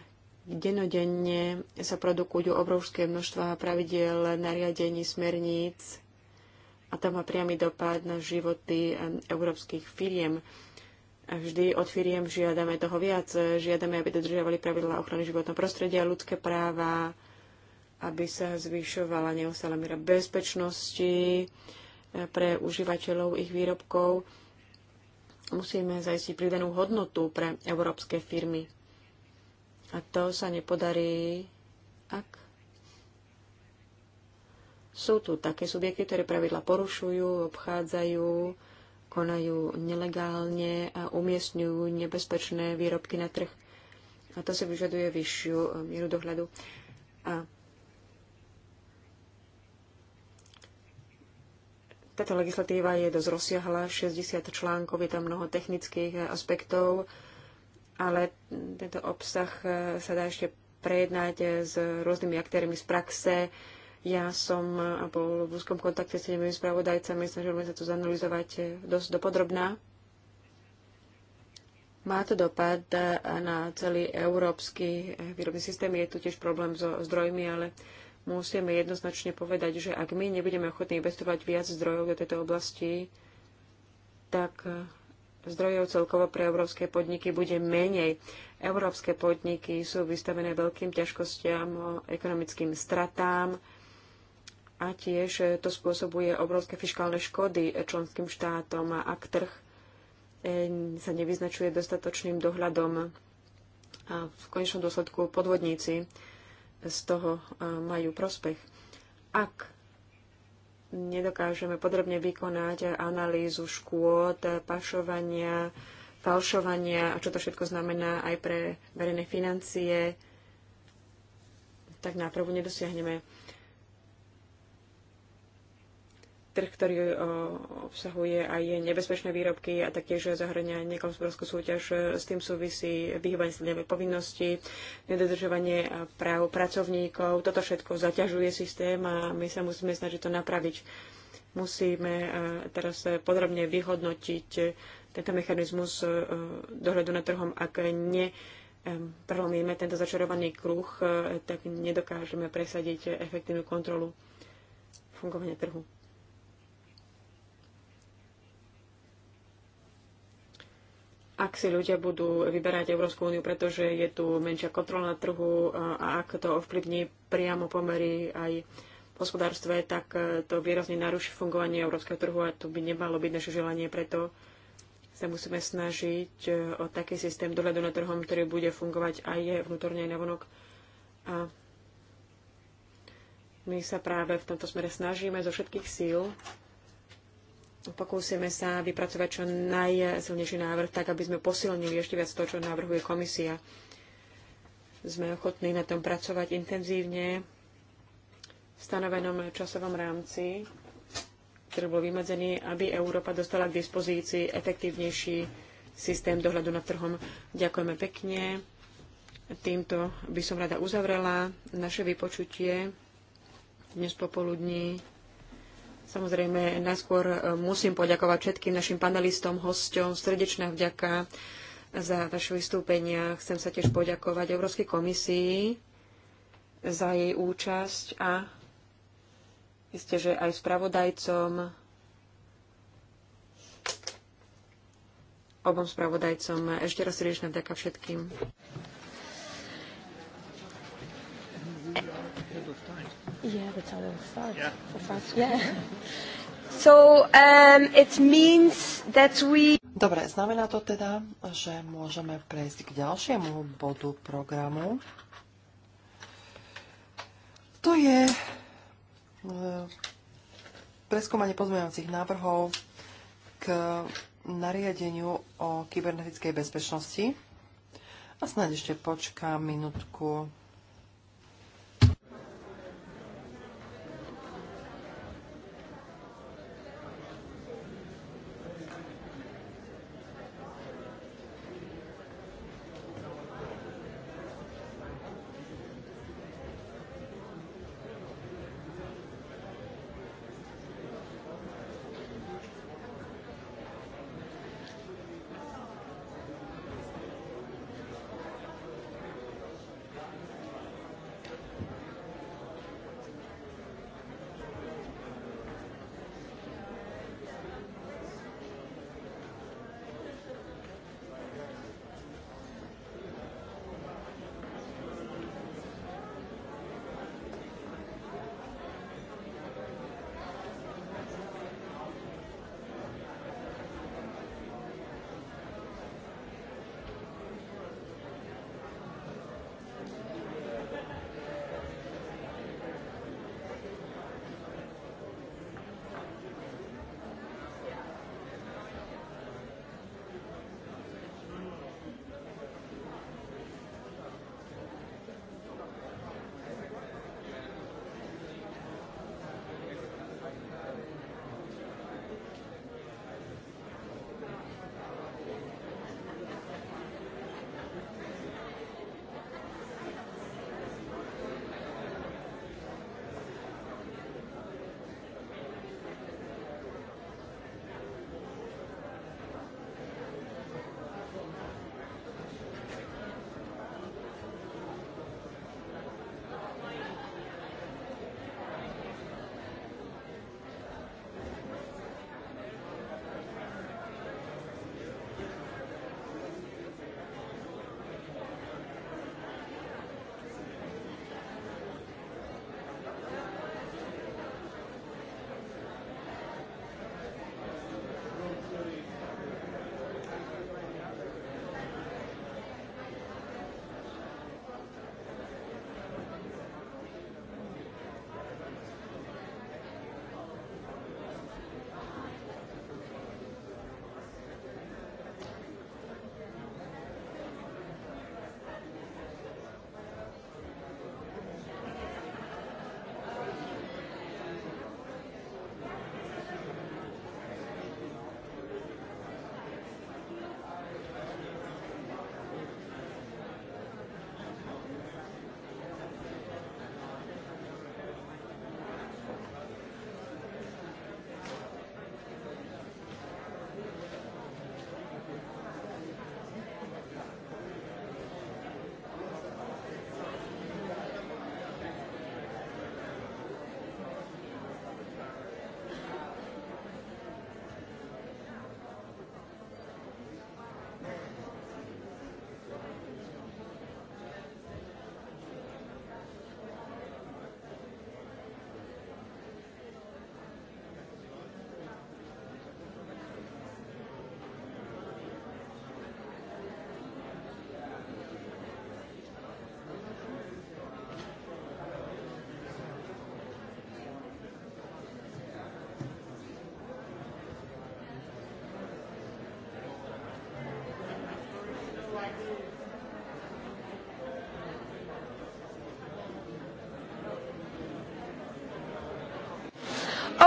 denodenne sa produkujú obrovské množstva pravidiel, nariadení, smerníc a to má priamy dopad na životy e, európskych firiem. A vždy od firiem žiadame toho viac. Žiadame, aby dodržiavali pravidlá ochrany životného prostredia, ľudské práva, aby sa zvyšovala neustále miera bezpečnosti eh, pre užívateľov ich výrobkov. Musíme zajistiť pridanú hodnotu pre európske firmy. A to sa nepodarí, ak sú tu také subjekty, ktoré pravidla porušujú, obchádzajú, konajú nelegálne a umiestňujú nebezpečné výrobky na trh. A to si vyžaduje vyššiu eh, mieru dohľadu. A Táto legislatíva je dosť rozsiahla, 60 článkov, je tam mnoho technických aspektov, ale tento obsah e, sa dá ešte prejednať e, s rôznymi aktérmi z praxe. Ja som e, bol v úzkom kontakte s tými spravodajcami, snažili sa to zanalizovať dosť dopodrobná. Má to dopad na celý európsky výrobný systém. Je tu tiež problém so zdrojmi, ale musíme jednoznačne povedať, že ak my nebudeme ochotní investovať viac zdrojov do tejto oblasti, tak e, zdrojov celkovo pre európske podniky bude menej. Európske podniky sú vystavené veľkým ťažkostiam, ekonomickým stratám a tiež e, to spôsobuje obrovské fiskálne škody e, členským štátom a ak trh sa nevyznačuje dostatočným dohľadom a v konečnom dôsledku podvodníci z toho e, majú prospech. Ak nedokážeme podrobne vykonať analýzu škôd, pašovania, falšovania a čo to všetko znamená aj pre verejné financie, tak nápravu nedosiahneme. trh, ktorý e, obsahuje aj nebezpečné výrobky a taktiež zahrania nekonspodárskú súťaž. S tým súvisí vyhýbanie sledovej povinnosti, nedodržovanie e, práv pracovníkov. Toto všetko zaťažuje systém a my sa musíme snažiť to napraviť. Musíme e, teraz podrobne vyhodnotiť tento mechanizmus dohľadu nad trhom, ak ne tento začarovaný kruh, tak nedokážeme presadiť efektívnu kontrolu fungovania trhu. ak si ľudia budú vyberať Európsku úniu, pretože je tu menšia kontrola na trhu a ak to ovplyvní priamo pomery aj v hospodárstve, tak e, to výrazne naruší fungovanie európskeho trhu a to by nemalo byť naše želanie. Preto sa musíme snažiť e, o taký systém dohľadu na trhom, ktorý bude fungovať aj vnútorne, aj vonok. A my sa práve v tomto smere snažíme zo všetkých síl Pokúsime sa vypracovať čo najsilnejší návrh, tak aby sme posilnili ešte viac to, čo navrhuje komisia. Sme ochotní na tom pracovať intenzívne v stanovenom časovom rámci, ktorý bol vymedzený, aby Európa dostala k dispozícii efektívnejší systém dohľadu nad trhom. Ďakujeme pekne. Týmto by som rada uzavrela naše vypočutie dnes popoludní. Samozrejme, najskôr e, musím poďakovať všetkým našim panelistom, hosťom. Srdečná vďaka za vaše vystúpenia. Chcem sa tiež poďakovať Európskej komisii za jej účasť a isté, že aj spravodajcom, obom spravodajcom. Ešte raz srdečná vďaka všetkým. Yeah, that's how it starts. Yeah. For fast. Yeah. So, um, it means that we... Dobre, znamená to teda, že môžeme prejsť k ďalšiemu bodu programu. To je e, preskúmanie pozmeňujúcich návrhov k nariadeniu o kybernetickej bezpečnosti. A snáď ešte počkám minútku,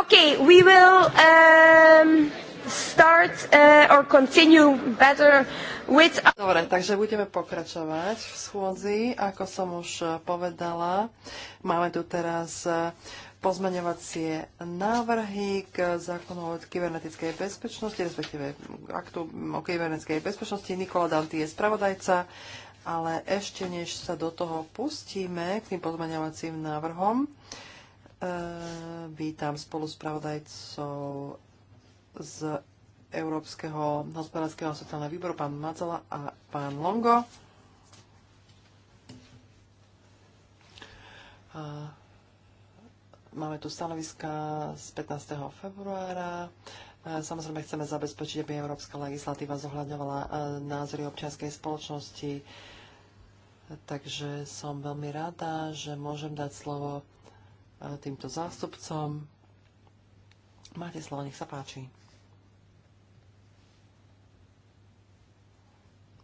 Okay, we will um, start uh, or continue better with... Dobre, takže budeme pokračovať v schôdzi. Ako som už povedala, máme tu teraz uh, pozmeňovacie návrhy k zákonu o kybernetickej bezpečnosti, respektíve aktu o kybernetickej bezpečnosti. Nikola Danty je spravodajca, ale ešte než sa do toho pustíme k tým pozmeňovacím návrhom, uh, E, vítam spoluspravodajcov z Európskeho hospodárskeho a sociálneho výboru, pán Macela a pán Longo. E, máme tu stanoviska z 15. februára. E, samozrejme chceme zabezpečiť, aby európska legislatíva zohľadňovala názory občianskej spoločnosti. Takže som veľmi rada, že môžem dať slovo E, týmto zástupcom. Máte slovo, nech sa páči.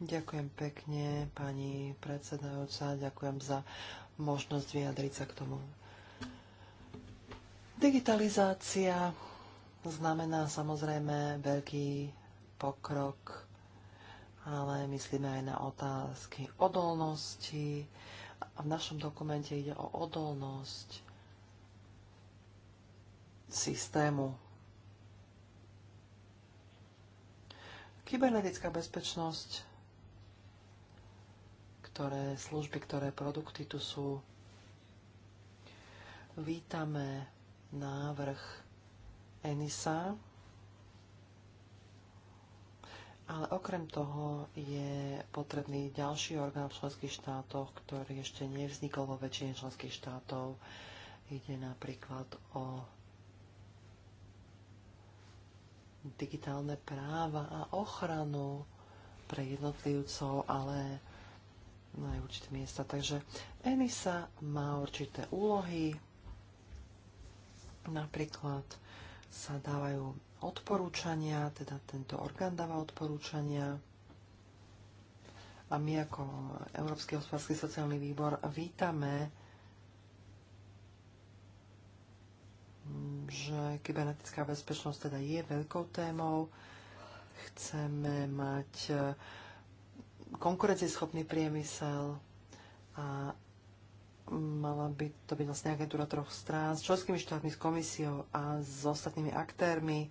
Ďakujem pekne, pani predsedajúca. Ďakujem za možnosť vyjadriť sa k tomu. Digitalizácia znamená samozrejme veľký pokrok, ale myslíme aj na otázky odolnosti. A v našom dokumente ide o odolnosť systému. Kybernetická bezpečnosť, ktoré služby, ktoré produkty tu sú. Vítame návrh Enisa, ale okrem toho je potrebný ďalší orgán v členských štátoch, ktorý ešte nevznikol vo väčšine členských štátov. Ide napríklad o digitálne práva a ochranu pre jednotlivcov, ale na určité miesta. Takže ENISA má určité úlohy, napríklad sa dávajú odporúčania, teda tento orgán dáva odporúčania a my ako Európsky hospodársky sociálny výbor vítame že kybernetická bezpečnosť teda je veľkou témou. Chceme mať e, konkurencieschopný priemysel a mala by to byť vlastne agentúra troch strán s členskými štátmi, s komisiou a s ostatnými aktérmi. E,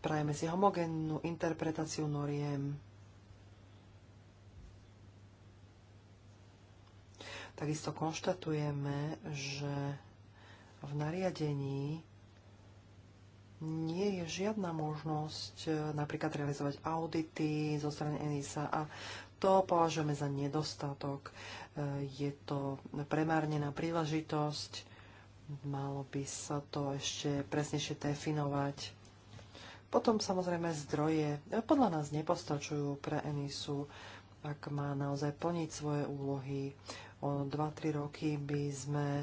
prajeme si homogénnu interpretáciu noriem. Takisto konštatujeme, že v nariadení nie je žiadna možnosť e, napríklad realizovať audity zo strany ENISA a to považujeme za nedostatok. E, je to premárnená príležitosť, malo by sa to ešte presnejšie definovať. Potom samozrejme zdroje e, podľa nás nepostačujú pre Enisu, ak má naozaj plniť svoje úlohy. O 2-3 roky by sme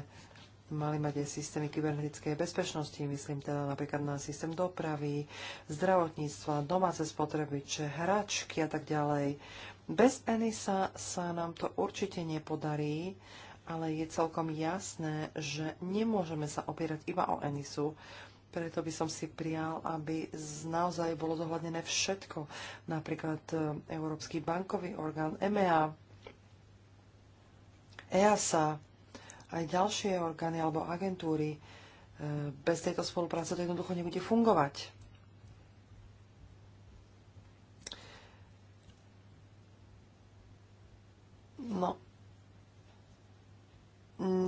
mali mať aj systémy kybernetickej bezpečnosti, myslím teda napríklad na systém dopravy, zdravotníctva, domáce spotrebiče, hračky a tak ďalej. Bez Enisa sa nám to určite nepodarí, ale je celkom jasné, že nemôžeme sa opierať iba o Enisu. Preto by som si prial, aby naozaj bolo zohľadnené všetko. Napríklad e, Európsky bankový orgán EMEA, EASA, aj ďalšie orgány alebo agentúry. E, bez tejto spolupráce to jednoducho nebude fungovať. No,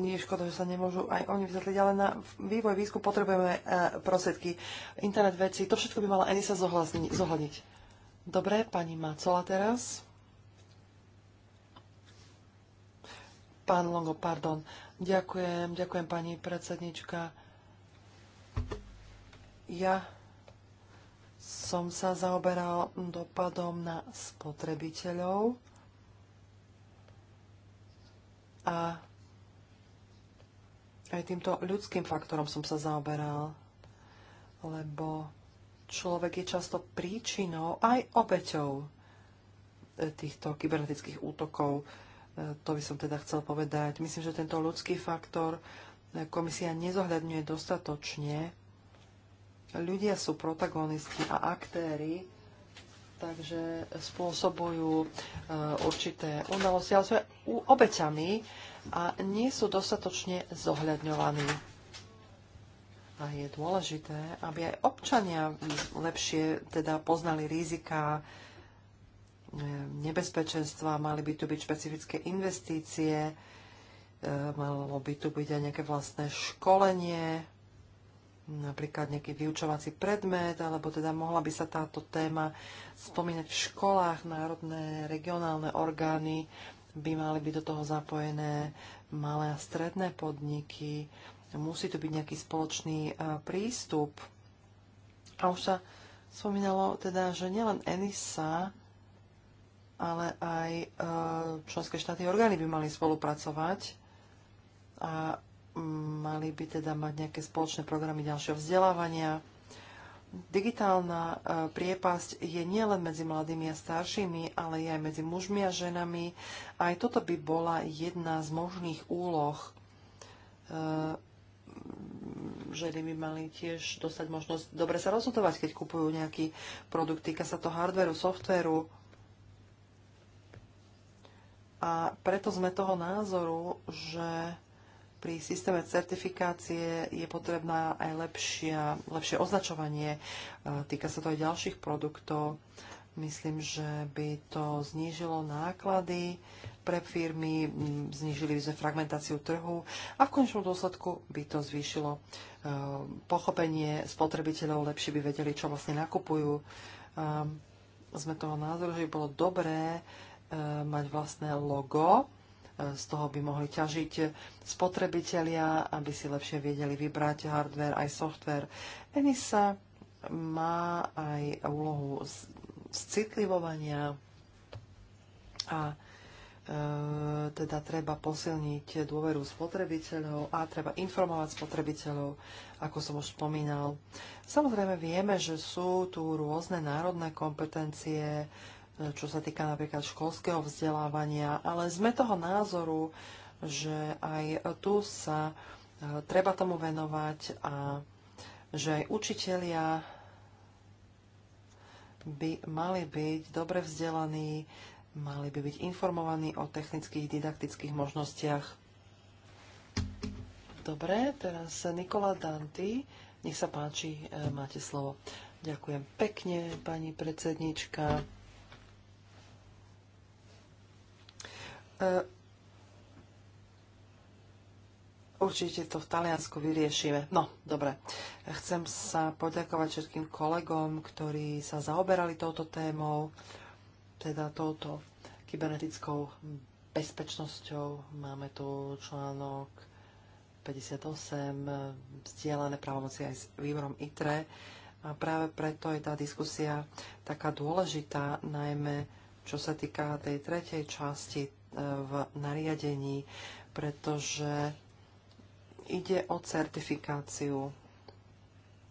je škoda, že sa nemôžu aj oni vysvetliť, ale na vývoj výskum potrebujeme e, prostriedky, internet veci, to všetko by mala Enisa zohľadniť. Dobre, pani Macola teraz. Pán Longo, pardon. Ďakujem, ďakujem pani predsednička. Ja som sa zaoberal dopadom na spotrebiteľov a aj týmto ľudským faktorom som sa zaoberal, lebo človek je často príčinou aj obeťou týchto kybernetických útokov. To by som teda chcel povedať. Myslím, že tento ľudský faktor komisia nezohľadňuje dostatočne. Ľudia sú protagonisti a aktéry, takže spôsobujú e, určité udalosti, ale sú obeťami a nie sú dostatočne zohľadňovaní. A je dôležité, aby aj občania lepšie teda poznali rizika, nebezpečenstva, mali by tu byť špecifické investície, e, malo by tu byť aj nejaké vlastné školenie, napríklad nejaký vyučovací predmet, alebo teda mohla by sa táto téma spomínať v školách, národné, regionálne orgány by mali byť do toho zapojené, malé a stredné podniky, musí tu byť nejaký spoločný e, prístup. A už sa spomínalo teda, že nielen ENISA ale aj e, členské štáty orgány by mali spolupracovať a mm, mali by teda mať nejaké spoločné programy ďalšieho vzdelávania. Digitálna e, priepasť je nielen medzi mladými a staršími, ale je aj medzi mužmi a ženami. Aj toto by bola jedna z možných úloh. E, Ženy by mali tiež dostať možnosť dobre sa rozhodovať, keď kupujú nejaký produkt. Týka sa to hardveru, softveru, a preto sme toho názoru, že pri systéme certifikácie je potrebná aj lepšia, lepšie označovanie. E, týka sa to aj ďalších produktov. Myslím, že by to znížilo náklady pre firmy, znížili by sme fragmentáciu trhu a v končnom dôsledku by to zvýšilo e, pochopenie spotrebiteľov, lepšie by vedeli, čo vlastne nakupujú. Sme toho názoru, že by bolo dobré Eh, mať vlastné logo. Eh, z toho by mohli ťažiť spotrebitelia, aby si lepšie vedeli vybrať hardware aj software. Enisa má aj úlohu citlivovania a eh, teda treba posilniť dôveru spotrebiteľov a treba informovať spotrebiteľov, ako som už spomínal. Samozrejme vieme, že sú tu rôzne národné kompetencie, čo sa týka napríklad školského vzdelávania, ale sme toho názoru, že aj tu sa eh, treba tomu venovať a že aj učitelia by mali byť dobre vzdelaní, mali by byť informovaní o technických didaktických možnostiach. Dobre, teraz Nikola Danti, nech sa páči, eh, máte slovo. Ďakujem pekne, pani predsednička. E, určite to v Taliansku vyriešime. No, dobre. Chcem sa poďakovať všetkým kolegom, ktorí sa zaoberali touto témou, teda touto kybernetickou bezpečnosťou. Máme tu článok 58, vzdielané právomoci aj s výborom ITRE. A práve preto je tá diskusia taká dôležitá, najmä čo sa týka tej tretej časti v nariadení, pretože ide o certifikáciu.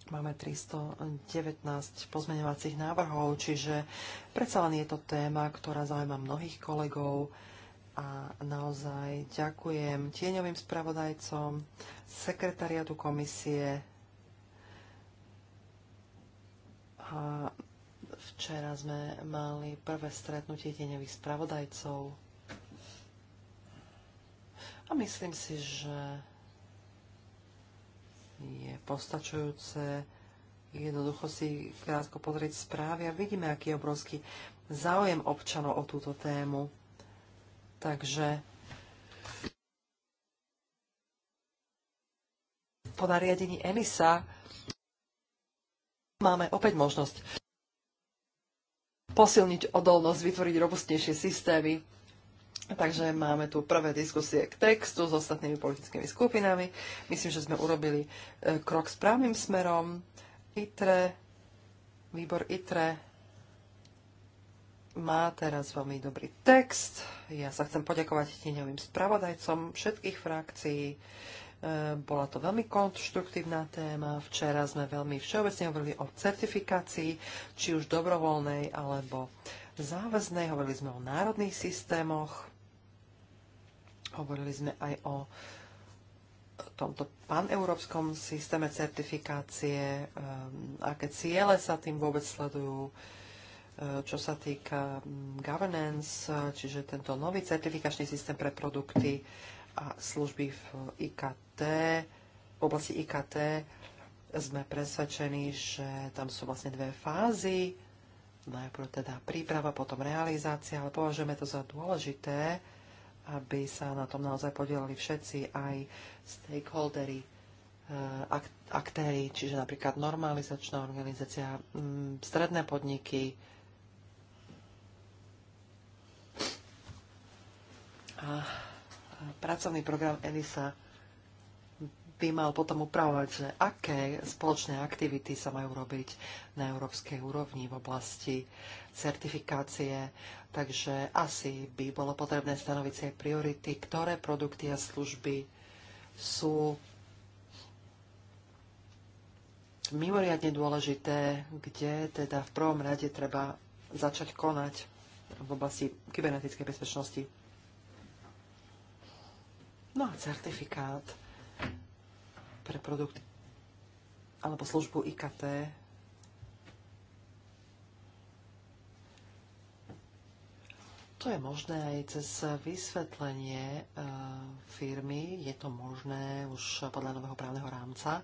Máme 319 pozmeňovacích návrhov, čiže predsa len je to téma, ktorá zaujíma mnohých kolegov a naozaj ďakujem tieňovým spravodajcom, sekretariatu komisie. A včera sme mali prvé stretnutie tieňových spravodajcov a myslím si, že je postačujúce jednoducho si krátko pozrieť správy a vidíme, aký je obrovský záujem občanov o túto tému. Takže po nariadení ENISA máme opäť možnosť posilniť odolnosť, vytvoriť robustnejšie systémy Takže máme tu prvé diskusie k textu s ostatnými politickými skupinami. Myslím, že sme urobili e, krok správnym smerom. ITRE, výbor ITRE má teraz veľmi dobrý text. Ja sa chcem poďakovať tieňovým spravodajcom všetkých frakcií. E, bola to veľmi konštruktívna téma. Včera sme veľmi všeobecne hovorili o certifikácii, či už dobrovoľnej alebo záväznej. Hovorili sme o národných systémoch Hovorili sme aj o tomto paneurópskom systéme certifikácie, ehm, aké ciele sa tým vôbec sledujú, ehm, čo sa týka mm, governance, čiže tento nový certifikačný systém pre produkty a služby v IKT, v oblasti IKT sme presvedčení, že tam sú vlastne dve fázy, najprv teda príprava, potom realizácia, ale považujeme to za dôležité, aby sa na tom naozaj podielali všetci, aj stakeholdery, eh, aktéry, čiže napríklad normalizačná organizácia, mm, stredné podniky, A eh, pracovný program ENISA by mal potom upravovať, že aké spoločné aktivity sa majú robiť na európskej úrovni v oblasti certifikácie, takže asi by bolo potrebné stanoviť si aj priority, ktoré produkty a služby sú mimoriadne dôležité, kde teda v prvom rade treba začať konať v oblasti kybernetickej bezpečnosti. No a certifikát pre produkty alebo službu IKT To je možné aj cez vysvetlenie e, firmy. Je to možné už podľa nového právneho rámca.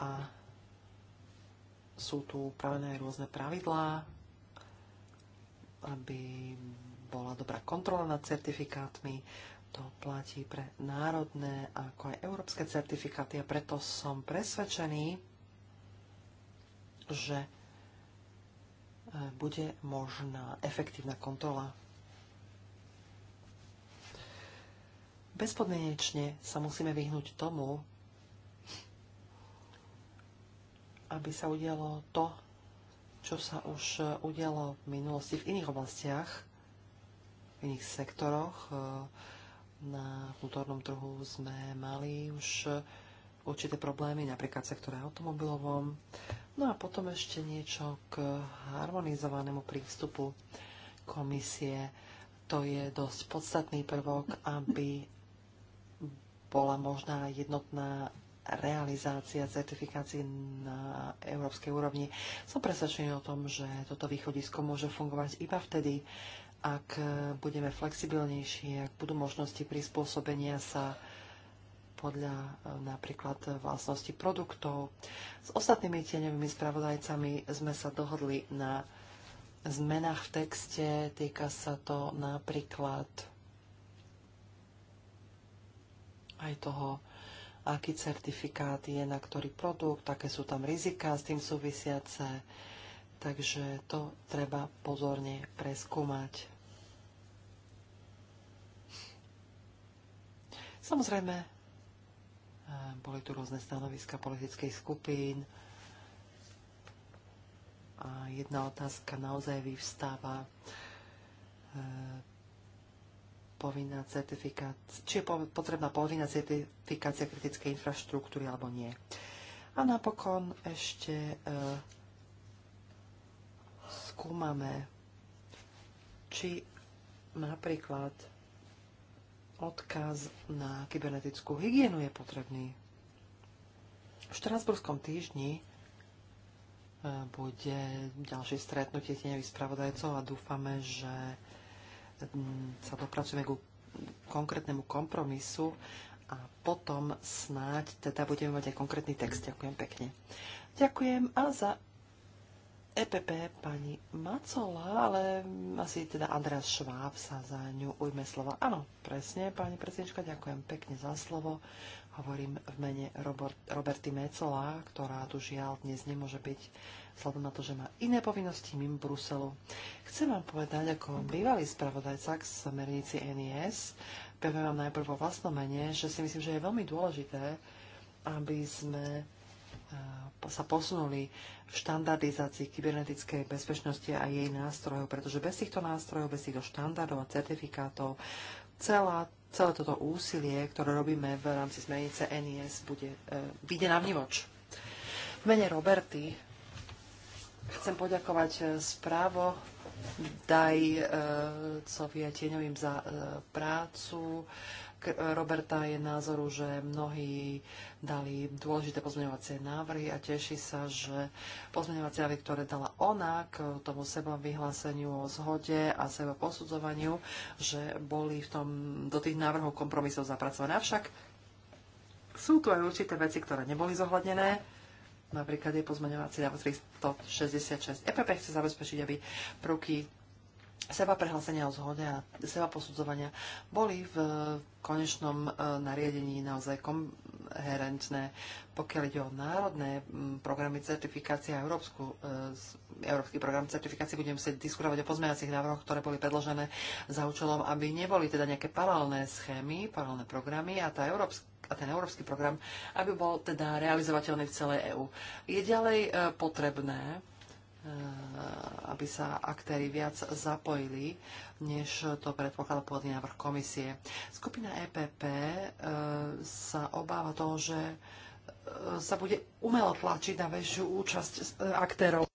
A sú tu upravené aj rôzne pravidlá, aby bola dobrá kontrola nad certifikátmi. To platí pre národné ako aj európske certifikáty a preto som presvedčený, že e, bude možná efektívna kontrola. Bezpodmienečne sa musíme vyhnúť tomu, aby sa udialo to, čo sa už udialo v minulosti v iných oblastiach, v iných sektoroch. E, na vnútornom trhu sme mali už určité problémy, napríklad v sektore automobilovom. No a potom ešte niečo k harmonizovanému prístupu komisie. To je dosť podstatný prvok, aby bola možná jednotná realizácia certifikácií na európskej úrovni. Som presvedčený o tom, že toto východisko môže fungovať iba vtedy, ak budeme flexibilnejší, ak budú možnosti prispôsobenia sa podľa e, napríklad e, vlastnosti produktov. S ostatnými tieňovými spravodajcami sme sa dohodli na zmenách v texte. Týka sa to napríklad aj toho, aký certifikát je na ktorý produkt, aké sú tam rizika s tým súvisiace. Takže to treba pozorne preskúmať. Samozrejme, Eh, boli tu rôzne stanoviska politických skupín. A jedna otázka naozaj vyvstáva. Eh, povinná certifikácia, či je potrebná povinná certifikácia kritickej infraštruktúry alebo nie. A napokon ešte eh, skúmame, či napríklad Odkaz na kybernetickú hygienu je potrebný. V Štrásburskom týždni e, bude ďalšie stretnutie tieňových spravodajcov a dúfame, že sa dopracujeme ku konkrétnemu kompromisu a potom snáď teda budeme mať aj konkrétny text. Ďakujem pekne. Ďakujem a za EPP pani Macola, ale asi teda Andreas Šváb sa za ňu ujme slova. Áno, presne, pani predsednička, ďakujem pekne za slovo. Hovorím v mene Robert, Roberty Mecola, ktorá tu žiaľ dnes nemôže byť, vzhľadom na to, že má iné povinnosti mimo Bruselu. Chcem vám povedať, ako bývalý spravodajca k smernici NIS, poviem vám najprv vo vlastnom mene, že si myslím, že je veľmi dôležité, aby sme eh, sa posunuli v štandardizácii kybernetickej bezpečnosti a jej nástrojov, pretože bez týchto nástrojov, bez týchto štandardov a certifikátov celá, celé toto úsilie, ktoré robíme v rámci zmenice NIS, bude, e, vyjde na vnívoč. V mene Roberty chcem poďakovať e, správo daj e, Covia Tieňovým za e, prácu E, Roberta je názoru, že mnohí dali dôležité pozmeňovacie návrhy a teší sa, že pozmeňovacie návrhy, ktoré dala ona k e, tomu seba vyhláseniu o zhode a seba posudzovaniu, že boli v tom, do tých návrhov kompromisov zapracované. Avšak sú tu aj určité veci, ktoré neboli zohľadnené. Napríklad je pozmeňovací návrh 366. EPP chce zabezpečiť, aby prvky seba prehlásenia o zhode a seba posudzovania boli v konečnom e, nariadení naozaj koherentné, pokiaľ ide o národné programy certifikácie a európsku, e, európsky program certifikácie, budem musieť diskutovať o pozmeňacích návrhoch, ktoré boli predložené za účelom, aby neboli teda nejaké paralelné schémy, paralelné programy a tá európska a ten európsky program, aby bol teda realizovateľný v celej EÚ. Je ďalej e, potrebné, Eh, aby sa aktéry viac zapojili, než to predpokladá pôvodný návrh komisie. Skupina EPP eh, sa obáva toho, že eh, sa bude umelo tlačiť na väčšiu účasť aktérov.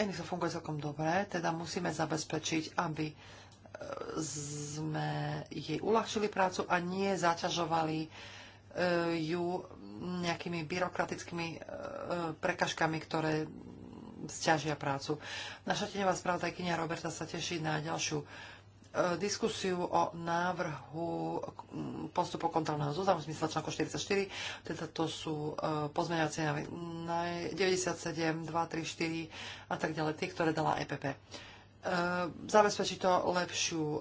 Enixo funguje celkom dobre, teda musíme zabezpečiť, aby sme jej uľahčili prácu a nie zaťažovali ju nejakými byrokratickými e, prekažkami, ktoré zťažia prácu. Naša tenevá spravodajkynia Roberta sa teší na ďalšiu e, diskusiu o návrhu postupu kontrolného zoznamu v zmysle článku 44, teda to sú e, pozmeňovacie návrhy 97, 2, 3, 4 a tak ďalej, tie, ktoré dala EPP. E, Zabezpečí to lepšiu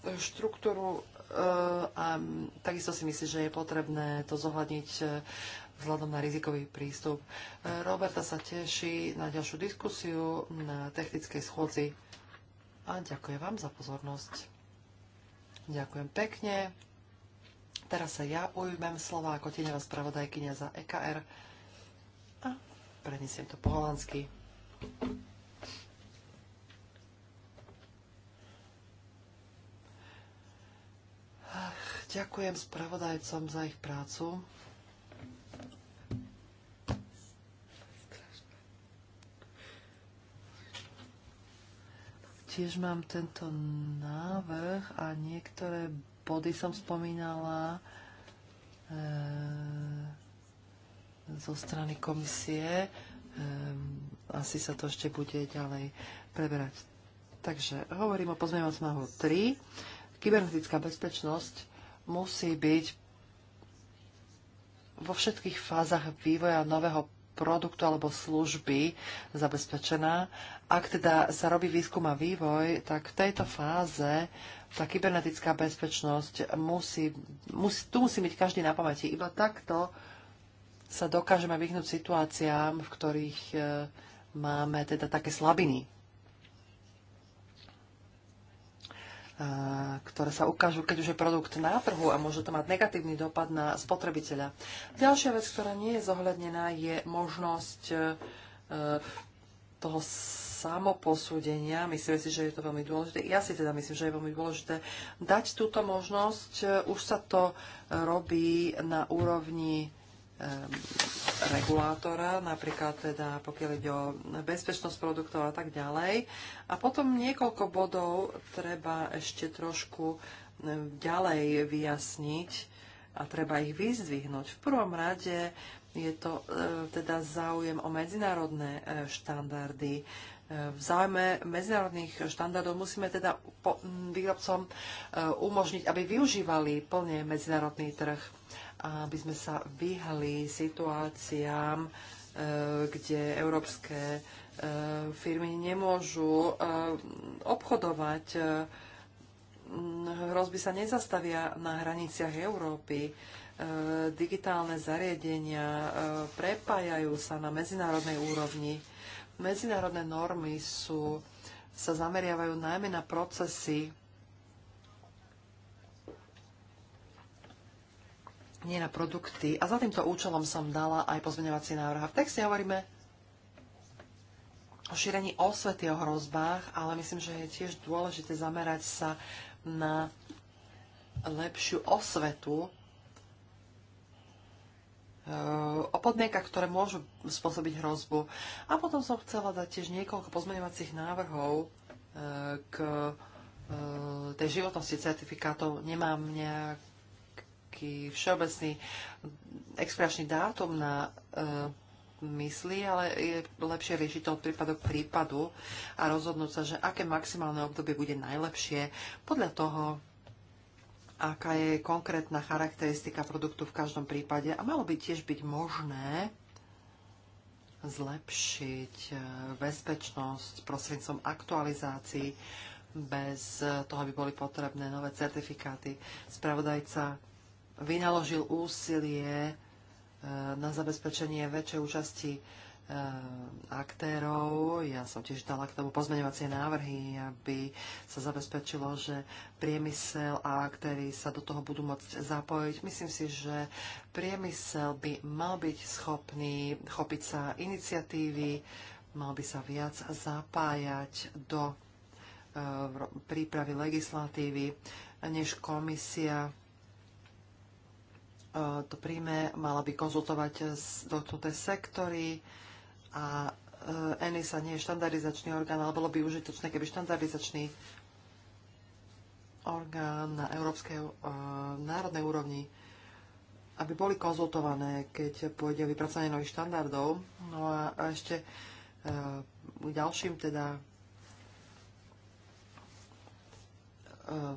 štruktúru a takisto si myslím, že je potrebné to zohľadniť e, vzhľadom na rizikový prístup. E, Roberta sa teší na ďalšiu diskusiu na technickej schôdzi a ďakujem vám za pozornosť. Ďakujem pekne. Teraz sa ja ujmem slova ako tieňová spravodajkynia za EKR a prenesiem to po holandsky. Ďakujem spravodajcom za ich prácu. Tiež mám tento návrh a niektoré body som spomínala e, zo strany komisie. E, asi sa to ešte bude ďalej preberať. Takže hovorím o pozmeňovacom návrhu 3. Kybernetická bezpečnosť musí byť vo všetkých fázach vývoja nového produktu alebo služby zabezpečená. Ak teda sa robí výskum a vývoj, tak v tejto fáze tá kybernetická bezpečnosť musí, musí, tu musí byť každý na pamäti. Iba takto sa dokážeme vyhnúť situáciám, v ktorých e, máme teda také slabiny ktoré sa ukážu, keď už je produkt na trhu a môže to mať negatívny dopad na spotrebiteľa. Ďalšia vec, ktorá nie je zohľadnená, je možnosť e, toho samoposúdenia. Myslím si, že je to veľmi dôležité. Ja si teda myslím, že je veľmi dôležité dať túto možnosť. E, už sa to robí na úrovni Ehm, regulátora, napríklad teda pokiaľ ide o bezpečnosť produktov a tak ďalej. A potom niekoľko bodov treba ešte trošku ehm, ďalej vyjasniť a treba ich vyzdvihnúť. V prvom rade je to ehm, teda záujem o medzinárodné štandardy. V záujme medzinárodných štandardov musíme teda výrobcom umožniť, aby využívali plne medzinárodný trh aby sme sa vyhli situáciám, e, kde európske e, firmy nemôžu e, obchodovať. Hrozby sa nezastavia na hraniciach Európy. Digitálne zariadenia prepájajú sa na medzinárodnej úrovni. Medzinárodné normy sú, sa zameriavajú najmä na procesy nie na produkty. A za týmto účelom som dala aj pozmeňovací návrh. A v texte hovoríme o šírení osvety o hrozbách, ale myslím, že je tiež dôležité zamerať sa na lepšiu osvetu e, o podmienkach, ktoré môžu spôsobiť hrozbu. A potom som chcela dať tiež niekoľko pozmeňovacích návrhov e, k e, tej životnosti certifikátov. Nemám nejak taký všeobecný expiračný dátum na e, mysli, ale je lepšie riešiť to od prípadu k prípadu a rozhodnúť sa, že aké maximálne obdobie bude najlepšie podľa toho, aká je konkrétna charakteristika produktu v každom prípade a malo by tiež byť možné zlepšiť e, bezpečnosť prostredníctvom aktualizácií bez toho, aby boli potrebné nové certifikáty. Spravodajca vynaložil úsilie e, na zabezpečenie väčšej účasti e, aktérov. Ja som tiež dala k tomu pozmeňovacie návrhy, aby sa zabezpečilo, že priemysel a aktéry sa do toho budú môcť zapojiť. Myslím si, že priemysel by mal byť schopný chopiť sa iniciatívy, mal by sa viac zapájať do e, prípravy legislatívy, než komisia Eh, to príjme, mala by konzultovať dotknuté sektory a eh, ENISA nie je štandardizačný orgán, ale bolo by užitočné, keby štandardizačný orgán na európskej eh, národnej úrovni, aby boli konzultované, keď pôjde o vypracovanie nových štandardov. No a, a ešte ďalším teda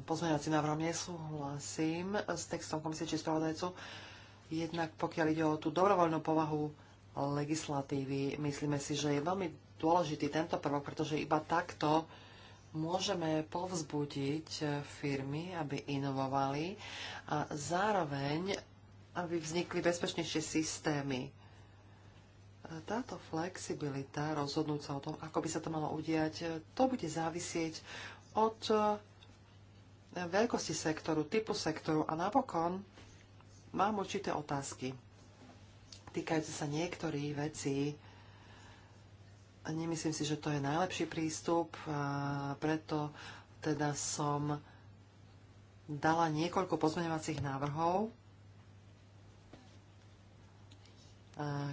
pozmeňovací návrhom nesúhlasím s textom komisie či spravodajcu. Jednak pokiaľ ide o tú dobrovoľnú povahu legislatívy, myslíme si, že je veľmi dôležitý tento prvok, pretože iba takto môžeme povzbudiť firmy, aby inovovali a zároveň, aby vznikli bezpečnejšie systémy. Táto flexibilita, rozhodnúť sa o tom, ako by sa to malo udiať, to bude závisieť od veľkosti sektoru, typu sektoru a napokon mám určité otázky týkajúce sa niektorých vecí. Nemyslím si, že to je najlepší prístup, a preto teda som dala niekoľko pozmeňovacích návrhov,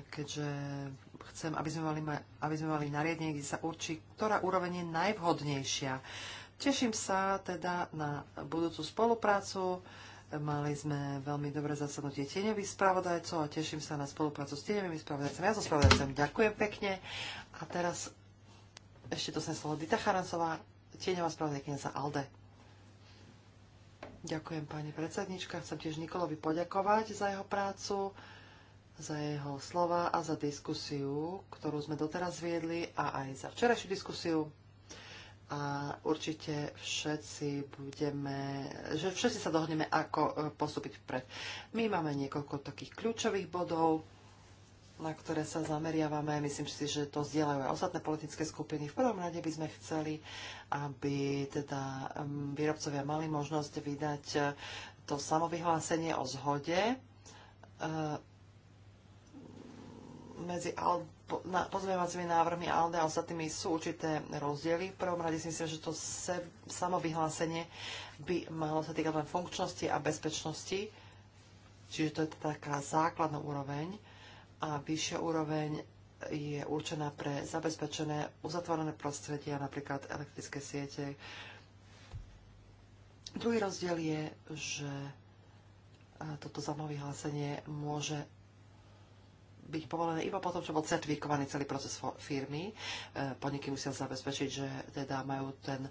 keďže chcem, aby sme mali, aby sme mali nariadenie, kde sa určí, ktorá úroveň je najvhodnejšia Teším sa teda na budúcu spoluprácu. Mali sme veľmi dobré zasadnutie tieňových spravodajcov a teším sa na spoluprácu s tieňovými spravodajcami. Ja so spravodajcem ďakujem pekne. A teraz ešte dostane slovo Dita Charancová, tieňová spravodajkynia za ALDE. Ďakujem pani predsednička. Chcem tiež Nikolovi poďakovať za jeho prácu, za jeho slova a za diskusiu, ktorú sme doteraz viedli a aj za včerajšiu diskusiu a určite všetci budeme, že všetci sa dohodneme, ako e, postupiť vpred. My máme niekoľko takých kľúčových bodov, na ktoré sa zameriavame. Myslím si, že to zdieľajú aj ostatné politické skupiny. V prvom rade by sme chceli, aby teda výrobcovia mali možnosť vydať e, to samovyhlásenie o zhode e, medzi pozmeňovacími návrhmi ALDE a ostatnými sú určité rozdiely. V prvom rade si myslím, že to se, samovyhlásenie by malo sa týkať len funkčnosti a bezpečnosti, čiže to je taká základná úroveň a vyššia úroveň je určená pre zabezpečené uzatvorené prostredia, napríklad elektrické siete. Druhý rozdiel je, že toto samovyhlásenie môže byť povolené iba potom, čo bol certifikovaný celý proces firmy. E, podniky musia zabezpečiť, že teda majú ten e,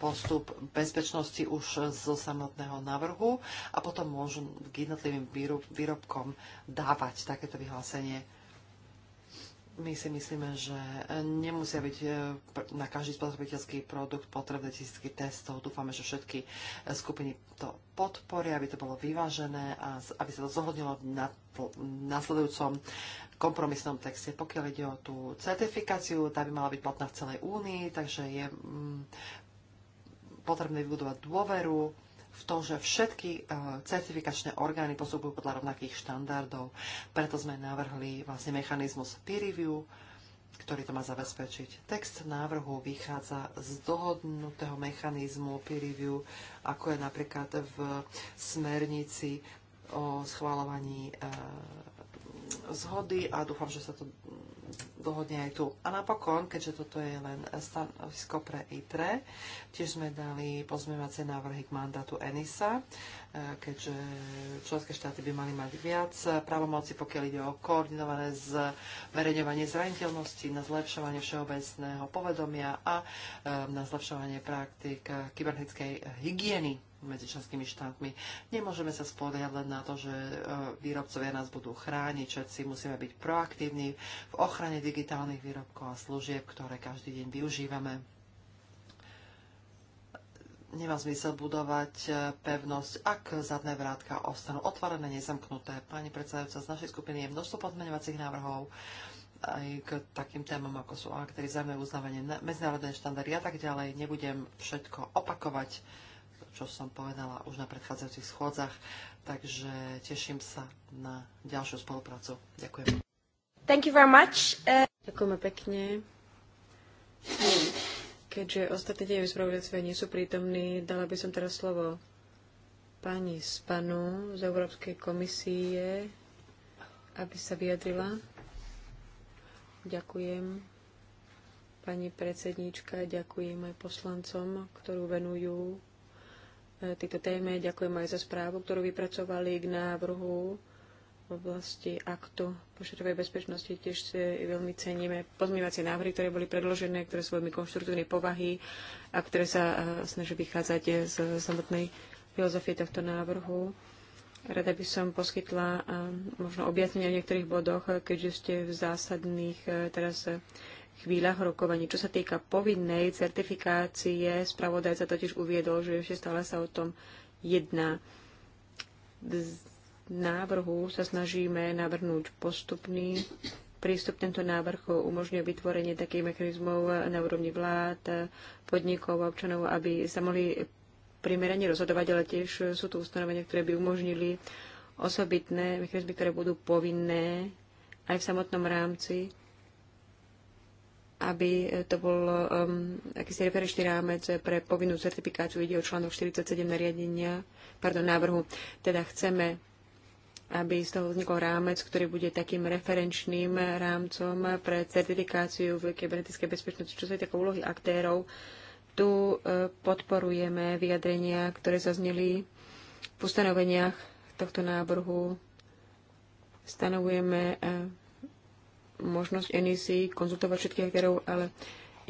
postup bezpečnosti už zo samotného navrhu a potom môžu k jednotlivým výrobkom dávať takéto vyhlásenie my si myslíme, že nemusia byť e, na každý spotrebiteľský produkt potrebné tisícky testov. Dúfame, že všetky e, skupiny to podporia, aby to bolo vyvážené a aby sa to zohľadnilo v nasledujúcom kompromisnom texte. Pokiaľ ide o tú certifikáciu, tá by mala byť platná v celej únii, takže je mm, potrebné vybudovať dôveru v tom, že všetky e, certifikačné orgány postupujú podľa rovnakých štandardov. Preto sme navrhli vlastne mechanizmus peer review, ktorý to má zabezpečiť. Text návrhu vychádza z dohodnutého mechanizmu peer review, ako je napríklad v smernici o schváľovaní e, zhody a dúfam, že sa to dohodne aj tu. A napokon, keďže toto je len stanovisko pre ITRE, tiež sme dali pozmevacie návrhy k mandátu ENISA, e, keďže členské štáty by mali mať viac právomoci, pokiaľ ide o koordinované zverejňovanie zraniteľnosti, na zlepšovanie všeobecného povedomia a e, na zlepšovanie praktik e, kybernetickej hygieny medzi členskými štátmi. Nemôžeme sa spoliehať len na to, že e, výrobcovia nás budú chrániť, všetci musíme byť proaktívni v ochrane digitálnych výrobkov a služieb, ktoré každý deň využívame. Nemá zmysel budovať e, pevnosť, ak zadné vrátka ostanú otvorené, nezamknuté. Pani predsedajúca, z našej skupiny je množstvo podmenovacích návrhov aj k takým témam, ako sú aktivizované uznávanie medzinárodné štandardy a tak ďalej. Nebudem všetko opakovať čo som povedala už na predchádzajúcich schôdzach, takže teším sa na ďalšiu spoluprácu. Ďakujem. Thank you very much. Uh... Ďakujeme pekne. Keďže ostatní tie spravodajcovia nie sú prítomní, dala by som teraz slovo pani Spanu z Európskej komisie, aby sa vyjadrila. Ďakujem. Pani predsedníčka, ďakujem aj poslancom, ktorú venujú E, tejto téme. Ďakujem aj za správu, ktorú vypracovali k návrhu v oblasti aktu pošetovej bezpečnosti. Tiež si veľmi ceníme pozmývacie návrhy, ktoré boli predložené, ktoré sú veľmi konštruktívnej povahy a ktoré sa e, snaží vychádzať z samotnej filozofie tohto návrhu. Rada by som poskytla e, možno objasnenia v niektorých bodoch, keďže ste v zásadných teraz chvíľach rokovaní. Čo sa týka povinnej certifikácie, spravodajca totiž uviedol, že ešte stále sa o tom jedná. Z návrhu sa snažíme navrhnúť postupný prístup. Tento návrh umožňuje vytvorenie takých mechanizmov na úrovni vlád, podnikov a občanov, aby sa mohli primerane rozhodovať, ale tiež sú tu ustanovenia, ktoré by umožnili osobitné mechanizmy, ktoré budú povinné aj v samotnom rámci aby e, to bol um, akýsi referenčný rámec pre povinnú certifikáciu. Ide o článok 47 nariadenia, pardon, návrhu. Teda chceme, aby z toho vznikol rámec, ktorý bude takým referenčným rámcom pre certifikáciu v kybernetickej bezpečnosti, čo sa týka úlohy aktérov. Tu uh, podporujeme vyjadrenia, ktoré zneli v ustanoveniach tohto návrhu. Stanovujeme uh, možnosť NEC konzultovať všetkých hackerov, ale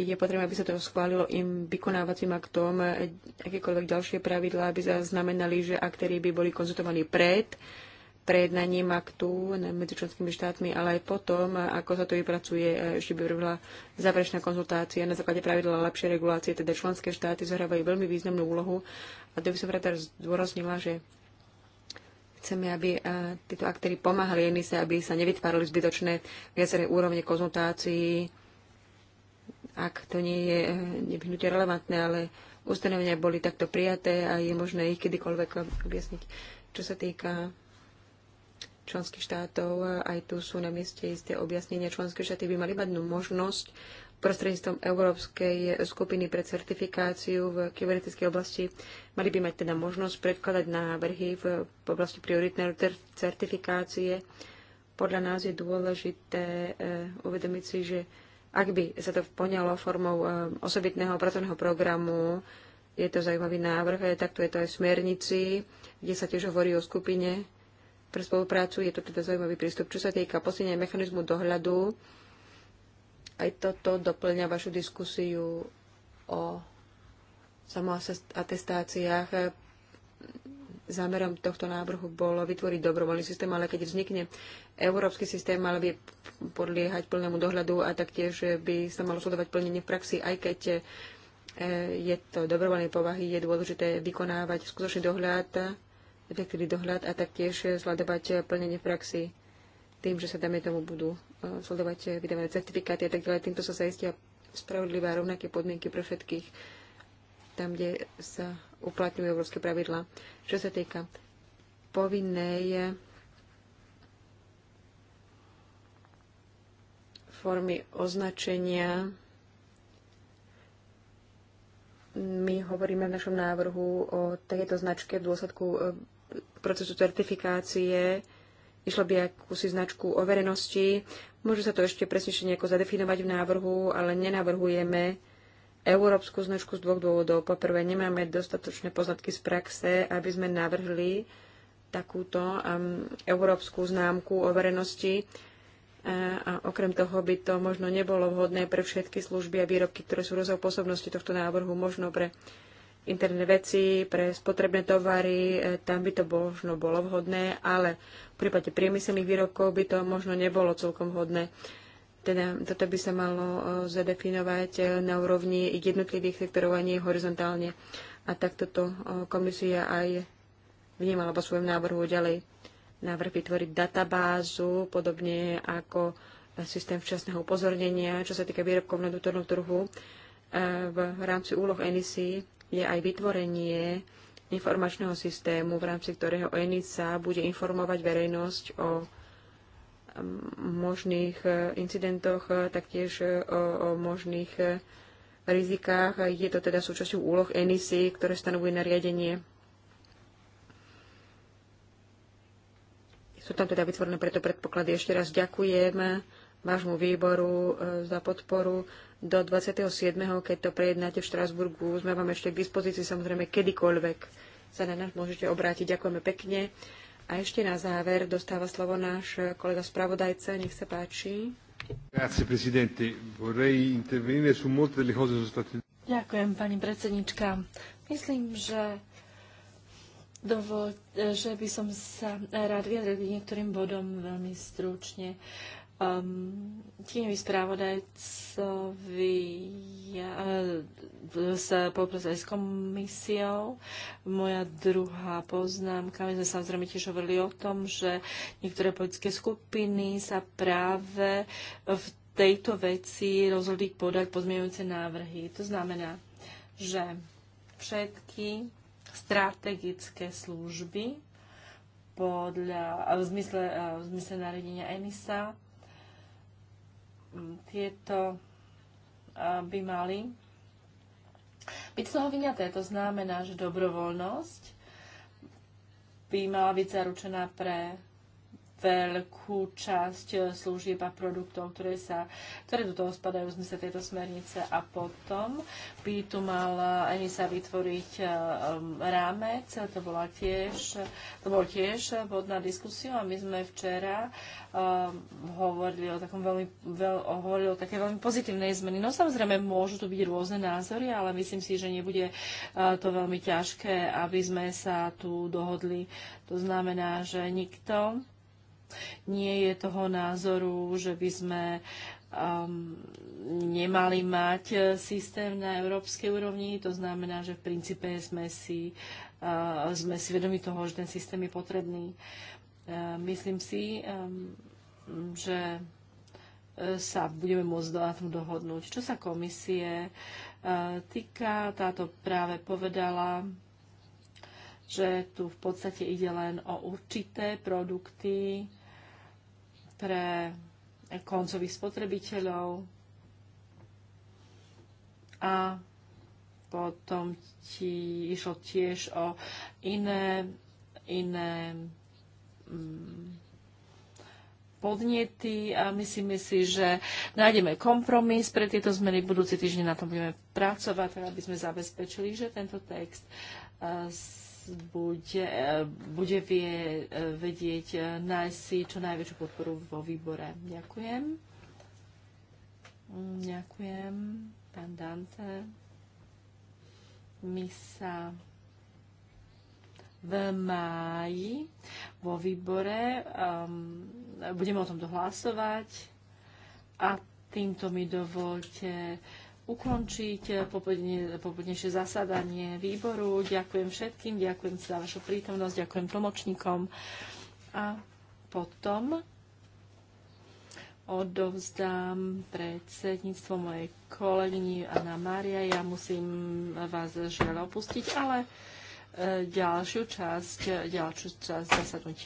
je potrebné, aby sa to schválilo im vykonávacím aktom e, akékoľvek ďalšie pravidlá, aby zaznamenali, že aktéry by boli konzultovaní pred prejednaním aktu medzi členskými štátmi, ale aj potom, e, ako sa to vypracuje, e, ešte by robila záverečná konzultácia na základe pravidla lepšej regulácie, teda členské štáty zohrávajú veľmi významnú úlohu a to by som rada zdôraznila, že Chceme, aby e, títo aktéry pomáhali Enise, aby sa nevytvárali zbytočné viaceré úrovne konzultácií, ak to nie je e, nevyhnutie relevantné, ale ustanovenia boli takto prijaté a je možné ich kedykoľvek objasniť. Čo sa týka členských štátov, e, aj tu sú na mieste isté objasnenia. Členské štáty by mali mať možnosť prostredníctvom Európskej skupiny pre certifikáciu v kybernetickej oblasti mali by mať teda možnosť predkladať návrhy v, oblasti prioritnej certifikácie. Podľa nás je dôležité e, uvedomiť si, že ak by sa to poňalo formou e, osobitného pracovného programu, je to zaujímavý návrh, e, takto je to aj v smernici, kde sa tiež hovorí o skupine pre spoluprácu. Je to teda zaujímavý prístup. Čo sa týka posilnenia mechanizmu dohľadu, aj toto doplňa vašu diskusiu o samoatestáciách. Zámerom tohto návrhu bolo vytvoriť dobrovoľný systém, ale keď vznikne európsky systém, mal by podliehať plnému dohľadu a taktiež by sa malo sledovať plnenie v praxi, aj keď e, je to dobrovoľné povahy, je dôležité vykonávať skutočný dohľad, efektívny dohľad a taktiež sledovať plnenie v praxi tým, že sa dáme tomu budú sledovať eh, vydávať certifikáty a tak ďalej. Týmto sa zaistia spravodlivé a rovnaké podmienky pre všetkých tam, kde sa uplatňujú európske pravidlá. Čo sa týka povinnej eh, formy označenia, my hovoríme v našom návrhu o tejto značke v dôsledku eh, procesu certifikácie. Išlo by akúsi značku overenosti. Môže sa to ešte presnejšie nejako zadefinovať v návrhu, ale nenavrhujeme európsku značku z dvoch dôvodov. Po prvé, nemáme dostatočné poznatky z praxe, aby sme navrhli takúto um, európsku známku o verejnosti. A, e, a okrem toho by to možno nebolo vhodné pre všetky služby a výrobky, ktoré sú rozhov pôsobnosti tohto návrhu, možno pre uh, interné veci, pre spotrebné tovary, e, tam by to možno bolo vhodné, ale v prípade priemyselných výrobkov by to možno nebolo celkom vhodné. Teda toto by sa malo e, zadefinovať e, na úrovni jednotlivých sektorov a nie horizontálne. A takto to komisia aj vnímala po svojom návrhu ďalej. Návrh vytvoriť databázu, podobne ako systém včasného upozornenia, čo sa týka výrobkov na vnútornom trhu v rámci úloh NEC je aj vytvorenie informačného systému, v rámci ktorého ENISA bude informovať verejnosť o mm, možných e, incidentoch, e, taktiež e, o, o možných rizikách. Je to teda súčasťou úloh ENISY, ktoré stanovuje nariadenie. Sú tam teda vytvorené preto predpoklady. Ešte raz ďakujem vášmu výboru e, za podporu do 27., keď to prejednáte v Štrásburgu. Sme vám ešte k dispozícii samozrejme kedykoľvek sa na nás môžete obrátiť. Ďakujeme pekne. A ešte na záver dostáva slovo náš kolega spravodajca. Nech sa páči. Ďakujem, pani predsednička. Myslím, že Dovol, že by som sa rád vyjadril k niektorým bodom veľmi stručne um, ehm, tieňoví správodajcovi ja, e, sa s komisiou. Moja druhá poznámka, my sme samozrejme tiež hovorili o tom, že niektoré politické skupiny sa práve v tejto veci rozhodli podať pozmeňujúce návrhy. To znamená, že všetky strategické služby podľa, v, zmysle, e, v zmysle nariadenia ENISA tieto by mali byť z toho vyňaté. To znamená, že dobrovoľnosť by mala byť zaručená pre veľkú časť eh, služieb a produktov, ktoré, sa, ktoré do toho spadajú v zmysle tejto smernice a potom by tu mal sa vytvoriť eh, rámec, to, bola tiež, to bol tiež vodná diskusia a my sme včera um, hovorili o takom veľmi, veľ, hovorili o také veľmi pozitívnej zmeny. No samozrejme môžu tu byť rôzne názory, ale myslím si, že nebude uh, to veľmi ťažké, aby sme sa tu dohodli. To znamená, že nikto nie je toho názoru, že by sme um, nemali mať e, systém na európskej úrovni. To znamená, že v princípe sme si, uh, sme si vedomi toho, že ten systém je potrebný. Uh, myslím si, um, že sa budeme môcť na tom dohodnúť. Čo sa komisie týka, táto práve povedala, že tu v podstate ide len o určité produkty, pre koncových spotrebiteľov a potom ti išlo tiež o iné, iné mm, podnety a myslíme si, že nájdeme kompromis pre tieto zmeny. Budúci týždeň na tom budeme pracovať, aby sme zabezpečili, že tento text eh, bude, e, bude vie, e, vedieť e, nájsť si čo najväčšiu podporu vo výbore. Ďakujem. Ďakujem, pán Dante. My sa v máji vo výbore um, budeme o tomto hlasovať a týmto mi dovolte ukončiť eh, popoludnejšie zasadanie výboru. Ďakujem všetkým, ďakujem za vašu prítomnosť, ďakujem tlmočníkom. A potom odovzdám predsedníctvo mojej kolegyni Anna Mária. Ja musím vás žiaľ opustiť, ale eh, ďalšiu časť, ďalšiu časť zasadnutia